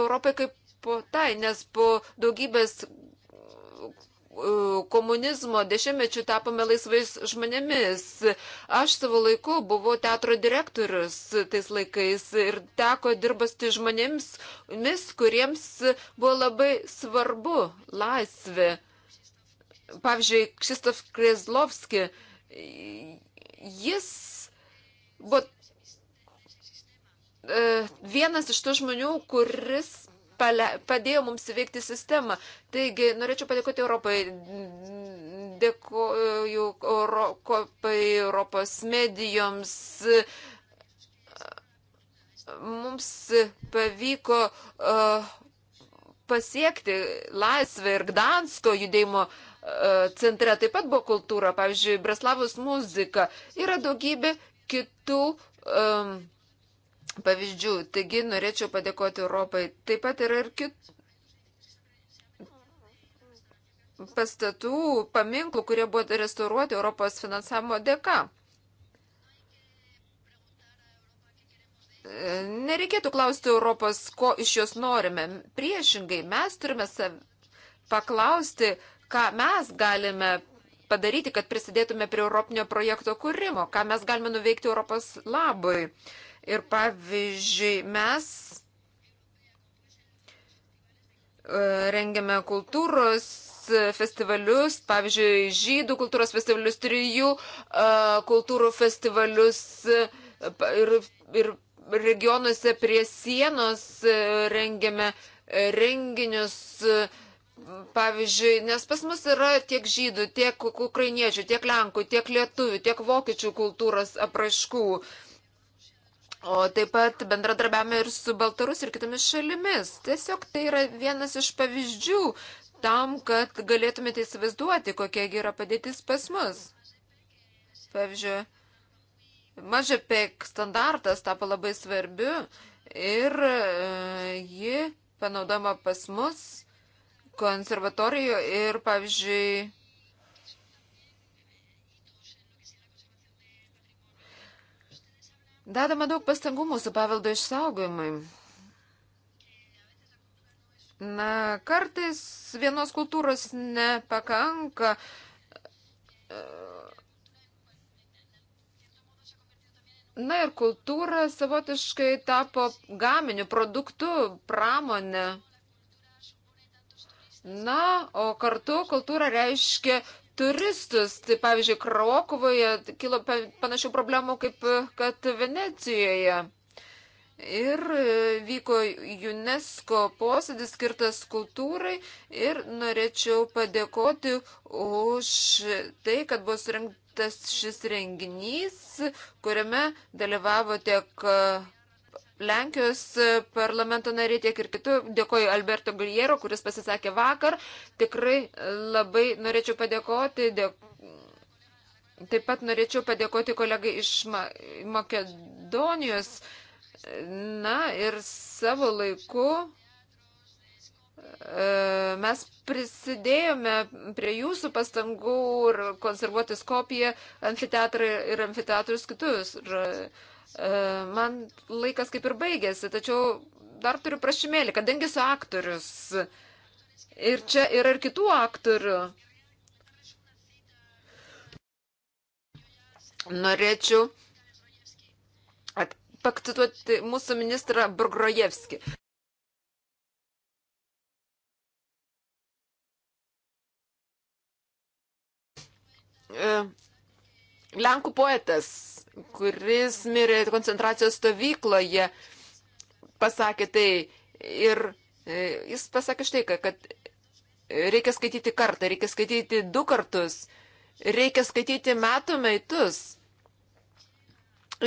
Europai kaip po tai, nes po daugybės E, komunizmo dešimtmečių tapome laisvais žmonėmis. Aš savo laiku buvau teatro direktorius tais laikais ir teko dirbasti žmonėms, mis, kuriems buvo labai svarbu laisvė. Pavyzdžiui, Krzysztof Kreslovski, jis buvo e, vienas iš tų žmonių, kuris padėjo mums įveikti sistemą. Taigi, norėčiau padėkoti Europai, dėkoju Europai, Europos medijoms. Mums pavyko uh, pasiekti laisvę ir Gdansko judėjimo uh, centre taip pat buvo kultūra, pavyzdžiui, Breslavos muzika. Yra daugybė kitų um, pavyzdžių. Taigi norėčiau padėkoti Europai. Taip pat yra ir kitų pastatų, paminklų, kurie buvo restauruoti Europos finansavimo dėka. E, nereikėtų klausti Europos, ko iš jos norime. Priešingai, mes turime paklausti, ką mes galime padaryti, kad prisidėtume prie Europinio projekto kūrimo, ką mes galime nuveikti Europos labui. Uh, Ir pavyzdžiui, mes e, rengiame kultūros festivalius, pavyzdžiui, žydų kultūros festivalius, trijų e, kultūrų festivalius e, ir, ir regionuose prie sienos rengiame renginius. Pavyzdžiui, nes pas mus yra tiek žydų, tiek ukrainiečių, tiek lenkų, tiek lietuvių, tiek vokiečių kultūros apraiškų. Uh, O taip pat bendradarbiavame ir su Baltarus ir kitomis šalimis. Tiesiog tai yra vienas iš pavyzdžių tam, kad galėtumėte įsivaizduoti, kokia yra padėtis pas mus. Pavyzdžiui, mažapek standartas tapo labai svarbiu ir e, ji panaudama pas mus konservatorijoje ir, pavyzdžiui, Dadama daug pastangų mūsų paveldo išsaugojimui. Na, kartais vienos kultūros nepakanka. Na ir kultūra savotiškai tapo gaminiu, produktu, pramonė. Na, o kartu kultūra reiškia turistus. Tai pavyzdžiui, Krokovoje kilo panašių problemų kaip kad Venecijoje. Ir e, vyko UNESCO posėdis skirtas kultūrai ir norėčiau padėkoti už tai, kad buvo surinktas šis renginys, kuriame dalyvavo tiek Lenkijos e, parlamento nariai, tiek ir kitų. Dėkoju Alberto Guliero, kuris pasisakė vakar. Tikrai e, labai norėčiau padėkoti. Dėk... Taip pat norėčiau padėkoti kolegai iš Ma Makedonijos. Na ir savo laiku e, mes prisidėjome prie jūsų pastangų ir konservuoti Skopiją, amfiteatrą ir amfiteatrus kitus. Ir E, man laikas kaip ir baigėsi, tačiau dar turiu prašymėlį, kadangi esu aktorius. Ir čia yra ir kitų aktorių. Norėčiau pakcituoti mūsų ministrą Burgrojevskį. E Lenkų poetas, kuris mirė koncentracijos stovykloje, pasakė tai ir e, jis pasakė štai, kad reikia skaityti kartą, reikia skaityti du kartus, reikia skaityti metų metus.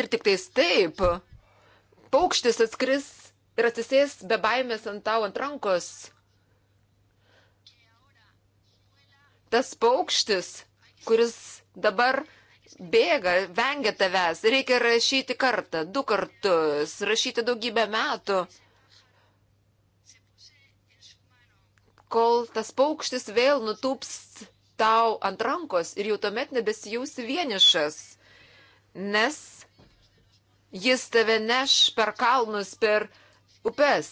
Ir tik tais taip, paukštis atskris ir atsisės be baimės ant tau ant rankos. Tas paukštis, kuris dabar bėga, vengia tavęs, reikia rašyti kartą, du kartus, rašyti daugybę metų, kol tas paukštis vėl nutūps tau ant rankos ir jau tuomet nebesijausi vienišas, nes jis tave neš per kalnus, per upes.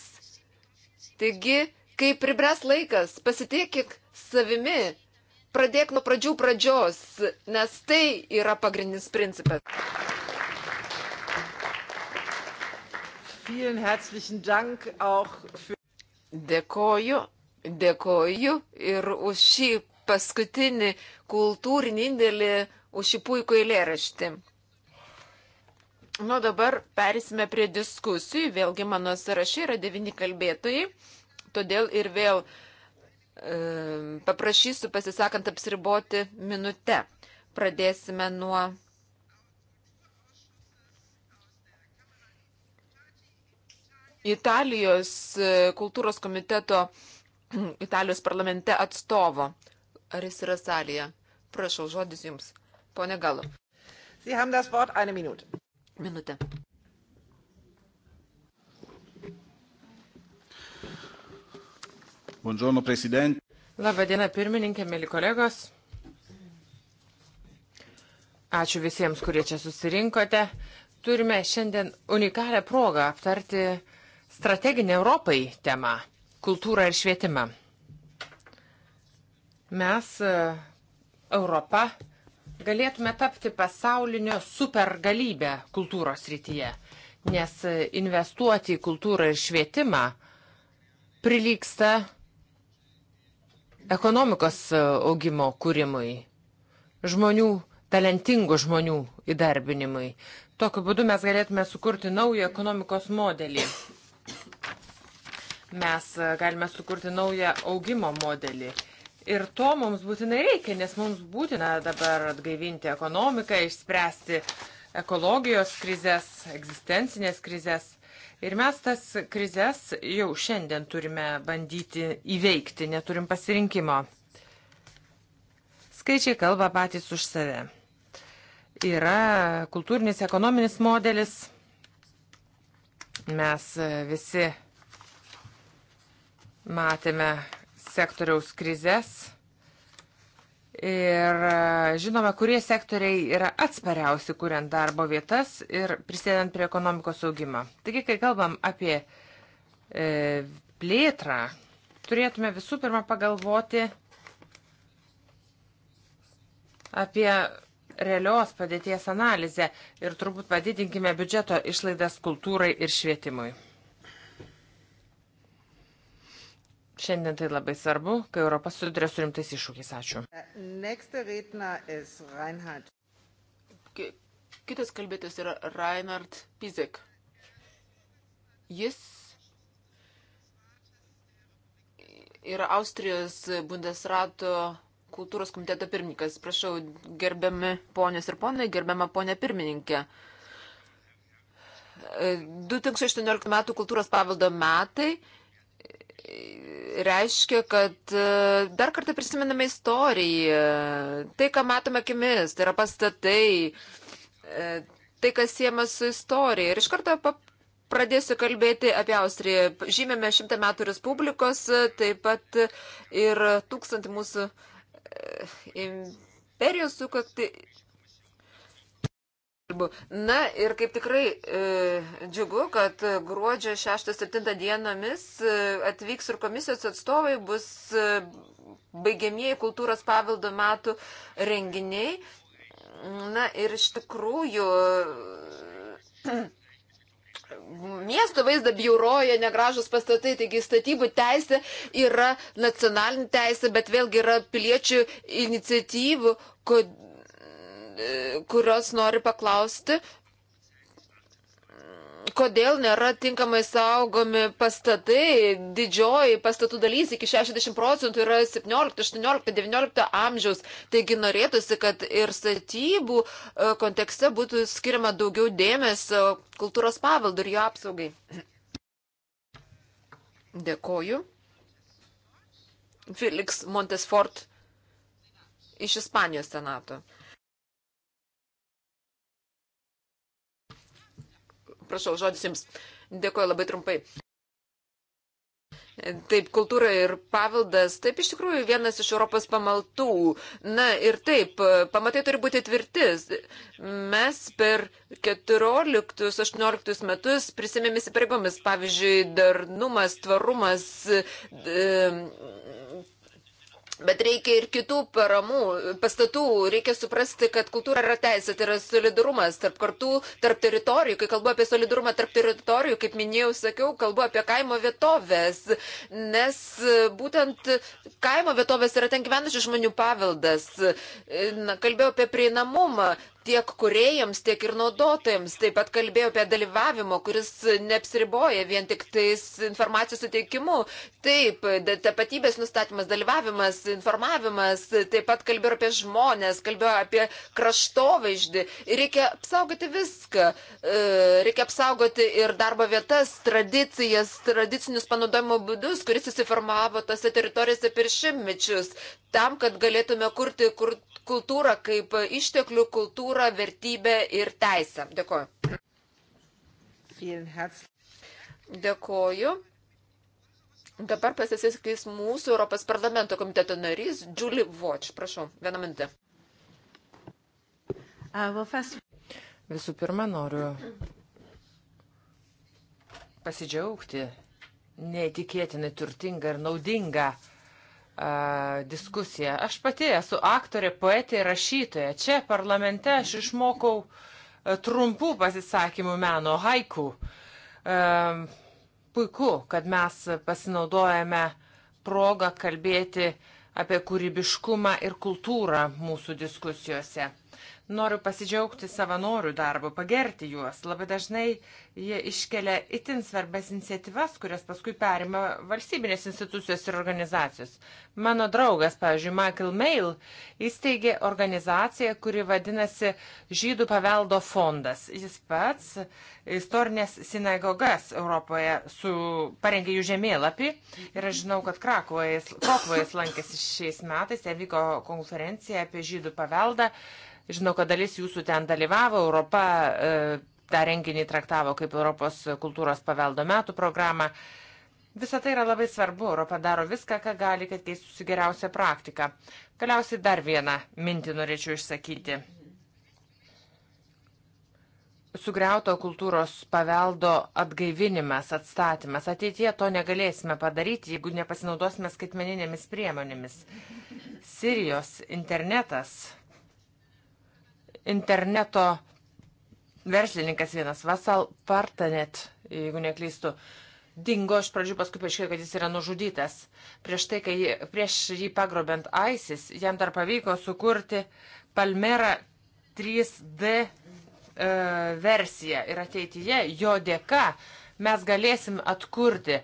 Taigi, kai pribres laikas, pasitikėk savimi pradėk nuo pradžių pradžios, nes tai yra pagrindinis principas. Dėkoju, dėkoju ir už šį paskutinį kultūrinį indėlį, už šį puikų eilėraštį. Nu, dabar perėsime prie diskusijų. Vėlgi mano sąraše yra devyni kalbėtojai, todėl ir vėl uh, paprašysiu pasisakant apsiriboti minutę. Pradėsime nuo. Italijos e, kultūros komiteto Italijos parlamente atstovo. Ar jis yra salėje? Prašau, žodis jums. Pone Galo. Sie haben das Wort eine Minute. Minutė. Buongiorno, prezident. Labadiena, pirmininkė, mėly kolegos. Ačiū visiems, kurie čia susirinkote. Turime šiandien unikalią progą aptarti strateginę Europai temą - kultūrą ir švietimą. Mes, e, Europa, galėtume tapti pasaulinio supergalybę kultūros rytyje, nes e, investuoti į kultūrą ir švietimą prilyksta ekonomikos e, augimo kūrimui, žmonių, talentingų žmonių įdarbinimui. Tokiu būdu mes galėtume sukurti naują ekonomikos modelį. Mes e, galime sukurti naują augimo modelį. Ir to mums būtinai reikia, nes mums būtina dabar atgaivinti ekonomiką, išspręsti ekologijos krizės, egzistencinės krizės. Ir mes tas krizės jau šiandien turime bandyti įveikti, neturim pasirinkimo. Skaičiai kalba patys už save. Yra kultūrinis, ekonominis modelis. Mes visi matėme sektoriaus krizės Ir e, žinome, kurie sektoriai yra atspariausi, kuriant darbo vietas ir prisėdant prie ekonomikos augimą. Taigi, kai kalbam apie e, plėtrą, turėtume visų pirma pagalvoti apie realios padėties analizę ir turbūt padidinkime biudžeto išlaidas kultūrai ir švietimui. Šiandien tai labai svarbu, kai Europa susiduria su rimtais iššūkiais. Ačiū. Kitas kalbėtas yra Reinhard Pizek. Jis yra Austrijos Bundesrato kultūros komiteto pirmininkas. Prašau, gerbiami ponės ir ponai, gerbiama ponė pirmininkė. 2018 e, m. kultūros paveldo metai reiškia, kad e, dar kartą prisimename istoriją, tai, ką matome akimis, tai yra pastatai, e, tai, kas siema su istorija. Ir iš karto pradėsiu kalbėti apie Austriją. Žymėme šimtą metų Respublikos, e, taip pat ir tūkstantį mūsų imperijos sukakti Na ir kaip tikrai e, džiugu, kad gruodžio 6-7 dienomis e, atvyks ir komisijos atstovai, bus e, baigiamieji kultūros paveldo metų renginiai. Na ir iš tikrųjų miesto vaizdą bjauroja negražus pastatai, taigi statybų teisė yra nacionalinė teisė, bet vėlgi yra piliečių iniciatyvų, kad kurios nori paklausti, kodėl nėra tinkamai saugomi pastatai, didžioji pastatų dalys iki 60 procentų yra 17, 18, 19 amžiaus. Taigi norėtųsi, kad ir statybų e, kontekste būtų skiriama daugiau dėmesio kultūros paveldų ir jo apsaugai. Dėkoju. Felix Montesfort iš Ispanijos senato. Prašau, žodis jums. Dėkuoju labai trumpai. Taip, kultūra ir paveldas, taip iš tikrųjų vienas iš Europos pamaltų. Na ir taip, pamatai turi būti tvirtis. Mes per 14-18 metus prisimėm įsipareigomis, pavyzdžiui, darnumas, tvarumas, Bet reikia ir kitų paramų, pastatų, reikia suprasti, kad kultūra yra teisė, tai yra solidarumas tarp kartų, tarp teritorijų. Kai kalbu apie solidarumą tarp teritorijų, kaip minėjau, sakiau, kalbu apie kaimo vietovės, nes būtent kaimo vietovės yra ten gyvenančių žmonių paveldas. Na, kalbėjau apie prieinamumą, tiek kuriejams, tiek ir naudotojams. Taip pat kalbėjau apie dalyvavimo, kuris neapsiriboja vien tik tais informacijos suteikimu. Taip, tapatybės nustatymas, dalyvavimas, informavimas. Taip pat kalbėjau apie žmonės, kalbėjau apie kraštovaizdį. Reikia apsaugoti viską. E, reikia apsaugoti ir darbo vietas, tradicijas, tradicinius panaudojimo būdus, kuris susiformavo tose teritorijose per šimtmečius. Tam, kad galėtume kurti kur, kultūrą kaip išteklių kultūrą, vertybę ir teisę. Dėkoju. Dėkoju. Dabar pasisaskys mūsų Europos parlamento komiteto narys Julie Watch. Prašau, vieną minutę. Uh, Visų pirma, noriu pasidžiaugti neįtikėtinai turtingą ir naudingą uh, diskusiją. Aš pati esu aktorė, poetė ir rašytoja. Čia parlamente aš išmokau trumpų pasisakymų meno, haiku. Puiku, kad mes pasinaudojame progą kalbėti apie kūrybiškumą ir kultūrą mūsų diskusijose. Noriu pasidžiaugti savanorių darbu, pagerti juos. Labai dažnai jie iškelia itin svarbės iniciatyvas, kurias paskui perima valstybinės institucijos ir organizacijos. Mano draugas, pavyzdžiui, Michael Mail, įsteigė organizaciją, kuri vadinasi Žydų paveldo fondas. Jis pats istorinės sinagogas Europoje su, parengė jų žemėlapį ir aš žinau, kad Krakovoje jis lankėsi šiais metais, ten vyko konferencija apie žydų paveldą Žinau, kad dalis jūsų ten dalyvavo, Europa e, tą renginį traktavo kaip Europos kultūros paveldo metų programą. Visą tai yra labai svarbu, Europa daro viską, ką gali, kad keistųsi geriausia praktika. Galiausiai dar vieną mintį norėčiau išsakyti. Sugriauto kultūros paveldo atgaivinimas, atstatymas. Ateityje to negalėsime padaryti, jeigu nepasinaudosime skaitmeninėmis priemonėmis. Sirijos internetas interneto verslininkas vienas, Vasal Partanet, jeigu neklystu, dingo iš pradžių, paskui paaiškėjo, kad jis yra nužudytas. Prieš tai, kai jį, prieš jį pagrobent ISIS, jam dar pavyko sukurti Palmera 3D e, versiją ir ateityje jo dėka mes galėsim atkurti.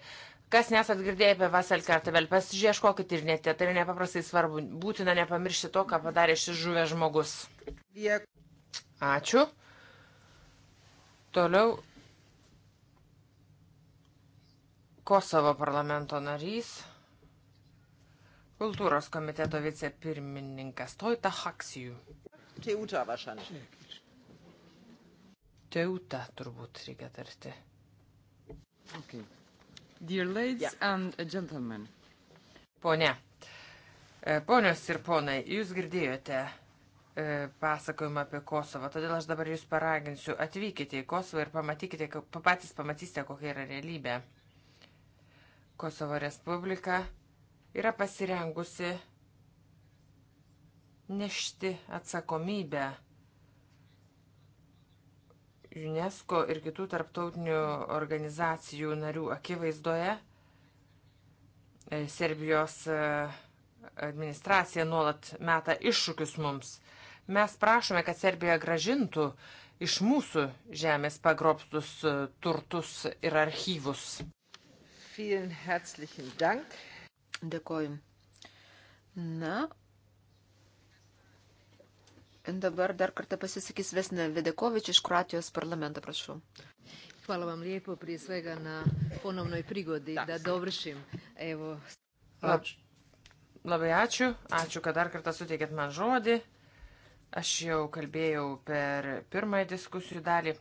Kas nesat girdėję apie Vasel Kartavel, pasižiūrėškokit ir net, tai yra nepaprastai svarbu. Būtina nepamiršti to, ką padarė šis žuvęs žmogus. Dėkui. Ačiū. Toliau Kosovo parlamento narys, kultūros komiteto vicepirmininkas Toita Haksijų. Teuta vašančiai. Teuta turbūt reikia tarti. Okay. Dear ladies yeah. and gentlemen. Pone, ponios ir ponai, jūs girdėjote E, pasakojimą apie Kosovą. Todėl aš dabar jūs paraginsiu, atvykite į Kosovą ir pamatykite, patys pamatysite, kokia yra realybė. Kosovo Respublika yra pasirengusi nešti atsakomybę UNESCO ir kitų tarptautinių organizacijų narių akivaizdoje. E, Serbijos e, administracija nuolat meta iššūkius mums – Mes prašome, kad Serbija gražintų iš mūsų žemės pagrobstus e, turtus ir archyvus. Dėkoju. Na, Dabar dar kartą pasisakys Vesna Vedekovič iš Kroatijos parlamenta, prašau. Hvala vam lijepo prije svega na ponovnoj prigodi da, da dovršim. Evo. Lab, labai ačiū. Ačiū, kad dar kartą suteikėt man žodį. Aš jau kalbėjau per pirmąją diskusijų dalį.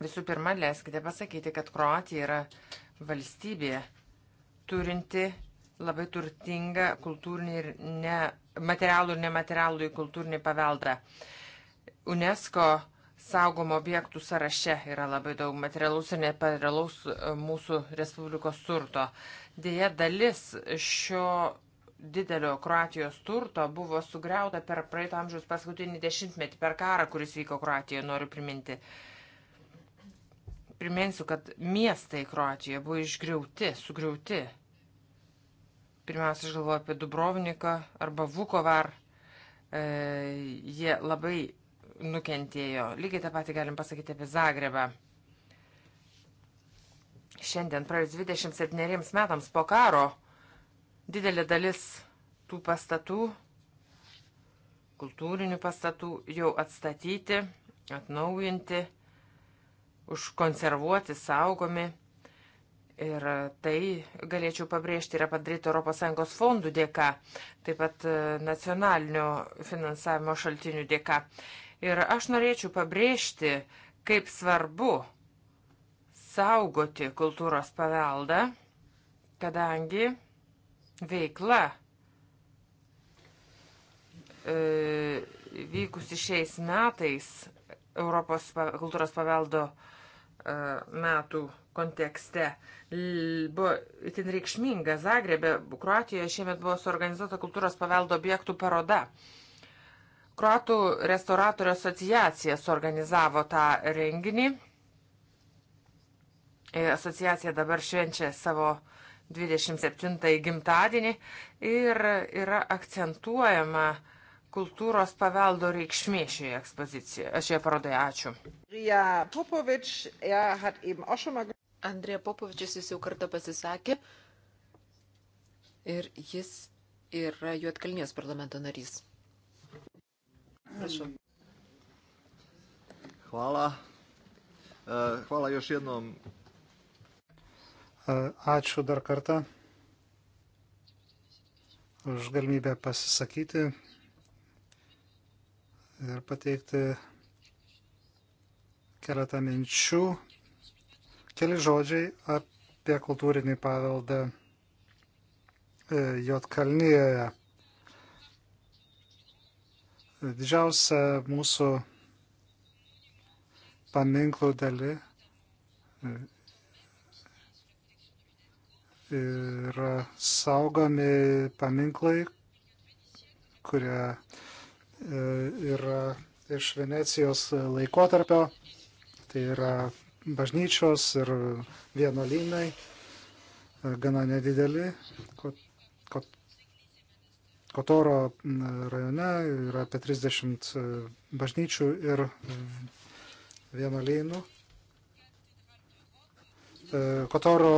Visų pirma, leiskite pasakyti, kad Kroatija yra valstybė turinti labai turtingą kultūrinį ir ne, materialų ir nematerialų į kultūrinį paveldą. UNESCO saugomų objektų sąraše yra labai daug materialaus ir nepatirealaus mūsų Respublikos turto. Deja, dalis šio didelio Kroatijos turto buvo sugriauta per praeito amžiaus paskutinį dešimtmetį, per karą, kuris vyko Kroatijoje, noriu priminti. Priminsiu, kad miestai Kroatijoje buvo išgriauti, sugriauti. Pirmiausia, aš galvoju apie Dubrovniką arba Vukovar. E, jie labai nukentėjo. Lygiai tą patį galim pasakyti apie Zagrebą. Šiandien praėjus 27 metams po karo Didelė dalis tų pastatų, kultūrinių pastatų jau atstatyti, atnaujinti, užkonservuoti, saugomi. Ir tai, galėčiau pabrėžti, yra padaryta ES fondų dėka, taip pat e, nacionalinio finansavimo šaltinių dėka. Ir aš norėčiau pabrėžti, kaip svarbu saugoti kultūros paveldą, kadangi veikla e, vykusi šiais metais Europos kultūros paveldo e, metų kontekste buvo itin reikšminga. Zagrebė, Kroatijoje šiemet buvo suorganizuota kultūros paveldo objektų paroda. Kroatų restauratorių asociacija suorganizavo tą renginį. E, asociacija dabar švenčia savo uh, 27 gimtadienį ir yra akcentuojama kultūros paveldo reikšmė šioje ekspozicijoje, šioje parodoje. Ačiū. Andrija Popovičius jis jau kartą pasisakė ir jis yra Juotkalnijos parlamento narys. Prašau. Hvala. E, hvala još jednom E, ačiū dar kartą už galimybę pasisakyti ir pateikti keletą minčių. Keli žodžiai apie kultūrinį paveldą e, Jotkalnyje. Didžiausia mūsų paminklų dali yra saugomi paminklai, kurie e, yra iš Venecijos laikotarpio. Tai yra bažnyčios ir vienuolynai, e, gana nedideli. Kotoro rajone yra apie 30 e, bažnyčių ir vienuolynų. Kotoro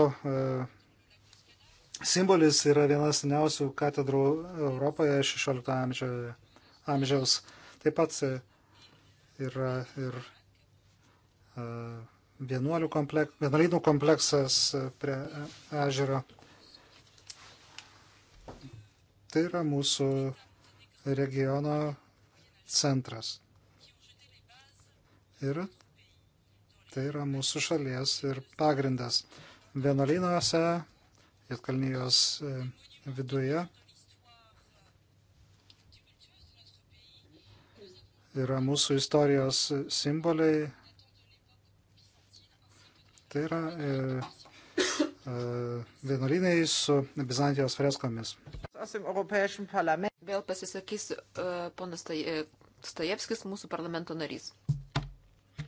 simbolis yra vienas seniausių katedrų Europoje 16 amžiaus. amžiaus. Taip pat yra ir e, vienuolių kompleks, vienuolynų kompleksas prie ežero. Tai yra mūsų regiono centras. Ir tai yra mūsų šalies ir pagrindas. Vienuolynuose Jotkalnyjos e, viduje yra mūsų istorijos simboliai. Tai yra e, e, vienuolynai su Bizantijos freskomis. Vėl pasisakys e, ponas e, Stajevskis, mūsų parlamento narys.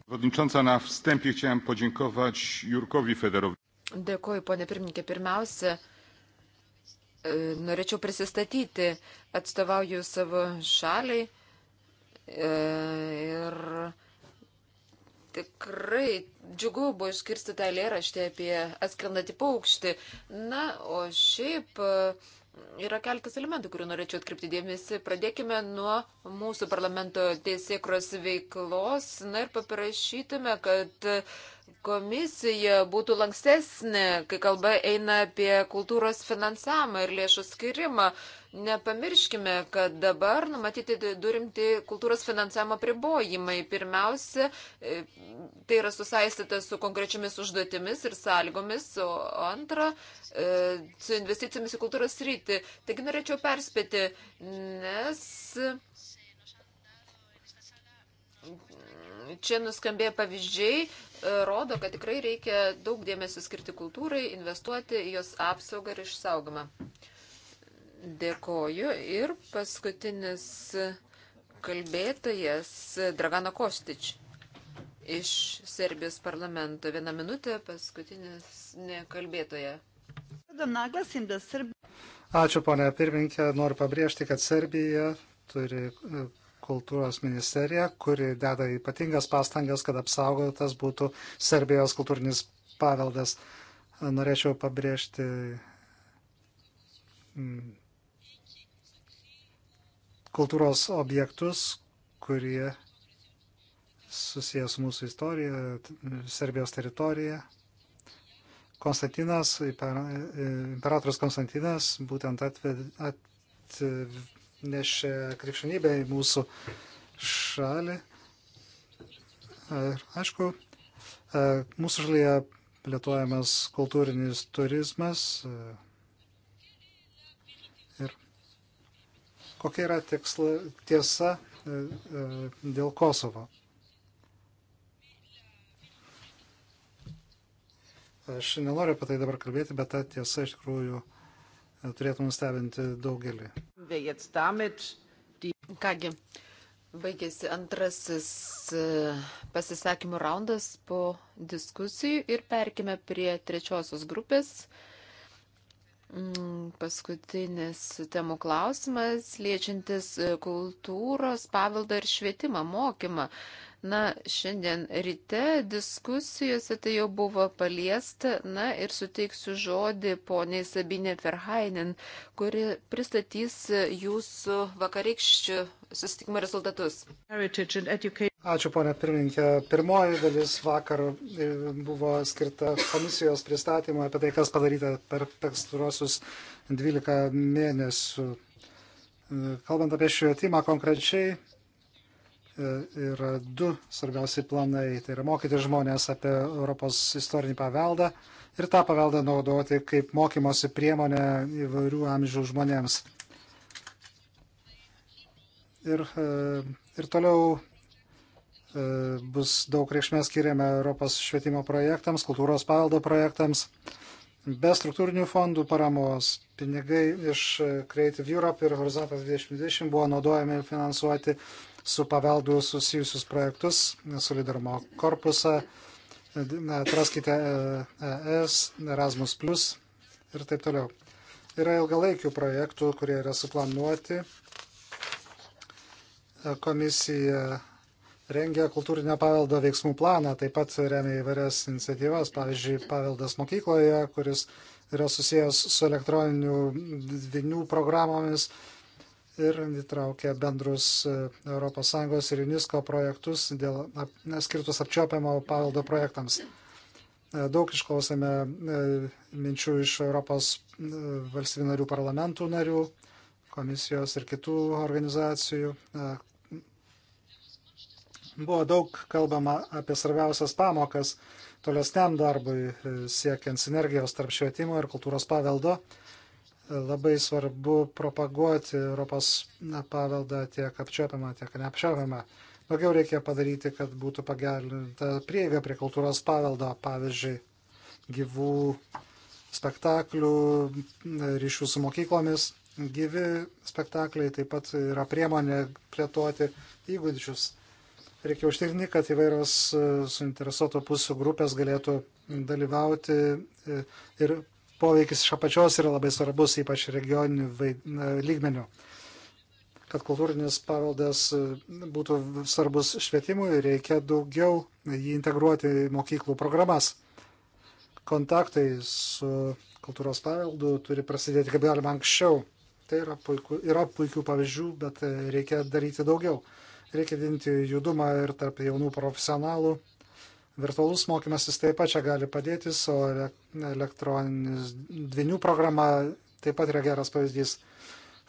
Przewodnicząca, na wstępie chciałem podziękować Jurkowi Federowi. Dėkuoju, ponė pirmininkė. Pirmiausia, e, norėčiau prisistatyti, atstovauju savo šaliai e, ir tikrai džiugu buvo iškirsti tą lėraštį apie atskrendantį paukštį. Na, o šiaip e, yra keletas elementų, kurių norėčiau atkreipti dėmesį. Pradėkime nuo mūsų parlamento teisėkros veiklos. Na ir paprašytume, kad uh, komisija būtų lankstesnė, kai kalba eina apie kultūros finansavimą ir lėšų skirimą. Nepamirškime, kad dabar numatyti durimti kultūros finansavimo pribojimai. Pirmiausia, e, tai yra susaistyta su konkrečiamis užduotimis ir sąlygomis, o antra, e, su investicijomis į kultūros rytį. Taigi norėčiau perspėti, nes čia nuskambėjo pavyzdžiai, rodo, kad tikrai reikia daug dėmesio skirti kultūrai, investuoti į jos apsaugą ir išsaugimą. Dėkoju. Ir paskutinis kalbėtojas Dragana Kostič iš Serbijos parlamento. Vieną minutę paskutinis kalbėtoja. Ačiū, ponia pirminkė. Noriu pabrėžti, kad Serbija turi kultūros ministerija, kuri deda ypatingas pastangas, kad apsaugotas būtų Serbijos kultūrinis paveldas. Norėčiau pabrėžti mm, kultūros objektus, kurie susijęs su mūsų istorija, Serbijos teritorija. Konstantinas, imperatorius Konstantinas būtent atvedė, at, nešė krikščionybę į mūsų šalį. Ir aišku, e, mūsų šalyje plėtojamas kultūrinis turizmas. E, ir kokia yra tiksla, tiesa e, dėl Kosovo? Aš nenoriu apie tai dabar kalbėti, bet ta tiesa iš tikrųjų turėtų nustebinti daugelį. Kągi, baigėsi antrasis e, pasisakymų raundas po diskusijų ir perkime prie trečiosios grupės. Mm, paskutinis temų klausimas, liečiantis e, kultūros, paveldą ir švietimą, mokymą. Na, šiandien ryte diskusijose tai jau buvo paliesta. Na ir suteiksiu žodį poniai Sabinė Ferhainen, kuri pristatys jūsų vakarykščių susitikimo rezultatus. Ačiū, ponia pirmininkė. Pirmoji dalis vakar e, buvo skirta komisijos pristatymui apie tai, kas padaryta per pastaruosius 12 mėnesių. E, kalbant apie švietimą konkrečiai, E, yra du svarbiausi planai. Tai yra mokyti žmonės apie Europos istorinį paveldą ir tą paveldą naudoti kaip mokymosi priemonę įvairių amžių žmonėms. Ir, e, ir toliau e, bus daug reikšmės skiriame Europos švietimo projektams, kultūros paveldo projektams. Be struktūrinių fondų paramos pinigai iš Creative Europe ir Horizontas 2020 buvo naudojami finansuoti su paveldu susijusius projektus, solidarumo korpusą, atraskite e, e, ES, Erasmus, ir taip toliau. Yra ilgalaikių projektų, kurie yra suplanuoti. Komisija rengia kultūrinio paveldo veiksmų planą, taip pat remia įvairias iniciatyvas, pavyzdžiui, paveldas mokykloje, kuris yra susijęs su elektroninių dvinių programomis, ir įtraukia bendrus e, ES ir UNESCO projektus dėl ap, skirtus apčiopiamo paveldo projektams. E, daug išklausėme e, minčių iš Europos valstybių narių parlamentų narių, komisijos ir kitų organizacijų. Buvo daug kalbama apie svarbiausias pamokas tolesniam darbui siekiant sinergijos tarp švietimo ir kultūros paveldo labai svarbu propaguoti Europos paveldą tiek apčiopiamą, tiek neapčiopiamą. Daugiau reikia padaryti, kad būtų pagerinta prieiga prie kultūros paveldo, pavyzdžiui, gyvų spektaklių, ryšių su mokyklomis. Gyvi spektakliai taip pat yra priemonė plėtoti įgūdžius. Reikia užtikrinti, kad įvairios suinteresuoto pusių grupės galėtų dalyvauti e, ir poveikis iš apačios yra labai svarbus, ypač regioninių lygmenių. Kad kultūrinis paveldas e, būtų svarbus švietimui, reikia daugiau jį integruoti į mokyklų programas. Kontaktai su kultūros paveldu turi prasidėti kaip galima anksčiau. Tai yra puikių, yra puikių pavyzdžių, bet e, reikia daryti daugiau. Reikia didinti judumą ir tarp jaunų profesionalų Virtualus mokymasis taip pat čia gali padėti, o elektroninis dvinių programa taip pat yra geras pavyzdys.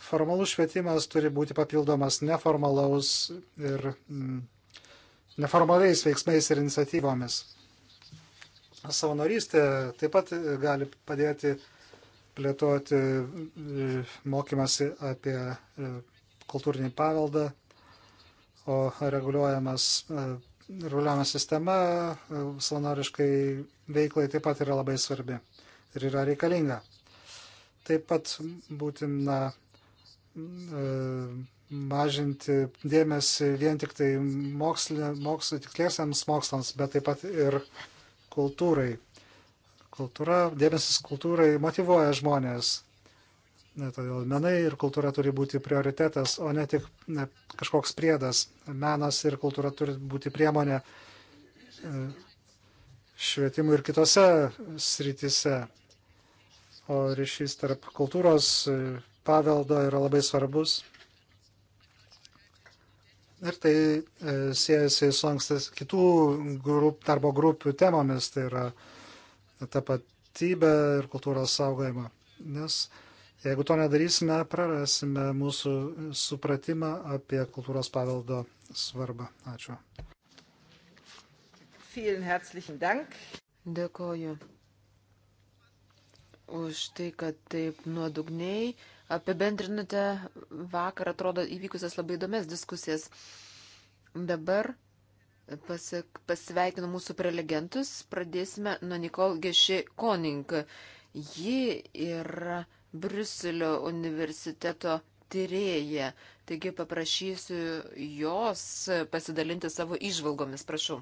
Formalus švietimas turi būti papildomas neformalaus ir mm, neformaliais veiksmais ir iniciatyvomis. Savanorystė taip pat gali padėti plėtoti e, mokymasi apie e, kultūrinį paveldą, o reguliuojamas e, ruliavimo sistema e, savanoriškai veiklai taip pat yra labai svarbi ir yra reikalinga. Taip pat būtina e, mažinti dėmesį vien tik tai mokslo, mokslo tiksliesiams mokslams, bet taip pat ir kultūrai. Kultūra, dėmesys kultūrai motivuoja žmonės Todėl menai ir kultūra turi būti prioritetas, o ne tik ne, kažkoks priedas. Menas ir kultūra turi būti priemonė e, švietimui ir kitose srityse. O ryšys tarp kultūros e, paveldo yra labai svarbus. Ir tai e, siejasi su ankstas kitų grup, darbo grupių temomis, tai yra tapatybė ir kultūros saugojimą. Nes uh, Jeigu to nedarysime, prarasime mūsų supratimą apie kultūros paveldo svarbą. Ačiū. Dėkoju už tai, kad taip nuodugniai apibendrinote vakar, atrodo, įvykusias labai įdomias diskusijas. Dabar pasak, pasveikinu mūsų prelegentus, pradėsime nuo Nikol Geši Koning. Ji yra. Ir Briuselio universiteto tyrėja. Taigi paprašysiu jos pasidalinti savo išvalgomis, prašau.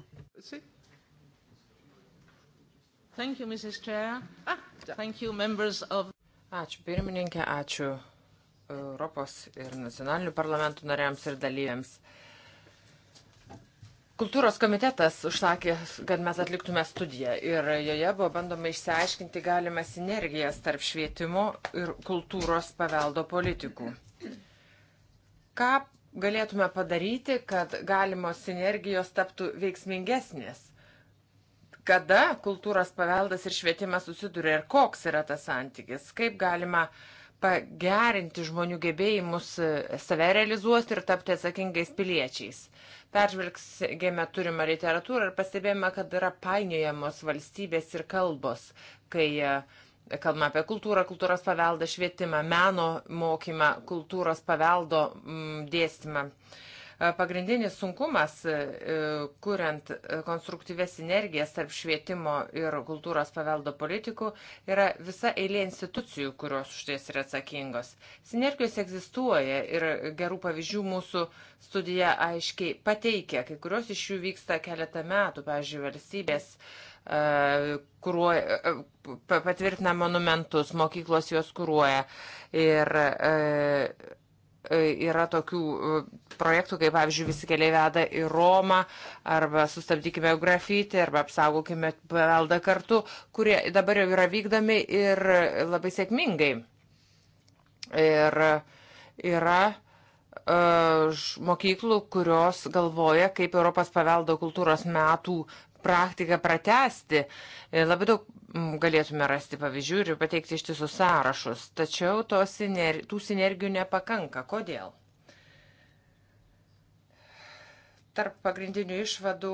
Thank you, Mrs. Chair. Ah, thank you, members of... Ačiū pirmininkė, ačiū Europos ir nacionalinių parlamentų nariams ir dalyviams. Uh, Kultūros komitetas užsakė, kad mes atliktume studiją ir joje buvo bandoma išsiaiškinti galimą sinergijas tarp švietimo ir kultūros paveldo politikų. Ką galėtume padaryti, kad galimos sinergijos taptų veiksmingesnės? Kada kultūros paveldas ir švietimas susiduria ir koks yra tas santykis? Kaip galima pagerinti žmonių gebėjimus save realizuoti ir tapti atsakingais piliečiais? Peržvelgsime turimą literatūrą ir pastebėjome, kad yra painiojamos valstybės ir kalbos, kai e, kalbame apie kultūrą, kultūros paveldą, švietimą, meno mokymą, kultūros paveldo dėstymą. Mm, Pagrindinis sunkumas, e, kuriant konstruktyvės sinergijas tarp švietimo ir kultūros paveldo politikų, yra visa eilė institucijų, kurios už ties yra atsakingos. Sinergijos egzistuoja ir gerų pavyzdžių mūsų studija aiškiai pateikia. Kai kurios iš jų vyksta keletą metų, pavyzdžiui, valstybės e, kuruoja, e, patvirtina monumentus, mokyklos juos kuruoja ir E, yra tokių e, projektų, kaip pavyzdžiui, visi keliai veda į Romą, arba sustabdykime grafitį, arba apsaugokime paveldą kartu, kurie dabar jau yra vykdomi ir labai sėkmingai. Ir yra e, mokyklų, kurios galvoja, kaip Europos paveldo kultūros metų praktiką pratesti. Labai daug mm, galėtume rasti pavyzdžių ir pateikti ištisus sąrašus, tačiau siner tų sinergijų nepakanka. Kodėl? Tarp pagrindinių išvadų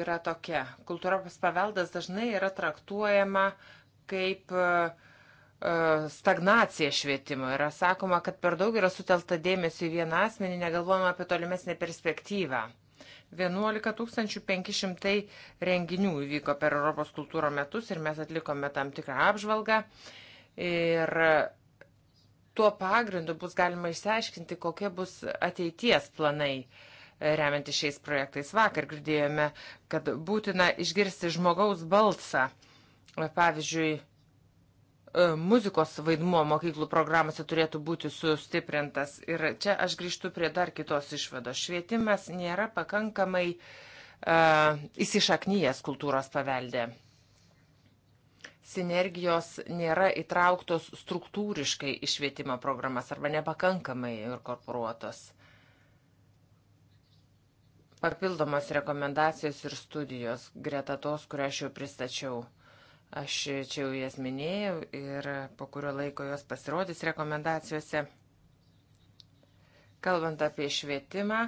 yra tokia. Kultūros paveldas dažnai yra traktuojama kaip e, e, stagnacija švietimo. Yra sakoma, kad per daug yra sutelta dėmesio į vieną asmenį, negalvojama apie tolimesnę perspektyvą. 11 500 renginių įvyko per Europos kultūro metus ir mes atlikome tam tikrą apžvalgą. Ir tuo pagrindu bus galima išsiaiškinti, kokie bus ateities planai e, remianti šiais projektais. Vakar girdėjome, kad būtina išgirsti žmogaus balsą. E, pavyzdžiui, E, muzikos vaidmuo mokyklų programuose turėtų būti sustiprintas. Ir čia aš grįžtu prie dar kitos išvados. Švietimas nėra pakankamai uh, e, įsišaknyjęs kultūros paveldė. Sinergijos nėra įtrauktos struktūriškai į švietimo programas arba nepakankamai inkorporuotos. Papildomos rekomendacijos ir studijos greta tos, kurią aš jau pristačiau Aš čia jau jas minėjau ir po kurio laiko jos pasirodys rekomendacijose. Kalbant apie švietimą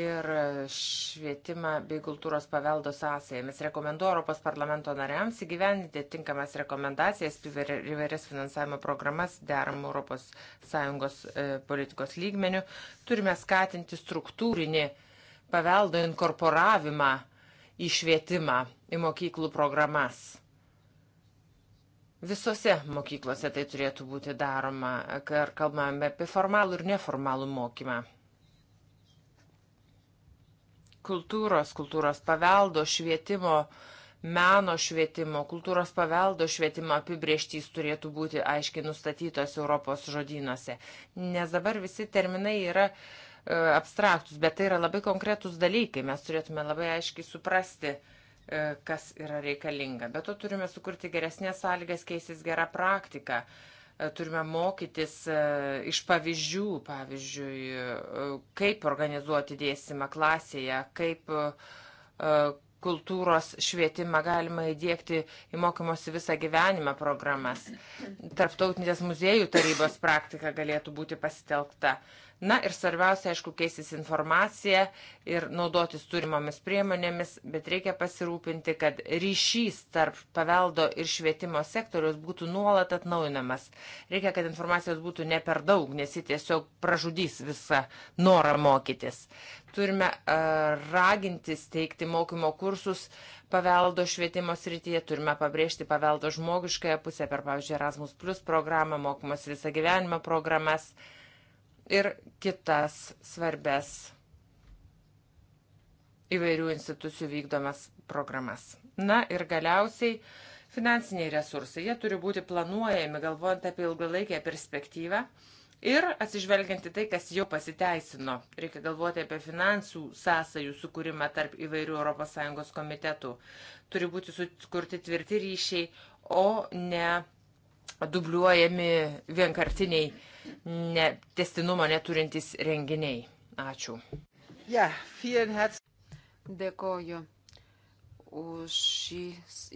ir švietimą bei kultūros paveldo sąsąją, mes rekomenduoju Europos parlamento nariams įgyvendinti tinkamas rekomendacijas įvairias finansavimo programas deramų ES e, politikos lygmenių. Turime skatinti struktūrinį paveldo inkorporavimą į švietimą, į mokyklų programas Visose mokyklose tai turėtų būti daroma, ar kalbame apie formalų ir neformalų mokymą. Kultūros, kultūros paveldo, švietimo, meno švietimo, kultūros paveldo švietimo apibrieštys turėtų būti aiškiai nustatytos Europos žodynuose. Nes dabar visi terminai yra e, abstraktus, bet tai yra labai konkretus dalykai. Mes turėtume labai aiškiai suprasti, e, E, kas yra reikalinga. Bet to turime sukurti geresnės sąlygas, keistis gerą praktiką. E, turime mokytis e, iš pavyzdžių, pavyzdžiui, kaip organizuoti dėstymą klasėje, kaip kultūros švietimą galima įdėkti į mokymosi visą gyvenimą programas. Tarptautinės muziejų tarybos praktika galėtų būti pasitelkta. Na ir svarbiausia, aišku, keisis informacija ir naudotis turimomis priemonėmis, bet reikia pasirūpinti, kad ryšys tarp paveldo ir švietimo sektoriaus būtų nuolat atnaujinamas. Reikia, kad informacijos būtų ne per daug, nes ji tiesiog pražudys visą norą mokytis. Turime uh, raginti steigti mokymo kursus paveldo švietimo srityje, turime pabrėžti paveldo žmogiškąją pusę per, pavyzdžiui, Erasmus Plus programą, mokymas visą gyvenimą programas. Uh, ir kitas svarbes įvairių institucijų vykdomas programas. Na ir galiausiai finansiniai resursai. Jie turi būti planuojami, galvojant apie ilgalaikę perspektyvą ir atsižvelgianti tai, kas jau pasiteisino. Reikia galvoti apie finansų sąsajų sukūrimą tarp įvairių ES komitetų. Turi būti sukurti tvirti ryšiai, o ne dubliuojami vienkartiniai ne, testinumo neturintys renginiai. Ačiū. Ja, Dėkoju už šį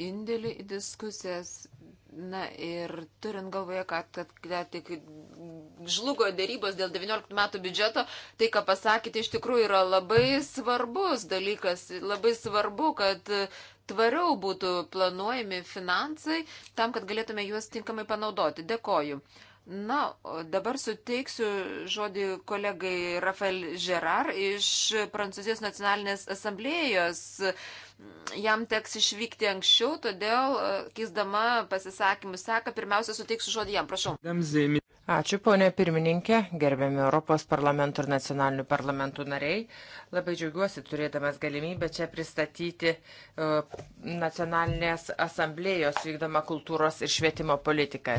indėlį į diskusijas. Na ir turint galvoje, kad, kad, kad tik žlugo dėrybos dėl 19 metų biudžeto, tai, ką pasakėte, iš tikrųjų yra labai svarbus dalykas. Labai svarbu, kad tvariau būtų planuojami finansai, tam, kad galėtume juos tinkamai panaudoti. Dėkoju. Na, dabar suteiksiu žodį kolegai Rafael Gerard iš Prancūzijos nacionalinės asamblėjos jam teks išvykti anksčiau, todėl e, keisdama pasisakymus seka, pirmiausia suteiksiu žodį jam, prašau. Ačiū, ponė pirmininkė, gerbiami Europos parlamentų ir nacionalinių parlamentų nariai. Labai džiaugiuosi turėdamas galimybę čia pristatyti uh, nacionalinės asamblėjos vykdomą kultūros ir švietimo politiką.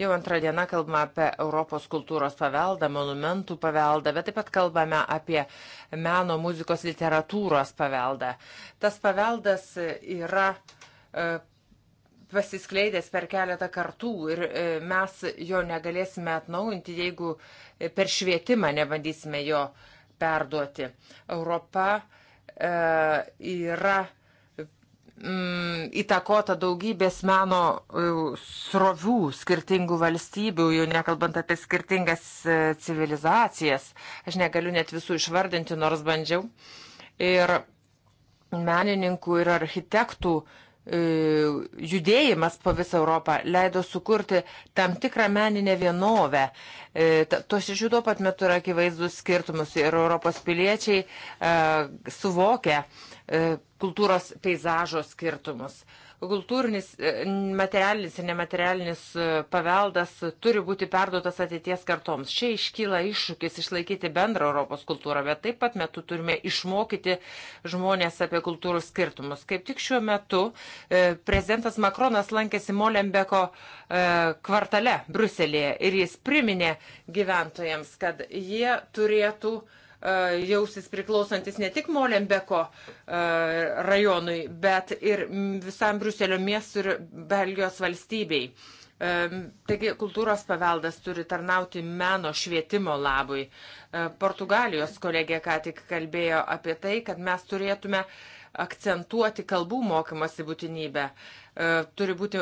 Jau antrą dieną kalbame apie Europos kultūros paveldą, monumentų paveldą, bet taip pat kalbame apie meno, muzikos, literatūros paveldą. Tas paveldas paveldas yra e, pasiskleidęs per keletą kartų ir e, mes jo negalėsime atnaujinti, jeigu e, per švietimą nebandysime jo perduoti. Europa yra mm, įtakota daugybės meno srovių skirtingų valstybių, jau nekalbant apie skirtingas civilizacijas. Aš negaliu net visų išvardinti, nors bandžiau. Ir menininkų ir architektų e, judėjimas po visą Europą leido sukurti tam tikrą meninę vienovę. E, Tos iš tuo pat metu yra akivaizdus skirtumus ir Europos piliečiai e, suvokia kultūros peizažo skirtumus. Uh, Kultūrinis, e, materialinis ir nematerialinis e, paveldas turi būti perduotas ateities kartoms. Čia iškyla iššūkis išlaikyti bendrą Europos kultūrą, bet taip pat metu turime išmokyti žmonės apie kultūrų skirtumus. Kaip tik šiuo metu e, prezidentas Makronas lankėsi Molembeko kvartale Bruselėje ir jis priminė gyventojams, kad jie turėtų uh, E, jausis priklausantis ne tik Molenbeko e, rajonui, bet ir visam Bruselio miestui ir Belgijos valstybei. E, taigi kultūros paveldas turi tarnauti meno švietimo labui. Portugalijos kolegė ką tik kalbėjo apie tai, kad mes turėtume akcentuoti kalbų mokymosi būtinybę. Turi būti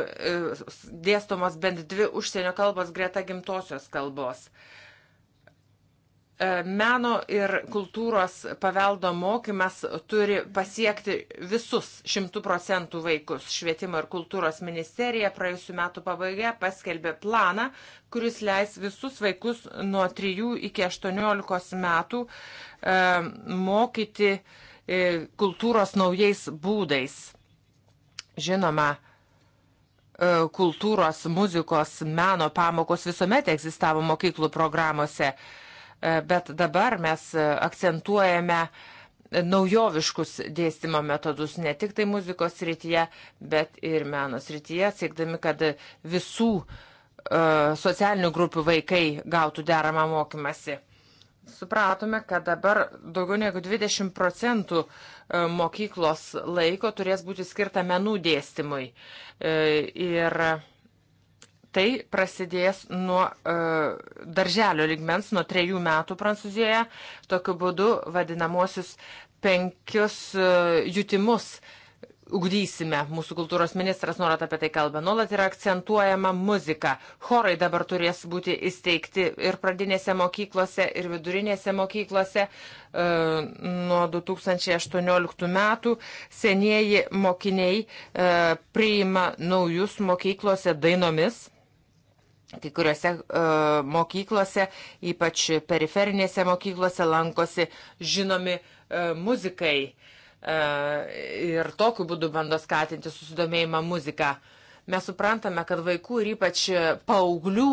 dėstomos bent dvi užsienio kalbos greta gimtosios kalbos. Uh, E, meno ir kultūros paveldo mokymas turi pasiekti visus šimtų procentų vaikus. Švietimo ir kultūros ministerija praėjusiu metu pabaigoje paskelbė planą, kuris leis visus vaikus nuo 3 iki 18 metų e, mokyti e, kultūros naujais būdais. Žinoma, e, kultūros, muzikos, meno pamokos visuomet egzistavo mokyklų programuose E, bet dabar mes akcentuojame naujoviškus dėstymo metodus ne tik tai muzikos srityje, bet ir meno srityje, siekdami, kad visų e, socialinių grupių vaikai gautų deramą mokymasi. Supratome, kad dabar daugiau negu 20 procentų e, mokyklos laiko turės būti skirta menų dėstymui. Ir tai prasidės nuo uh, darželio ligmens, nuo trejų metų Prancūzijoje. Tokiu būdu vadinamosius penkius uh, jutimus ugdysime. Mūsų kultūros ministras nuolat apie tai kalba. Nuolat yra akcentuojama muzika. Chorai dabar turės būti įsteigti ir pradinėse mokyklose, ir vidurinėse mokyklose. E, nuo 2018 metų senieji mokiniai e, priima naujus mokyklose dainomis. Kai kuriuose uh, mokyklose, ypač periferinėse mokyklose, lankosi žinomi uh, muzikai uh, ir tokiu būdu bando skatinti susidomėjimą muziką. Uh, mes suprantame, kad vaikų ir ypač paauglių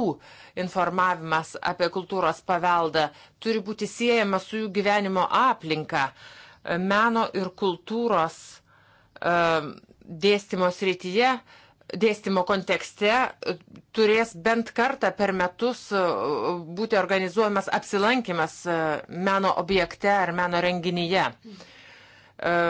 informavimas apie kultūros paveldą turi būti siejamas su jų gyvenimo aplinka, meno ir kultūros dėstymo srityje. Uh, dėstymo kontekste turės bent kartą per metus e, būti organizuojamas apsilankimas e, meno objekte ar meno renginyje. E,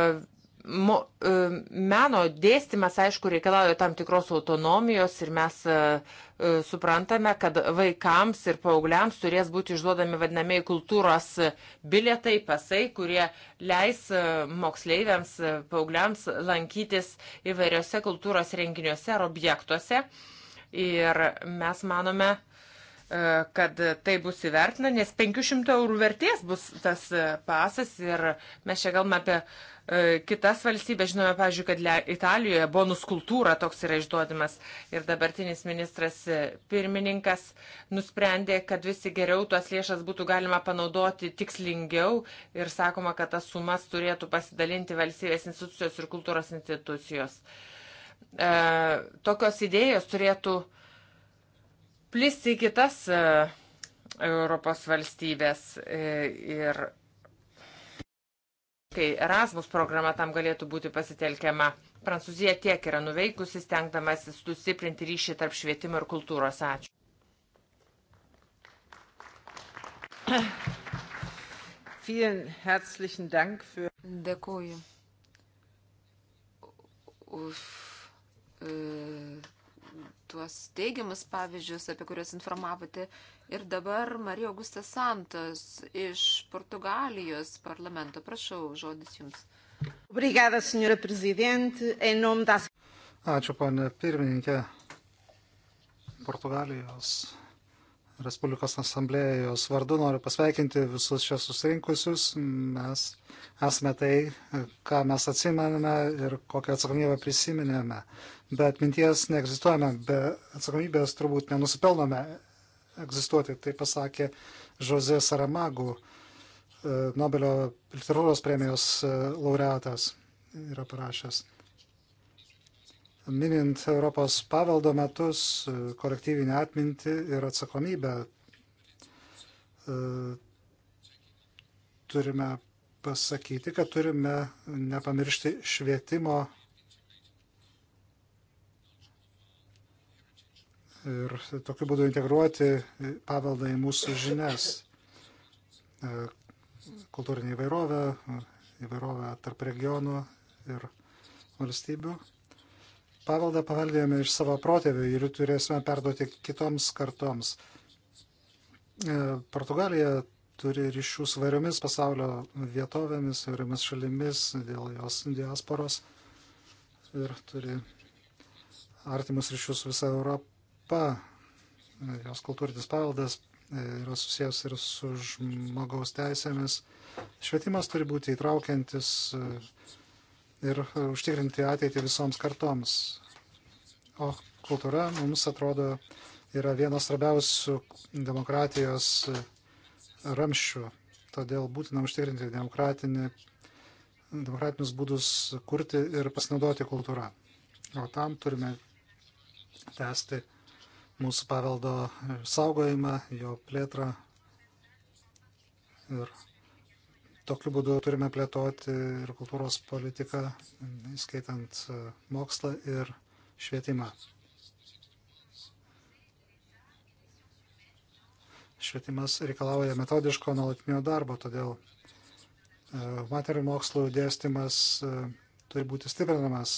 mo, e, meno dėstymas, aišku, reikalauja tam tikros autonomijos ir mes e, e, suprantame, kad vaikams ir paaugliams turės būti išduodami vadinamieji kultūros bilietai, pasai, kurie leis moksleiviams, paaugliams lankytis įvairiose kultūros renginiuose ar objektuose. Ir mes manome, kad tai bus įvertina, nes 500 eurų vertės bus tas pasas ir mes čia galime apie E, kitas valstybės, žinome, pavyzdžiui, kad Italijoje bonus kultūra toks yra išduodimas ir dabartinis ministras e, pirmininkas nusprendė, kad visi geriau tuos lėšas būtų galima panaudoti tikslingiau ir sakoma, kad tas sumas turėtų pasidalinti valstybės institucijos ir kultūros institucijos. E, tokios idėjos turėtų plisti į kitas e, Europos valstybės e, ir kai Erasmus programa tam galėtų būti pasitelkiama. Prancūzija tiek yra nuveikusi, stengdamasi sustiprinti ryšį tarp švietimo ir kultūros. Ačiū. Dėkuoju už e, tuos teigiamus pavyzdžius, apie kuriuos informavote. Ir dabar Marija Augusta Santos iš Portugalijos parlamento. Prašau, žodis jums. Obrigada, senhora prezidente. Em nome da... Ačiū, ponė pirmininkė. Portugalijos Respublikos asamblėjos vardu noriu pasveikinti visus čia susirinkusius. Mes esame tai, ką mes atsimename ir kokią atsakomybę prisiminėme. Be atminties neegzistuojame, be atsakomybės turbūt nenusipelnome egzistuoti. Tai pasakė Jose Saramagu, e, Nobelio literatūros premijos e, laureatas yra parašęs. Minint Europos paveldo metus, e, kolektyvinę atmintį ir atsakomybę turime pasakyti, kad turime nepamiršti švietimo ir tokiu būdu integruoti paveldą į mūsų žinias, e, kultūrinį įvairovę, įvairovę tarp regionų ir valstybių. Paveldą paveldėjome iš savo protėvių ir turėsime perduoti kitoms kartoms. E, Portugalija turi ryšių su variomis pasaulio vietovėmis, variomis šalimis dėl jos diasporos ir turi artimus ryšius visą Europą Europa, jos kultūrinis paveldas e, yra susijęs ir su žmogaus teisėmis. Švietimas turi būti įtraukiantis e, ir užtikrinti ateitį visoms kartoms. O kultūra mums atrodo yra vienas svarbiausių demokratijos e, ramščių. Todėl būtina užtikrinti demokratinius būdus kurti ir pasinaudoti kultūrą. O tam turime tęsti mūsų paveldo saugojimą, jo plėtrą. Ir tokiu būdu turime plėtoti ir kultūros politiką, įskaitant e, mokslą ir švietimą. Švietimas reikalauja metodiško nuolatinio darbo, todėl e, materijų mokslų dėstymas e, turi būti stiprinamas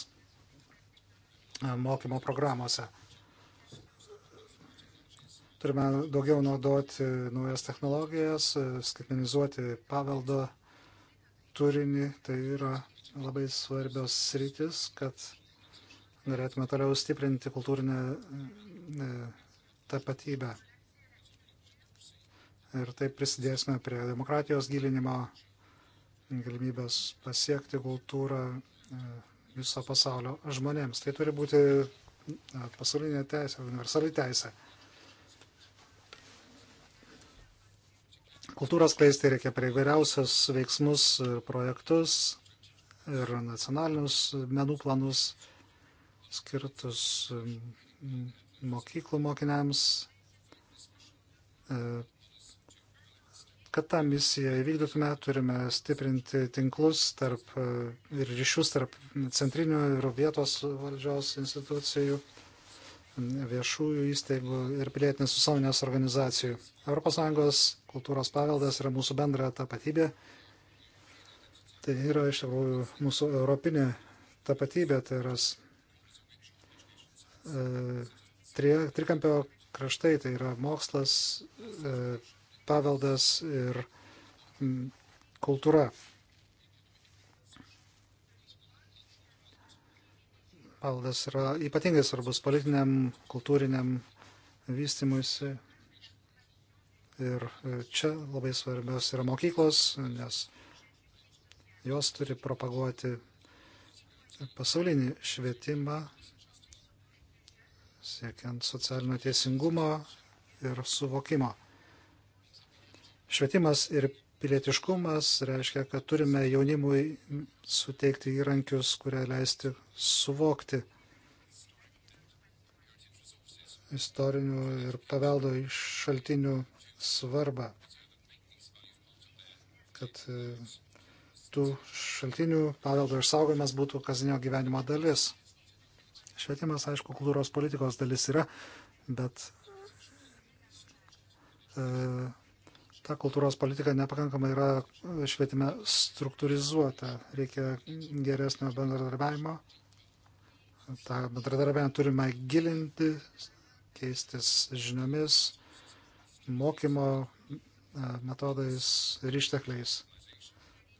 mokymo programuose. Turime daugiau naudoti naujas technologijas, skaitmenizuoti paveldo turinį. Tai yra labai svarbios sritis, kad galėtume toliau stiprinti kultūrinę e, tapatybę. Ir taip prisidėsime prie demokratijos gilinimo, galimybės pasiekti kultūrą e, viso pasaulio žmonėms. Tai turi būti e, pasaulinė teisė, universali teisė. Kultūros kleisti reikia prie įvairiausius veiksmus ir projektus ir nacionalinius menų planus skirtus mm, mokyklų mokiniams, e, kad tą misiją įvykdytume, turime stiprinti tinklus tarp, e, ir ryšius tarp centrinių ir vietos valdžios institucijų viešųjų įstaigų ir pilietinės visuomenės organizacijų. ES kultūros paveldas yra mūsų bendra tapatybė. Tai yra iš tikrųjų mūsų europinė tapatybė, tai yra e, tri, trikampio kraštai, tai yra mokslas, e, paveldas ir m, kultūra. Aldas yra ypatingai svarbus politiniam, kultūriniam vystimuisi. Ir e, čia labai svarbios yra mokyklos, nes jos turi propaguoti pasaulinį švietimą, siekiant socialinio teisingumo ir suvokimo. Švietimas ir Pilietiškumas reiškia, kad turime jaunimui suteikti įrankius, kurie leisti suvokti istorinių ir paveldo šaltinių svarbą. Kad e, tų šaltinių paveldo išsaugojimas būtų kazinio gyvenimo dalis. Švietimas, aišku, kultūros politikos dalis yra, bet e, ta kultūros politika nepakankamai yra švietime struktūrizuota. Reikia geresnio bendradarbiavimo. Ta bendradarbiavimą turime gilinti, keistis žiniomis, mokymo e, metodais ir ištekliais.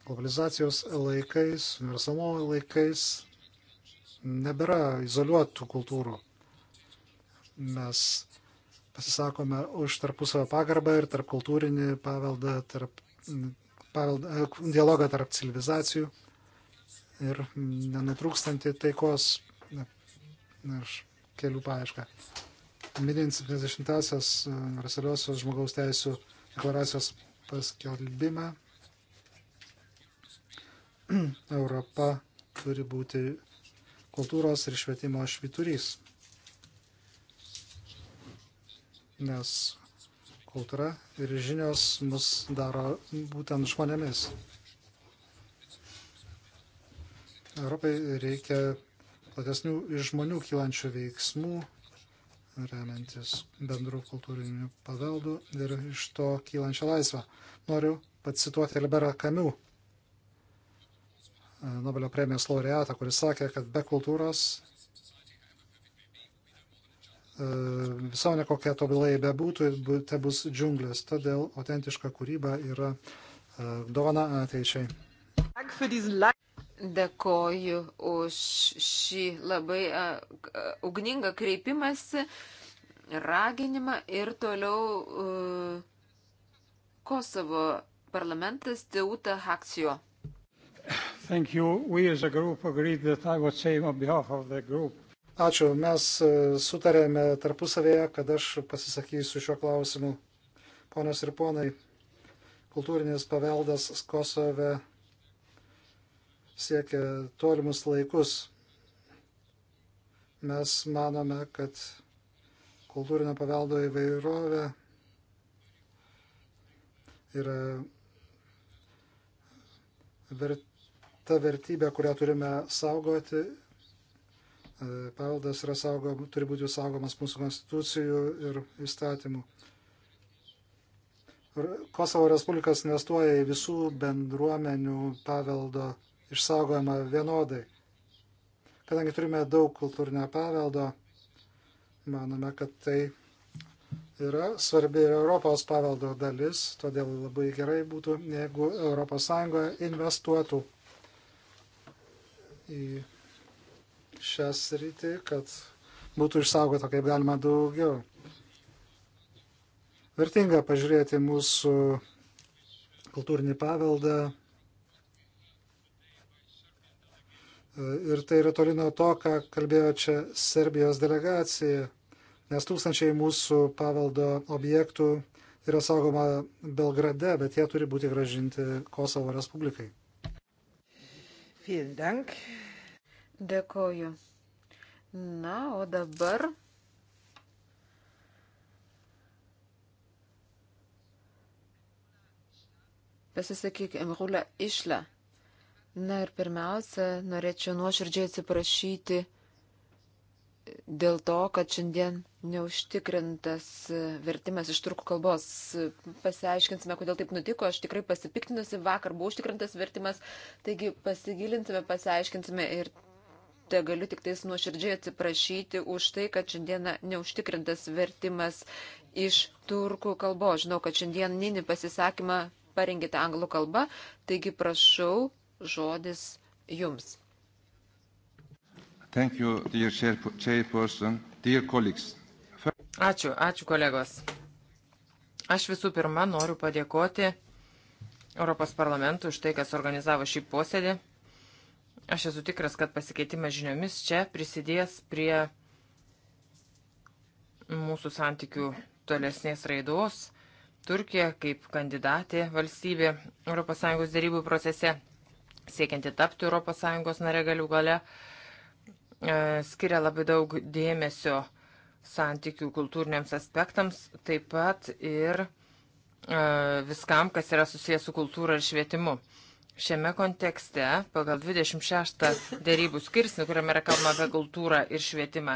Globalizacijos laikais, universalumo laikais nebėra izoliuotų kultūrų. Mes pasisakome už tarpusavio pagarbą ir tarp kultūrinį paveldą, tarp, paveldą, e, dialogą tarp civilizacijų ir nenutrūkstantį taikos aš, kelių paiešką. Minint 70-asias universaliosios žmogaus teisų deklaracijos paskelbimą, Europa turi būti kultūros ir švietimo šviturys. nes kultūra ir žinios mus daro būtent žmonėmis. Europai reikia platesnių iš žmonių kylančių veiksmų, remiantis bendrų kultūrinių paveldų ir iš to kylančią laisvę. Noriu pacituoti Alberą Kamiu, Nobelio premijos laureatą, kuris sakė, kad be kultūros E, visuomenė kokia tobulai bebūtų, te tai bus džiunglės. Todėl autentiška kūryba yra e, dovana ateičiai. Dėkoju už šį labai uh, ugningą kreipimąsi, raginimą ir toliau uh, Kosovo parlamentas Teuta Hakcijo. Thank you. We as a group agreed that I would say on behalf of the group Ačiū. Mes e, sutarėme tarpusavėje, kad aš pasisakysiu šiuo klausimu. Ponios ir ponai, kultūrinis paveldas Kosove siekia tolimus laikus. Mes manome, kad kultūrinio paveldo įvairovė yra ver, ta vertybė, kurią turime saugoti E, paveldas yra saugom, turi būti saugomas mūsų konstitucijų ir įstatymų. Kosovo Respublikas investuoja į visų bendruomenių paveldo išsaugojimą vienodai. Kadangi turime daug kultūrinio paveldo, manome, kad tai yra svarbi ir Europos paveldo dalis, todėl labai gerai būtų, jeigu ES investuotų į šią sritį, kad būtų išsaugota kaip galima daugiau. Vertinga pažiūrėti mūsų kultūrinį paveldą. Ir tai yra toli nuo to, ką kalbėjo čia Serbijos delegacija, nes tūkstančiai mūsų paveldo objektų yra saugoma Belgrade, bet jie turi būti gražinti Kosovo Respublikai. Vielen Dank. Dėkoju. Na, o dabar. pasisakyk Imrulė Išle. Na ir pirmiausia, norėčiau nuoširdžiai atsiprašyti dėl to, kad šiandien neužtikrintas vertimas iš turkų kalbos. Pasiaiškinsime, kodėl taip nutiko. Aš tikrai pasipiktinusi, vakar buvo užtikrintas vertimas, taigi pasigilinsime, pasiaiškinsime ir te galiu tik tais nuoširdžiai atsiprašyti už tai, kad šiandieną neužtikrintas vertimas iš turkų kalbos. Žinau, kad šiandieninį pasisakymą parengite anglų kalbą, taigi prašau žodis jums. Thank you, dear chairperson, dear colleagues. Ačiū, ačiū kolegos. Aš visų pirma noriu padėkoti Europos parlamentui už tai, kas organizavo šį posėdį. Aš esu tikras, kad pasikeitimas žiniomis čia prisidės prie mūsų santykių tolesnės raidos. Turkija kaip kandidatė valstybė ES dėrybų procese, siekianti tapti ES nare galių gale, e, skiria labai daug dėmesio santykių kultūriniams aspektams, taip pat ir e, viskam, kas yra susijęs su kultūra ir švietimu. Šiame kontekste, pagal 26 dėrybų skirsnį, kuriame yra kalbama apie kultūrą ir švietimą,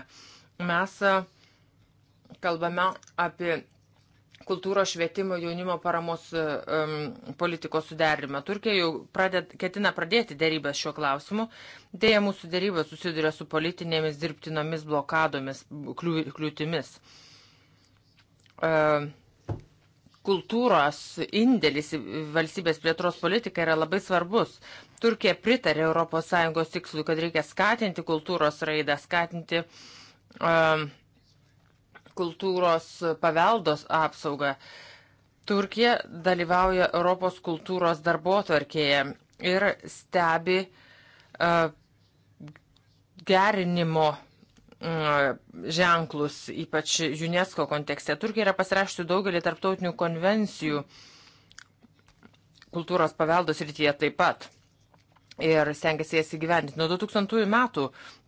mes kalbame apie kultūros švietimo jaunimo paramos um, politikos suderinimą. Turkija jau pradėt, ketina pradėti dėrybęs šiuo klausimu. Dėja, mūsų dėrybės susiduria su politinėmis dirbtinomis blokadomis, kliūtimis. Uh, kultūros indėlis į valstybės plėtros politiką yra labai svarbus. Turkija pritarė ES tikslui, kad reikia skatinti kultūros raidą, skatinti um, kultūros paveldos apsaugą. Turkija dalyvauja Europos kultūros darbo tvarkėje ir stebi uh, gerinimo Mm, ženklus, ypač UNESCO kontekste. Turkija yra pasirašusi daugelį tarptautinių konvencijų kultūros paveldos rytyje taip pat ir stengiasi jas įgyvendinti. Nuo 2000 metų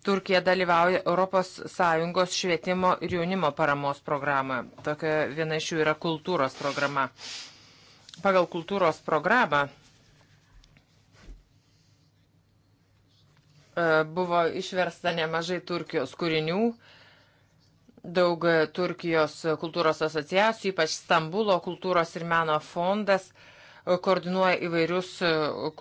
Turkija dalyvauja ES švietimo ir jaunimo paramos programą. Tokia viena iš jų yra kultūros programa. Pagal kultūros programą E, buvo išversta nemažai Turkijos kūrinių, daug Turkijos kultūros asociacijų, ypač Stambulo kultūros ir meno fondas e, koordinuoja įvairius e,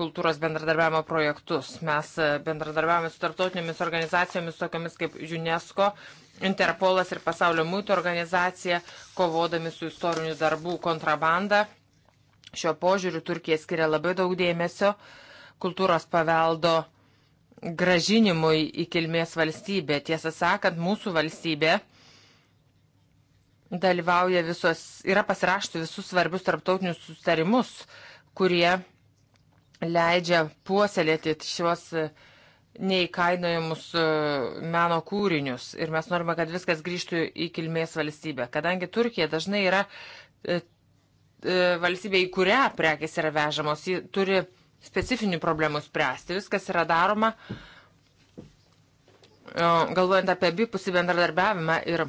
kultūros bendradarbiavimo projektus. Mes bendradarbiavame su tarptautinėmis organizacijomis, tokiamis kaip UNESCO, Interpolas ir Pasaulio mūtų organizacija, kovodami su istorinių darbų kontrabanda. Šio požiūriu Turkija skiria labai daug dėmesio kultūros paveldo uh, gražinimui į kilmės valstybę. Tiesą sakant, mūsų valstybė dalyvauja visos, yra pasirašti visus svarbius tarptautinius sustarimus, kurie leidžia puoselėti šios neįkainojimus e, meno kūrinius. Ir mes norime, kad viskas grįžtų į kilmės valstybę. Kadangi Turkija dažnai yra e, e, valstybė, į kurią prekės yra vežamos, ji turi specifinių problemų spręsti. Viskas yra daroma e, galvojant apie abipusį bendradarbiavimą ir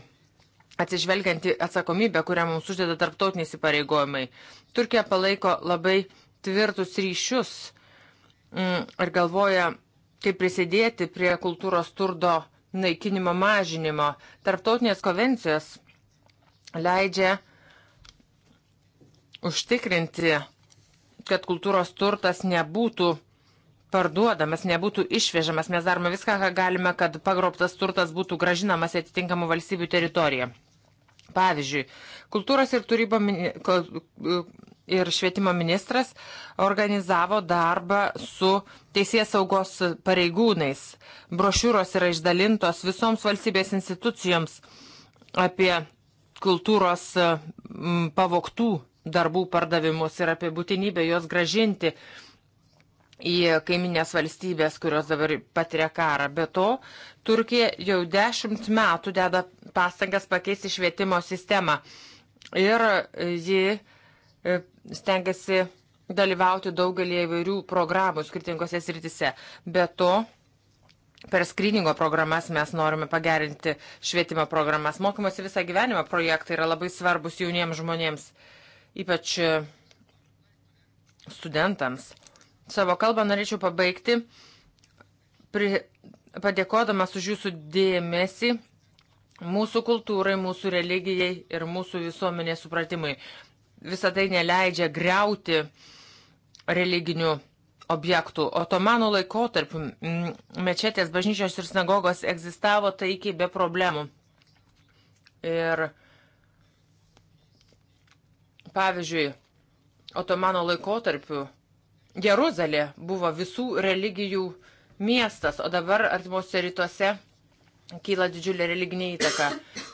atsižvelgianti atsakomybę, kurią mums uždeda tarptautiniai įsipareigojimai. Turkija palaiko labai tvirtus ryšius mm, ir galvoja, kaip prisidėti prie kultūros turdo naikinimo mažinimo. Tarptautinės konvencijos leidžia užtikrinti kad kultūros turtas nebūtų parduodamas, nebūtų išvežamas. Mes darome viską, ką galime, kad pagrobtas turtas būtų gražinamas į atitinkamų valstybių teritoriją. Pavyzdžiui, kultūros ir, turybo, ir švietimo ministras organizavo darbą su teisės saugos pareigūnais. Brošiūros yra išdalintos visoms valstybės institucijoms apie kultūros pavoktų darbų pardavimus ir apie būtinybę juos gražinti į kaiminės valstybės, kurios dabar patiria karą. Be to, Turkija jau dešimt metų deda pastangas pakeisti švietimo sistemą ir ji e, stengiasi dalyvauti daugelį įvairių programų skirtingose sritise. Be to, per skryningo programas mes norime pagerinti švietimo programas. Mokymosi visą gyvenimą projektai yra labai svarbus jauniems žmonėms. Uh, ypač studentams. Savo kalbą norėčiau pabaigti pri, padėkodamas už jūsų dėmesį mūsų kultūrai, mūsų religijai ir mūsų visuomenės supratimui. Visą tai neleidžia greuti religinių objektų. Otomanų laikotarpiu mm, mečetės, bažnyčios ir sinagogos egzistavo taikiai be problemų. Ir Pavyzdžiui, Otomano laikotarpiu Jeruzalė buvo visų religijų miestas, o dabar artimuose rytuose kyla didžiulė religinė įtaka.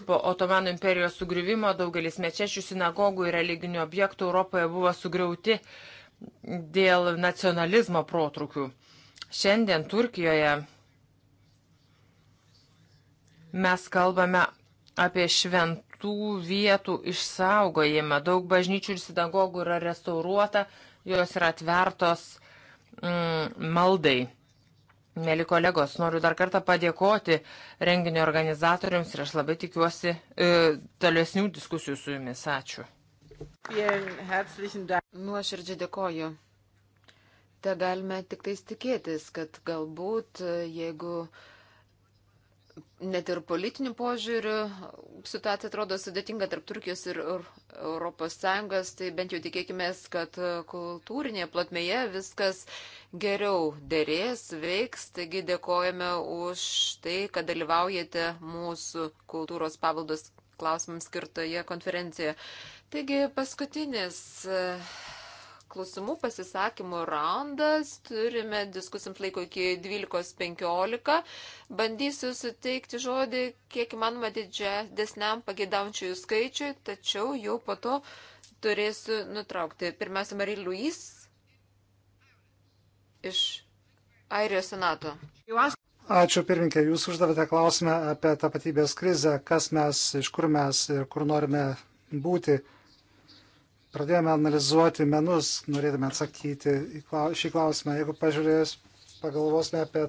Po Otomano imperijos sugriuvimo daugelis mečečių, sinagogų ir religinių objektų Europoje buvo sugriauti dėl nacionalizmo protrukių. Šiandien Turkijoje mes kalbame apie švent tų vietų išsaugojimą. Daug bažnyčių ir sinagogų yra restauruota, jos yra atvertos mm, maldai. Mėly kolegos, noriu dar kartą padėkoti renginio organizatoriams ir aš labai tikiuosi e, tolesnių diskusijų su jumis. Ačiū. Nuoširdžiai dėkoju. Te galime tik tais tikėtis, kad galbūt e, jeigu uh, net ir politinių požiūrių situacija atrodo sudėtinga tarp Turkijos ir ES, tai bent jau tikėkime, kad kultūrinėje platmėje viskas geriau dėrės, veiks, taigi dėkojame už tai, kad dalyvaujate mūsų kultūros pavaldos klausimams skirtoje konferencijoje. Taigi paskutinis klausimų pasisakymų raundas. Turime diskusijams laiko iki 12.15. Bandysiu suteikti žodį kiek įmanoma didesniam pagėdaujančiųjų skaičiui, tačiau jau po to turėsiu nutraukti. Pirmiausia, Marija Luis iš Airijos senato. Ačiū pirminkė, jūs uždavėte klausimą apie tapatybės krizę, kas mes, iš kur mes ir kur norime būti pradėjome analizuoti menus, norėdami atsakyti į šį klausimą. Jeigu pažiūrės, pagalvosime apie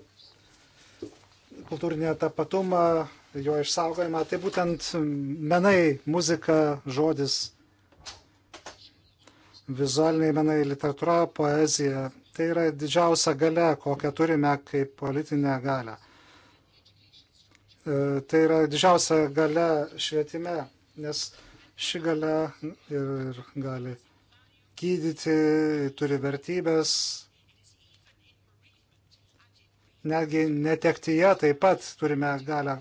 kultūrinį tapatumą, jo išsaugojimą, tai būtent menai, muzika, žodis, vizualiniai menai, literatūra, poezija. Tai yra didžiausia gale, kokią turime kaip politinę galę. E, tai yra didžiausia gale švietime, nes Ši gale ir gali gydyti, turi vertybės. Netgi netektyje taip pat turime galę.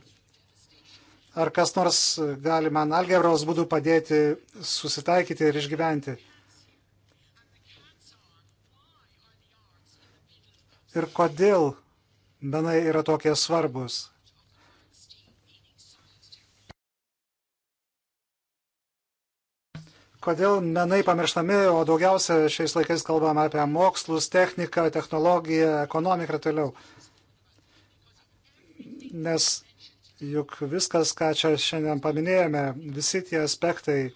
Ar kas nors gali man algebros būdų padėti susitaikyti ir išgyventi? Ir kodėl menai yra tokie svarbus? Kodėl menai pamirštami, o daugiausia šiais laikais kalbama apie mokslus, techniką, technologiją, ekonomiką ir toliau. Nes juk viskas, ką čia šiandien paminėjome, visi tie aspektai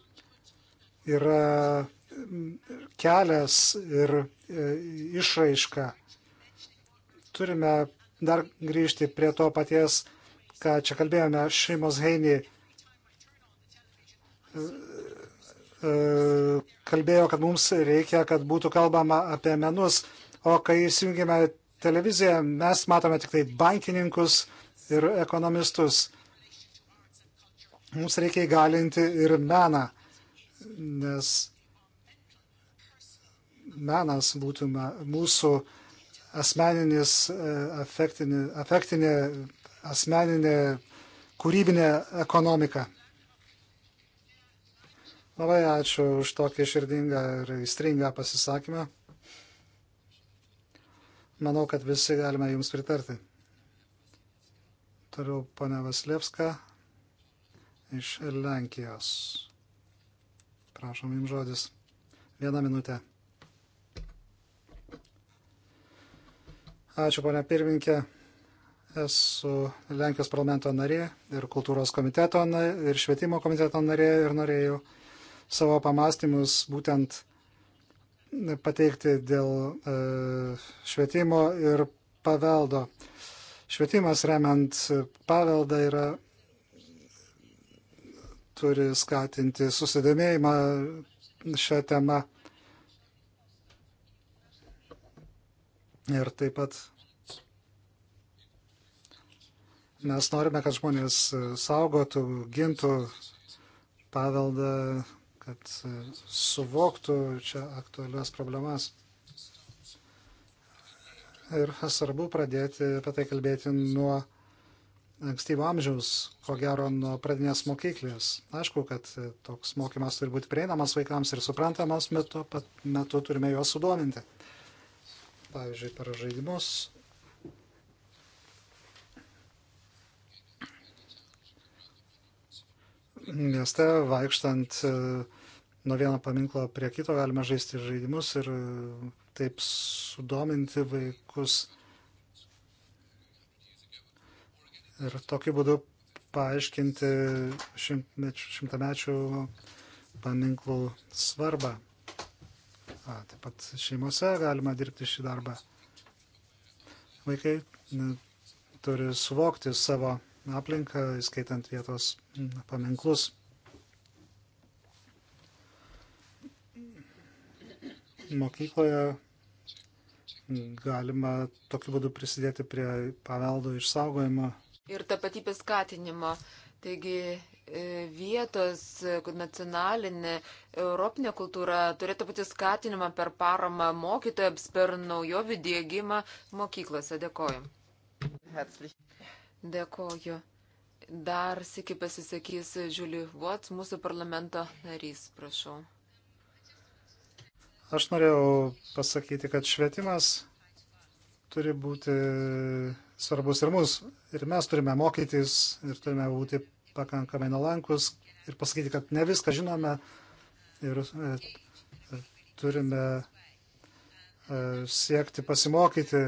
yra kelias ir e, išraiška. Turime dar grįžti prie to paties, ką čia kalbėjome, šeimos Heini E, kalbėjo, kad mums reikia, kad būtų kalbama apie menus, o kai įsijungėme televiziją, mes matome tik tai bankininkus ir ekonomistus. Mums reikia įgalinti ir meną, nes menas būtų mūsų asmeninis, e, afektinė, afektinė asmeninė, kūrybinė ekonomika. Labai ačiū už tokį širdingą ir įstringą pasisakymą. Manau, kad visi galime jums pritarti. Toliau ponia Vaslevska iš Lenkijos. Prašom jums žodis. Vieną minutę. Ačiū, ponia pirminkė. Esu Lenkijos parlamento narė ir kultūros komiteto narė, ir švietimo komiteto narė ir norėjau savo pamastymus būtent e, pateikti dėl e, švietimo ir paveldo. Švietimas remiant paveldą yra turi skatinti susidomėjimą šią temą. Ir taip pat mes norime, kad žmonės saugotų, gintų paveldą kad suvoktų čia aktualias problemas. Ir svarbu pradėti apie tai kalbėti nuo ankstyvo amžiaus, ko gero nuo pradinės mokyklės. Aišku, kad toks mokymas turi būti prieinamas vaikams ir suprantamas, bet tuo pat metu turime juos sudominti. Pavyzdžiui, per žaidimus mieste, vaikštant e, nuo vieno paminklo prie kito, galime žaisti žaidimus ir e, taip sudominti vaikus. Ir tokiu būdu paaiškinti šimtamečių paminklų svarbą. A, taip pat šeimose galima dirbti šį darbą. Vaikai turi suvokti savo aplinką, įskaitant vietos mm, paminklus. Mokykloje mm, galima tokiu būdu prisidėti prie paveldo išsaugojimo. Ir tapatybės skatinimo. Taigi e, vietos e, nacionalinė europinė kultūra turėtų būti skatinama per paramą mokytojams, per naujovių dėgymą mokyklose. Dėkoju. Dėkoju. Dar sėki pasisakys Žiuli Vots, mūsų parlamento narys, prašau. Aš norėjau pasakyti, kad švietimas turi būti svarbus ir mus. Ir mes turime mokytis ir turime būti pakankamai nalankus ir pasakyti, kad ne viską žinome ir e, turime e, siekti pasimokyti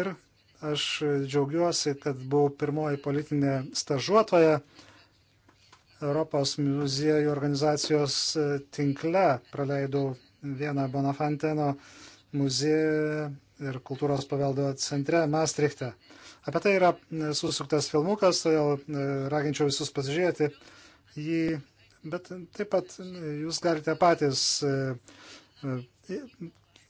ir Aš džiaugiuosi, kad buvau pirmoji politinė stažuotoja Europos muziejų organizacijos tinkle. Praleidau vieną Bonafanteno muziejų ir kultūros paveldo centre Maastrichte. Apie tai yra susuktas filmukas, todėl e, raginčiau visus pasižiūrėti jį, bet taip pat jūs galite patys e, e,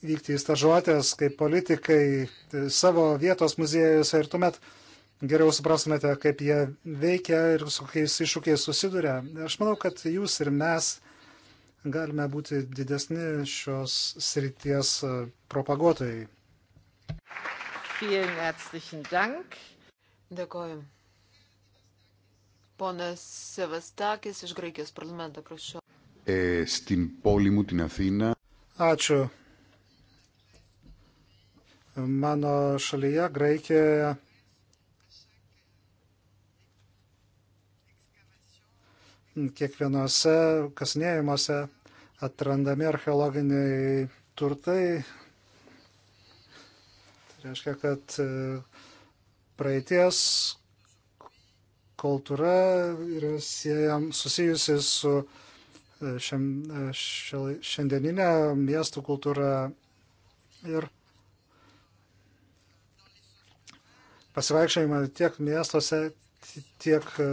vykti į stažuotės kaip politikai tai savo vietos muziejuose ir tuomet geriau suprastumėte, kaip jie veikia ir su kokiais iššūkiais susiduria. Aš manau, kad jūs ir mes galime būti didesni šios srities e, propaguotojai. Dėkoju. Ponas Sevastakis iš Graikijos parlamento, prašau. E, στην πόλη μου, την Αθήνα. Ačiū. Mano šalyje, Graikijoje, kiekvienose kasinėjimuose atrandami archeologiniai turtai. Tai reiškia, kad e, praeities kultūra yra siejam, susijusi su e, šiam, e, šiandieninė miestų kultūra ir pasivaikščiojimą tiek miestuose, tiek e,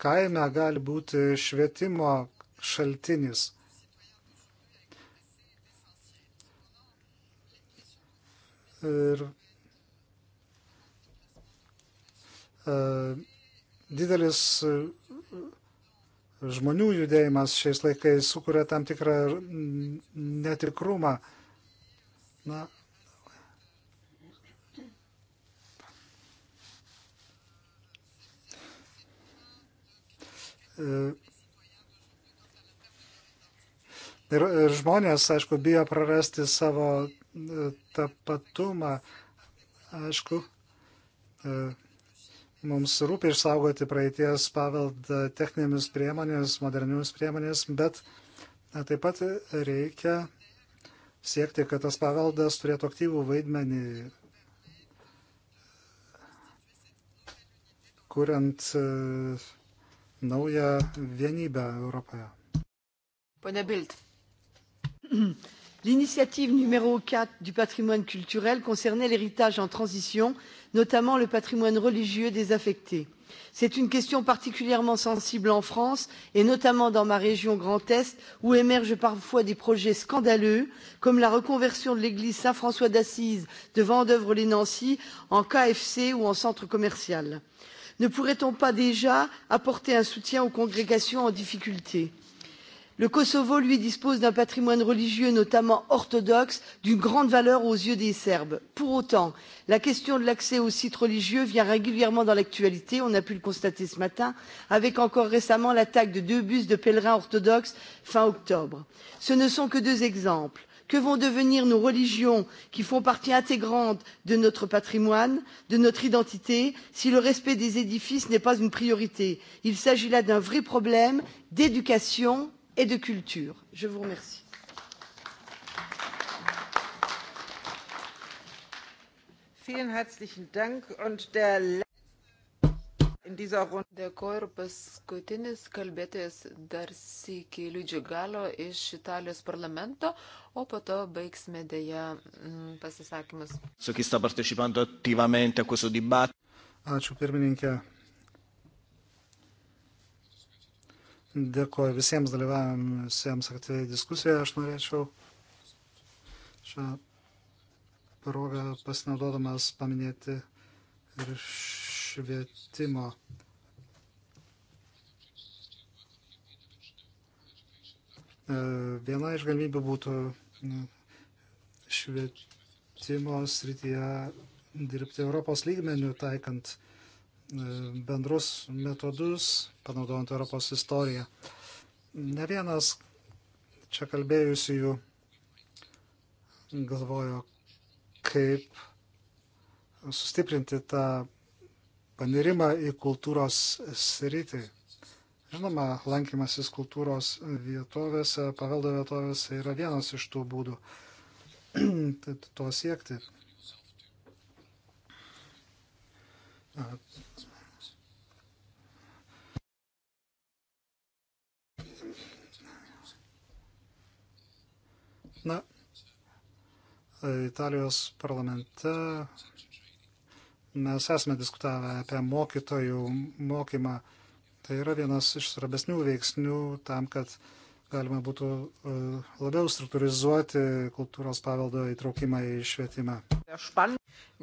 kaime gali būti švietimo šaltinis. Ir e, didelis e, žmonių judėjimas šiais laikais sukuria tam tikrą netikrumą. Na, E, ir žmonės, aišku, bijo prarasti savo e, tapatumą. Aišku, e, mums rūpi išsaugoti praeities paveldą techninėmis priemonėmis, moderniamis priemonėmis, bet taip pat reikia siekti, kad tas paveldas turėtų aktyvų vaidmenį, kuriant naują vienybę Europoje. Pone Bild. L'initiative numéro 4 du patrimoine culturel concernait l'héritage en transition, notamment le patrimoine religieux désaffecté. C'est une question particulièrement sensible en France et notamment dans ma région Grand Est où émergent parfois des projets scandaleux comme la reconversion de l'église Saint-François d'Assise de Vandœuvre-les-Nancy en KFC ou en centre commercial ne pourrait on pas déjà apporter un soutien aux congrégations en difficulté? le kosovo lui dispose d'un patrimoine religieux notamment orthodoxe d'une grande valeur aux yeux des serbes. pour autant la question de l'accès aux sites religieux vient régulièrement dans l'actualité on a pu le constater ce matin avec encore récemment l'attaque de deux bus de pèlerins orthodoxes fin octobre. ce ne sont que deux exemples que vont devenir nos religions qui font partie intégrante de notre patrimoine de notre identité si le respect des édifices n'est pas une priorité? il s'agit là d'un vrai problème d'éducation et de culture. je vous remercie. vielen herzlichen dank und der Dėkuoju ir paskutinis kalbėtojas dar sėki Liudžiu Galo iš Italijos parlamento, o po to baigsime dėja mm, pasisakymus. Ačiū pirmininkė. Dėkuoju visiems dalyvavusiems aktyviai diskusijoje. Aš norėčiau šią progą pasinaudodamas paminėti ir švietimo. E, viena iš galimybių būtų švietimo srityje dirbti Europos lygmenių, taikant e, bendrus metodus, panaudojant Europos istoriją. Ne vienas čia kalbėjusiųjų galvojo, kaip sustiprinti tą panirimą į kultūros sritį. Žinoma, lankymasis kultūros vietovėse, paveldo vietovėse yra vienas iš tų būdų to siekti. Na, Italijos parlamente Mes esame diskutavę apie mokytojų mokymą. Tai yra vienas iš svarbesnių veiksnių tam, kad galima būtų e, labiau struktūrizuoti kultūros paveldo įtraukimą į švietimą.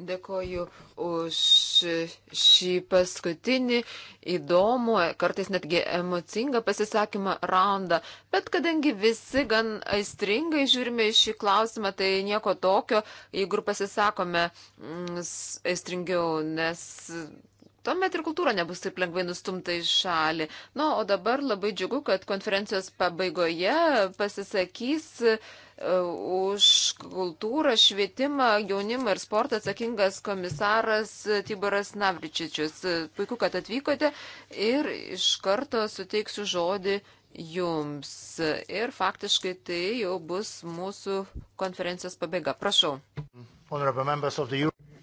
Dėkoju už šį paskutinį įdomų, kartais netgi emocingą pasisakymą raundą. Bet kadangi visi gan aistringai žiūrime į šį klausimą, tai nieko tokio, jeigu ir pasisakome mm, aistringiau, nes tuomet ir kultūra nebus taip lengvai nustumta į šalį. Na, nu, o dabar labai džiugu, kad konferencijos pabaigoje pasisakys. Uh, E, už kultūrą, švietimą, jaunimą ir sportą atsakingas komisaras Tiboras Navričičius. Puiku, kad atvykote ir iš karto suteiksiu žodį jums. Ir faktiškai tai jau bus mūsų konferencijos pabaiga. Prašau.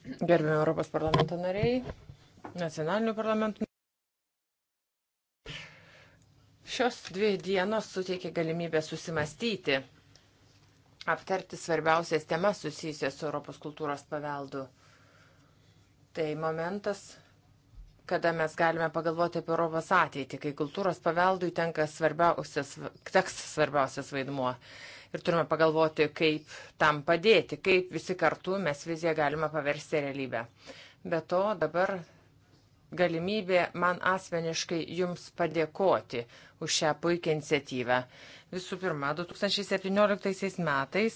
Gerbėjau Europos parlamento nariai, nacionalinių parlamentų. Šios dvi dienos suteikia galimybę susimastyti aptarti svarbiausias temas susijusias su Europos kultūros paveldu. Tai momentas, kada mes galime pagalvoti apie Europos ateitį, kai kultūros paveldui tenka svarbiausias, teks svarbiausias vaidmuo. Ir turime pagalvoti, kaip tam padėti, kaip visi kartu mes viziją galime paversti realybę. Be to, dabar galimybė man asmeniškai jums padėkoti už šią puikią iniciatyvą. Visų pirma, 2017 metais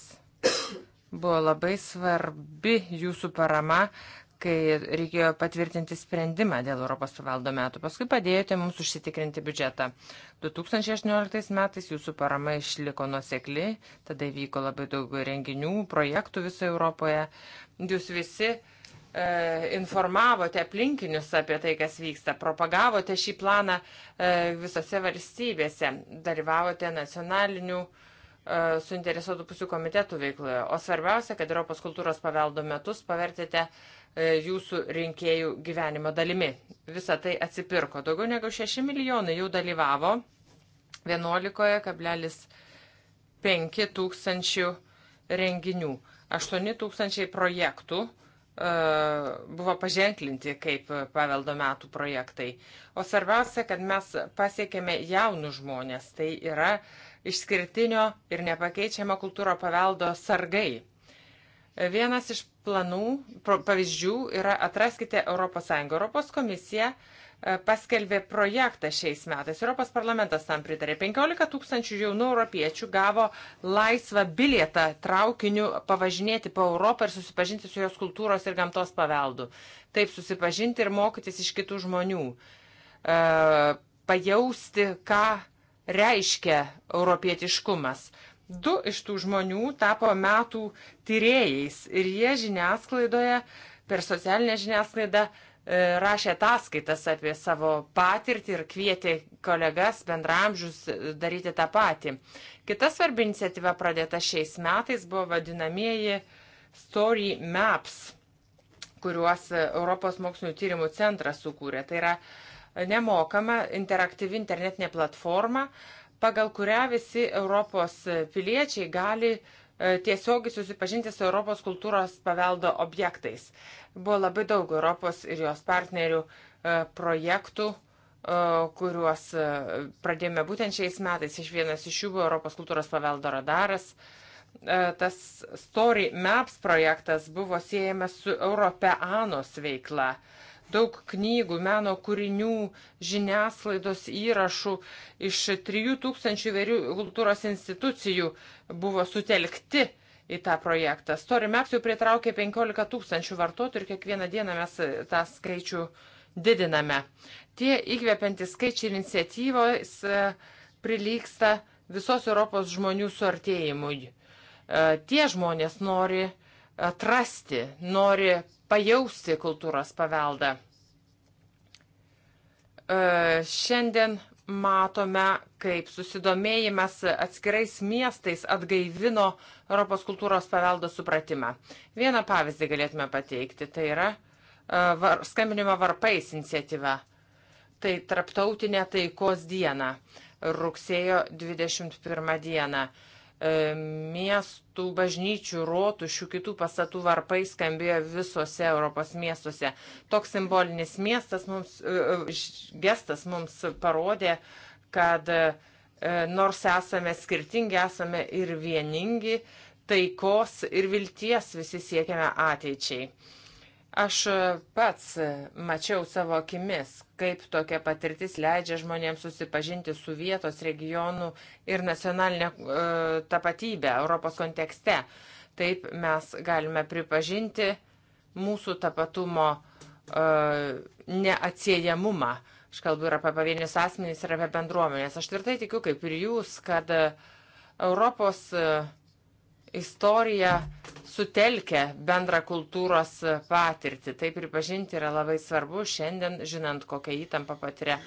buvo labai svarbi jūsų parama, kai reikėjo patvirtinti sprendimą dėl Europos paveldo metų. Paskui padėjote mums užsitikrinti biudžetą. 2018 metais jūsų parama išliko nusekli, tada vyko labai daug renginių, projektų visoje Europoje. Jūs visi uh, E, informavote aplinkinius apie tai, kas vyksta, propagavote šį planą e, visose valstybėse, dalyvavote nacionalinių e, suinteresuotų pusių komitetų veikloje, o svarbiausia, kad Europos kultūros paveldo metus pavertėte jūsų rinkėjų gyvenimo dalimi. Visą tai atsipirko. Daugiau negu 6 milijonai jau dalyvavo 11,5 tūkstančių renginių, 8 tūkstančiai projektų buvo paženklinti kaip paveldo metų projektai. O svarbiausia, kad mes pasiekėme jaunų žmonės. Tai yra išskirtinio ir nepakeičiamo kultūro paveldo sargai. Vienas iš planų, pavyzdžių yra atraskite ES. Europos komisija uh, E, paskelbė projektą šiais metais. Europos parlamentas tam pritarė. 15 tūkstančių jaunų europiečių gavo laisvą bilietą traukiniu pavažinėti po Europą ir susipažinti su jos kultūros ir gamtos paveldu. Taip susipažinti ir mokytis iš kitų žmonių. E, pajausti, ką reiškia europietiškumas. Du iš tų žmonių tapo metų tyrėjais ir jie žiniasklaidoje, per socialinę žiniasklaidą, uh, E, rašė ataskaitas apie savo patirtį ir kvietė kolegas bendramžius e, daryti tą patį. Kita svarbi iniciatyva pradėta šiais metais buvo vadinamieji Story Maps, kuriuos Europos mokslinio tyrimų centras sukūrė. Tai yra nemokama interaktyvi internetinė platforma, pagal kurią visi Europos piliečiai gali E, tiesiogiai susipažinti su Europos kultūros paveldo objektais. Buvo labai daug Europos ir jos partnerių e, projektų, e, kuriuos pradėjome būtent šiais metais. Iš vienas iš jų buvo Europos kultūros paveldo radaras. Tas Story Maps projektas buvo siejamas su Europeanos veikla. Uh, daug knygų, meno kūrinių, žiniasklaidos įrašų iš 3000 įvairių kultūros institucijų buvo sutelkti į tą projektą. StoryMaps jau pritraukė 15 tūkstančių vartotojų ir kiekvieną dieną mes e, tą skaičių didiname. Tie įkvepiantys skaičiai iniciatyvos e, prilyksta visos Europos žmonių suartėjimui. E, tie žmonės nori atrasti, nori pajausti kultūros paveldą. E, šiandien matome, kaip susidomėjimas atskirais miestais atgaivino Europos kultūros paveldo supratimą. Vieną pavyzdį galėtume pateikti, tai yra e, var, skambinimo varpais iniciatyva. Tai tarptautinė taikos diena, rugsėjo 21 diena. E, miestų, bažnyčių, rotų, šių kitų pastatų varpai skambėjo visose Europos miestuose. Toks simbolinis miestas mums, e, e, gestas mums parodė, kad nors esame skirtingi, esame ir vieningi, taikos ir vilties visi siekiame ateičiai. Aš e, pats e, mačiau savo akimis, kaip tokia patirtis leidžia žmonėms susipažinti su vietos regionų ir nacionalinė e, tapatybė Europos kontekste. Taip mes galime pripažinti mūsų tapatumo e, neatsiejamumą. Aš kalbu ir apie pavienius asmenys, ir apie bendruomenės. Aš tvirtai tikiu, kaip ir jūs, kad Europos e, istorija sutelkia bendrą kultūros patirtį. Tai pripažinti yra labai svarbu šiandien, žinant, kokią įtampą patiria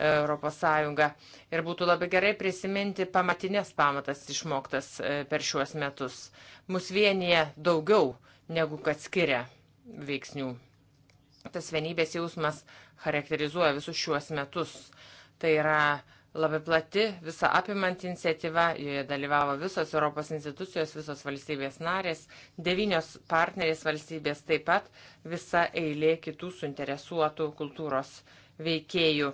ES. Ir būtų labai gerai prisiminti pamatinės pamatas išmoktas e, per šiuos metus. Mus vienyje daugiau negu kad skiria veiksnių. Tas vienybės jausmas charakterizuoja visus šiuos metus. Tai yra uh, Labai plati, visa apimanti iniciatyva, joje dalyvavo visos Europos institucijos, visos valstybės narės, devynios partnerės valstybės, taip pat visa eilė kitų suinteresuotų kultūros veikėjų.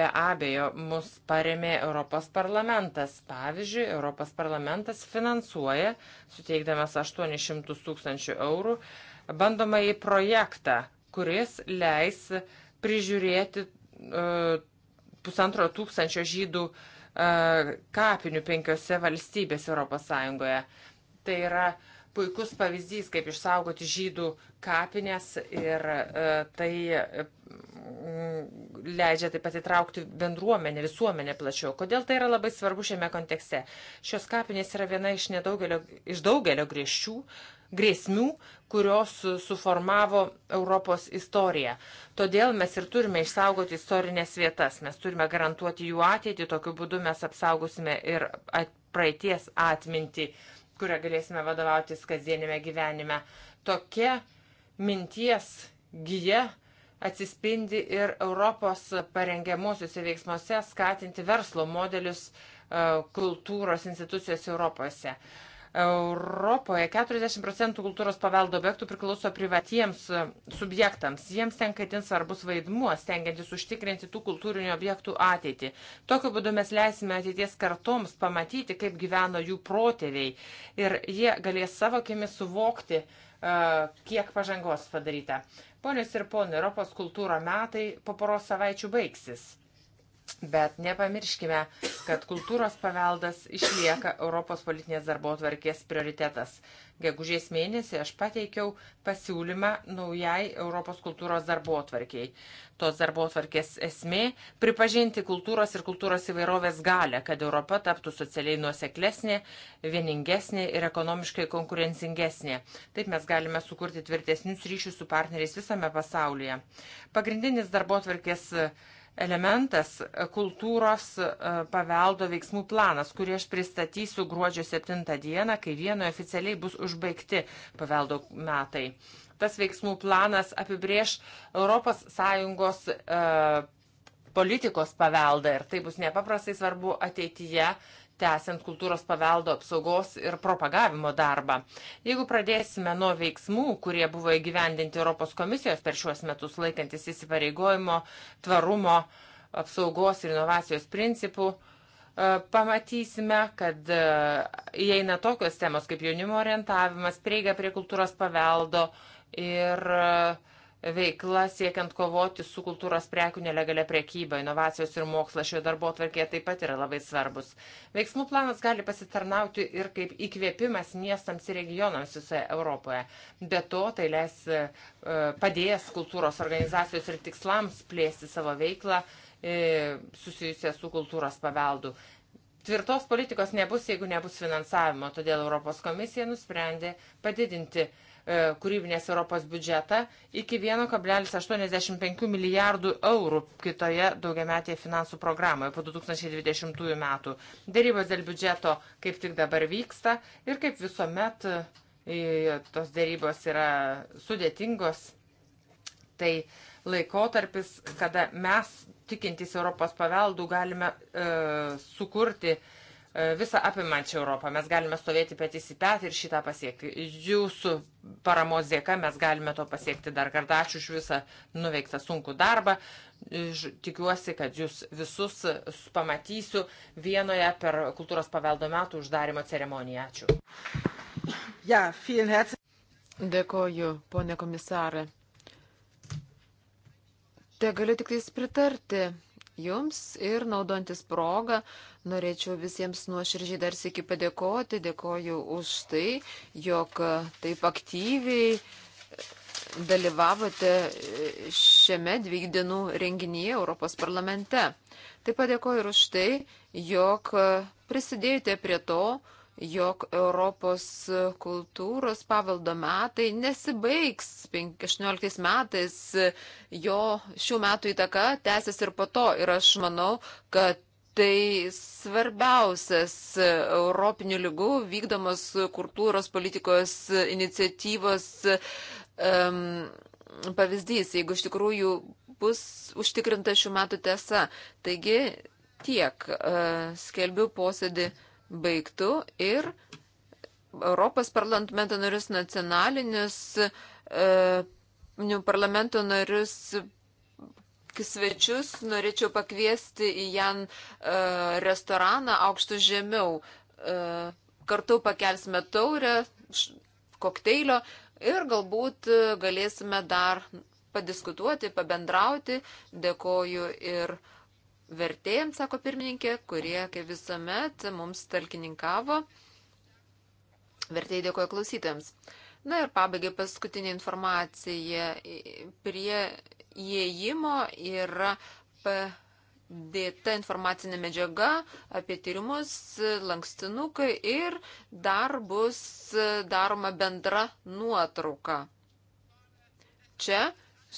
Be abejo, mus paremė Europos parlamentas. Pavyzdžiui, Europos parlamentas finansuoja, suteikdamas 800 tūkstančių eurų, bandomąjį projektą, kuris leis prižiūrėti uh, pusantro tūkstančio žydų e, kapinių penkiose valstybėse ES. Tai yra puikus pavyzdys, kaip išsaugoti žydų kapinės ir e, tai mm, leidžia taip pat įtraukti bendruomenę, visuomenę plačiau. Kodėl tai yra labai svarbu šiame kontekste? Šios kapinės yra viena iš, iš daugelio griežčių, grėsmių, kurios suformavo Europos istoriją. Todėl mes ir turime išsaugoti istorinės vietas, mes turime garantuoti jų ateitį, tokiu būdu mes apsaugosime ir at, praeities atmintį, kurią galėsime vadovautis kasdienėme gyvenime. Tokia minties gyja atsispindi ir Europos parengiamuosiuose veiksmuose skatinti verslo modelius e, kultūros institucijos Europose. Europoje 40 procentų kultūros paveldo objektų priklauso privatiems e, subjektams. Jiems tenka itin svarbus vaidmuo, stengiantis užtikrinti tų kultūrinių objektų ateitį. Tokiu būdu mes leisime ateities kartoms pamatyti, kaip gyveno jų protėviai ir jie galės savo akimis suvokti, e, kiek pažangos padaryta. Ponios ir ponai, Europos kultūro metai po poros savaičių baigsis. Bet nepamirškime, kad kultūros paveldas išlieka Europos politinės darbo tvarkės prioritetas. Gegužės mėnesį aš pateikiau pasiūlymą naujai Europos kultūros darbo tvarkiai. Tos darbo tvarkės esmė - pripažinti kultūros ir kultūros įvairovės galę, kad Europa taptų socialiai nuoseklesnė, vieningesnė ir ekonomiškai konkurencingesnė. Taip mes galime sukurti tvirtesnius ryšius su partneriais visame pasaulyje. Pagrindinis darbo tvarkės elementas e, - kultūros e, paveldo veiksmų planas, kurį aš pristatysiu gruodžio 7 dieną, kai vienoje oficialiai bus užbaigti paveldo metai. Tas veiksmų planas apibrieš ES e, politikos paveldą ir tai bus nepaprastai svarbu ateityje, tęsiant kultūros paveldo apsaugos ir propagavimo darbą. Jeigu pradėsime nuo veiksmų, kurie buvo įgyvendinti Europos komisijos per šiuos metus laikantis įsipareigojimo, tvarumo, apsaugos ir inovacijos principų, e, pamatysime, kad e, įeina tokios temos kaip jaunimo orientavimas, prieiga prie kultūros paveldo ir uh, veikla siekiant kovoti su kultūros prekių nelegalia prekyba, inovacijos ir mokslas šioje darbo atvarkėje taip pat yra labai svarbus. Veiksmų planas gali pasitarnauti ir kaip įkvėpimas miestams ir regionams visoje Europoje. Be to, tai leis e, padės kultūros organizacijos ir tikslams plėsti savo veiklą e, susijusią su kultūros paveldu. Tvirtos politikos nebus, jeigu nebus finansavimo, todėl Europos komisija nusprendė padidinti E, kūrybinės Europos biudžetą iki 1,85 milijardų eurų kitoje daugiametėje finansų programoje po 2020 metų. Dėrybos dėl biudžeto kaip tik dabar vyksta ir kaip visuomet e, tos dėrybos yra sudėtingos. Tai laikotarpis, kada mes tikintys Europos paveldų galime e, sukurti e, E, visą apimančią Europą. Mes galime stovėti petys į petį ir šitą pasiekti. Jūsų paramos dėka mes galime to pasiekti dar kartą. Ačiū už visą nuveiktą sunkų darbą. Tikiuosi, kad jūs visus pamatysiu vienoje per kultūros paveldo metų uždarimo ceremoniją. Ačiū. Ja, Dėkoju, ponė komisarė. Te galiu tik tais pritarti jums ir naudantis progą norėčiau visiems nuoširdžiai dar sėki padėkoti. Dėkoju už tai, jog taip aktyviai dalyvavote šiame dviejų dienų renginyje Europos parlamente. Taip pat dėkoju ir už tai, jog prisidėjote prie to, jog Europos kultūros paveldo metai nesibaigs 18 metais, jo šių metų įtaka tęsis ir po to. Ir aš manau, kad tai svarbiausias Europinių lygų vykdomos kultūros politikos iniciatyvos um, pavyzdys, jeigu iš tikrųjų bus užtikrinta šių metų tiesa. Taigi tiek uh, skelbiu posėdį baigtų ir Europos parlamento narius, nacionalinius e, nu, parlamento narius svečius norėčiau pakviesti į Jan e, restoraną aukštų žemiau. E, kartu pakelsime taurę kokteilio ir galbūt e, galėsime dar padiskutuoti, pabendrauti. Dėkoju ir vertėjams, sako pirmininkė, kurie, kaip visuomet, mums talkininkavo. Vertėjai dėkoja klausytėms. Na ir pabaigai paskutinė informacija. Prie įėjimo yra padėta informacinė medžiaga apie tyrimus, lankstinukai ir dar bus daroma bendra nuotrauka. Čia,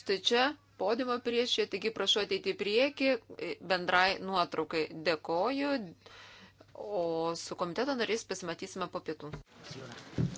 štai čia podimo prieš čia, taigi prašau ateiti į priekį e, bendrai nuotraukai. Dėkoju, o su komiteto nariais pasimatysime po pietų. Jūra.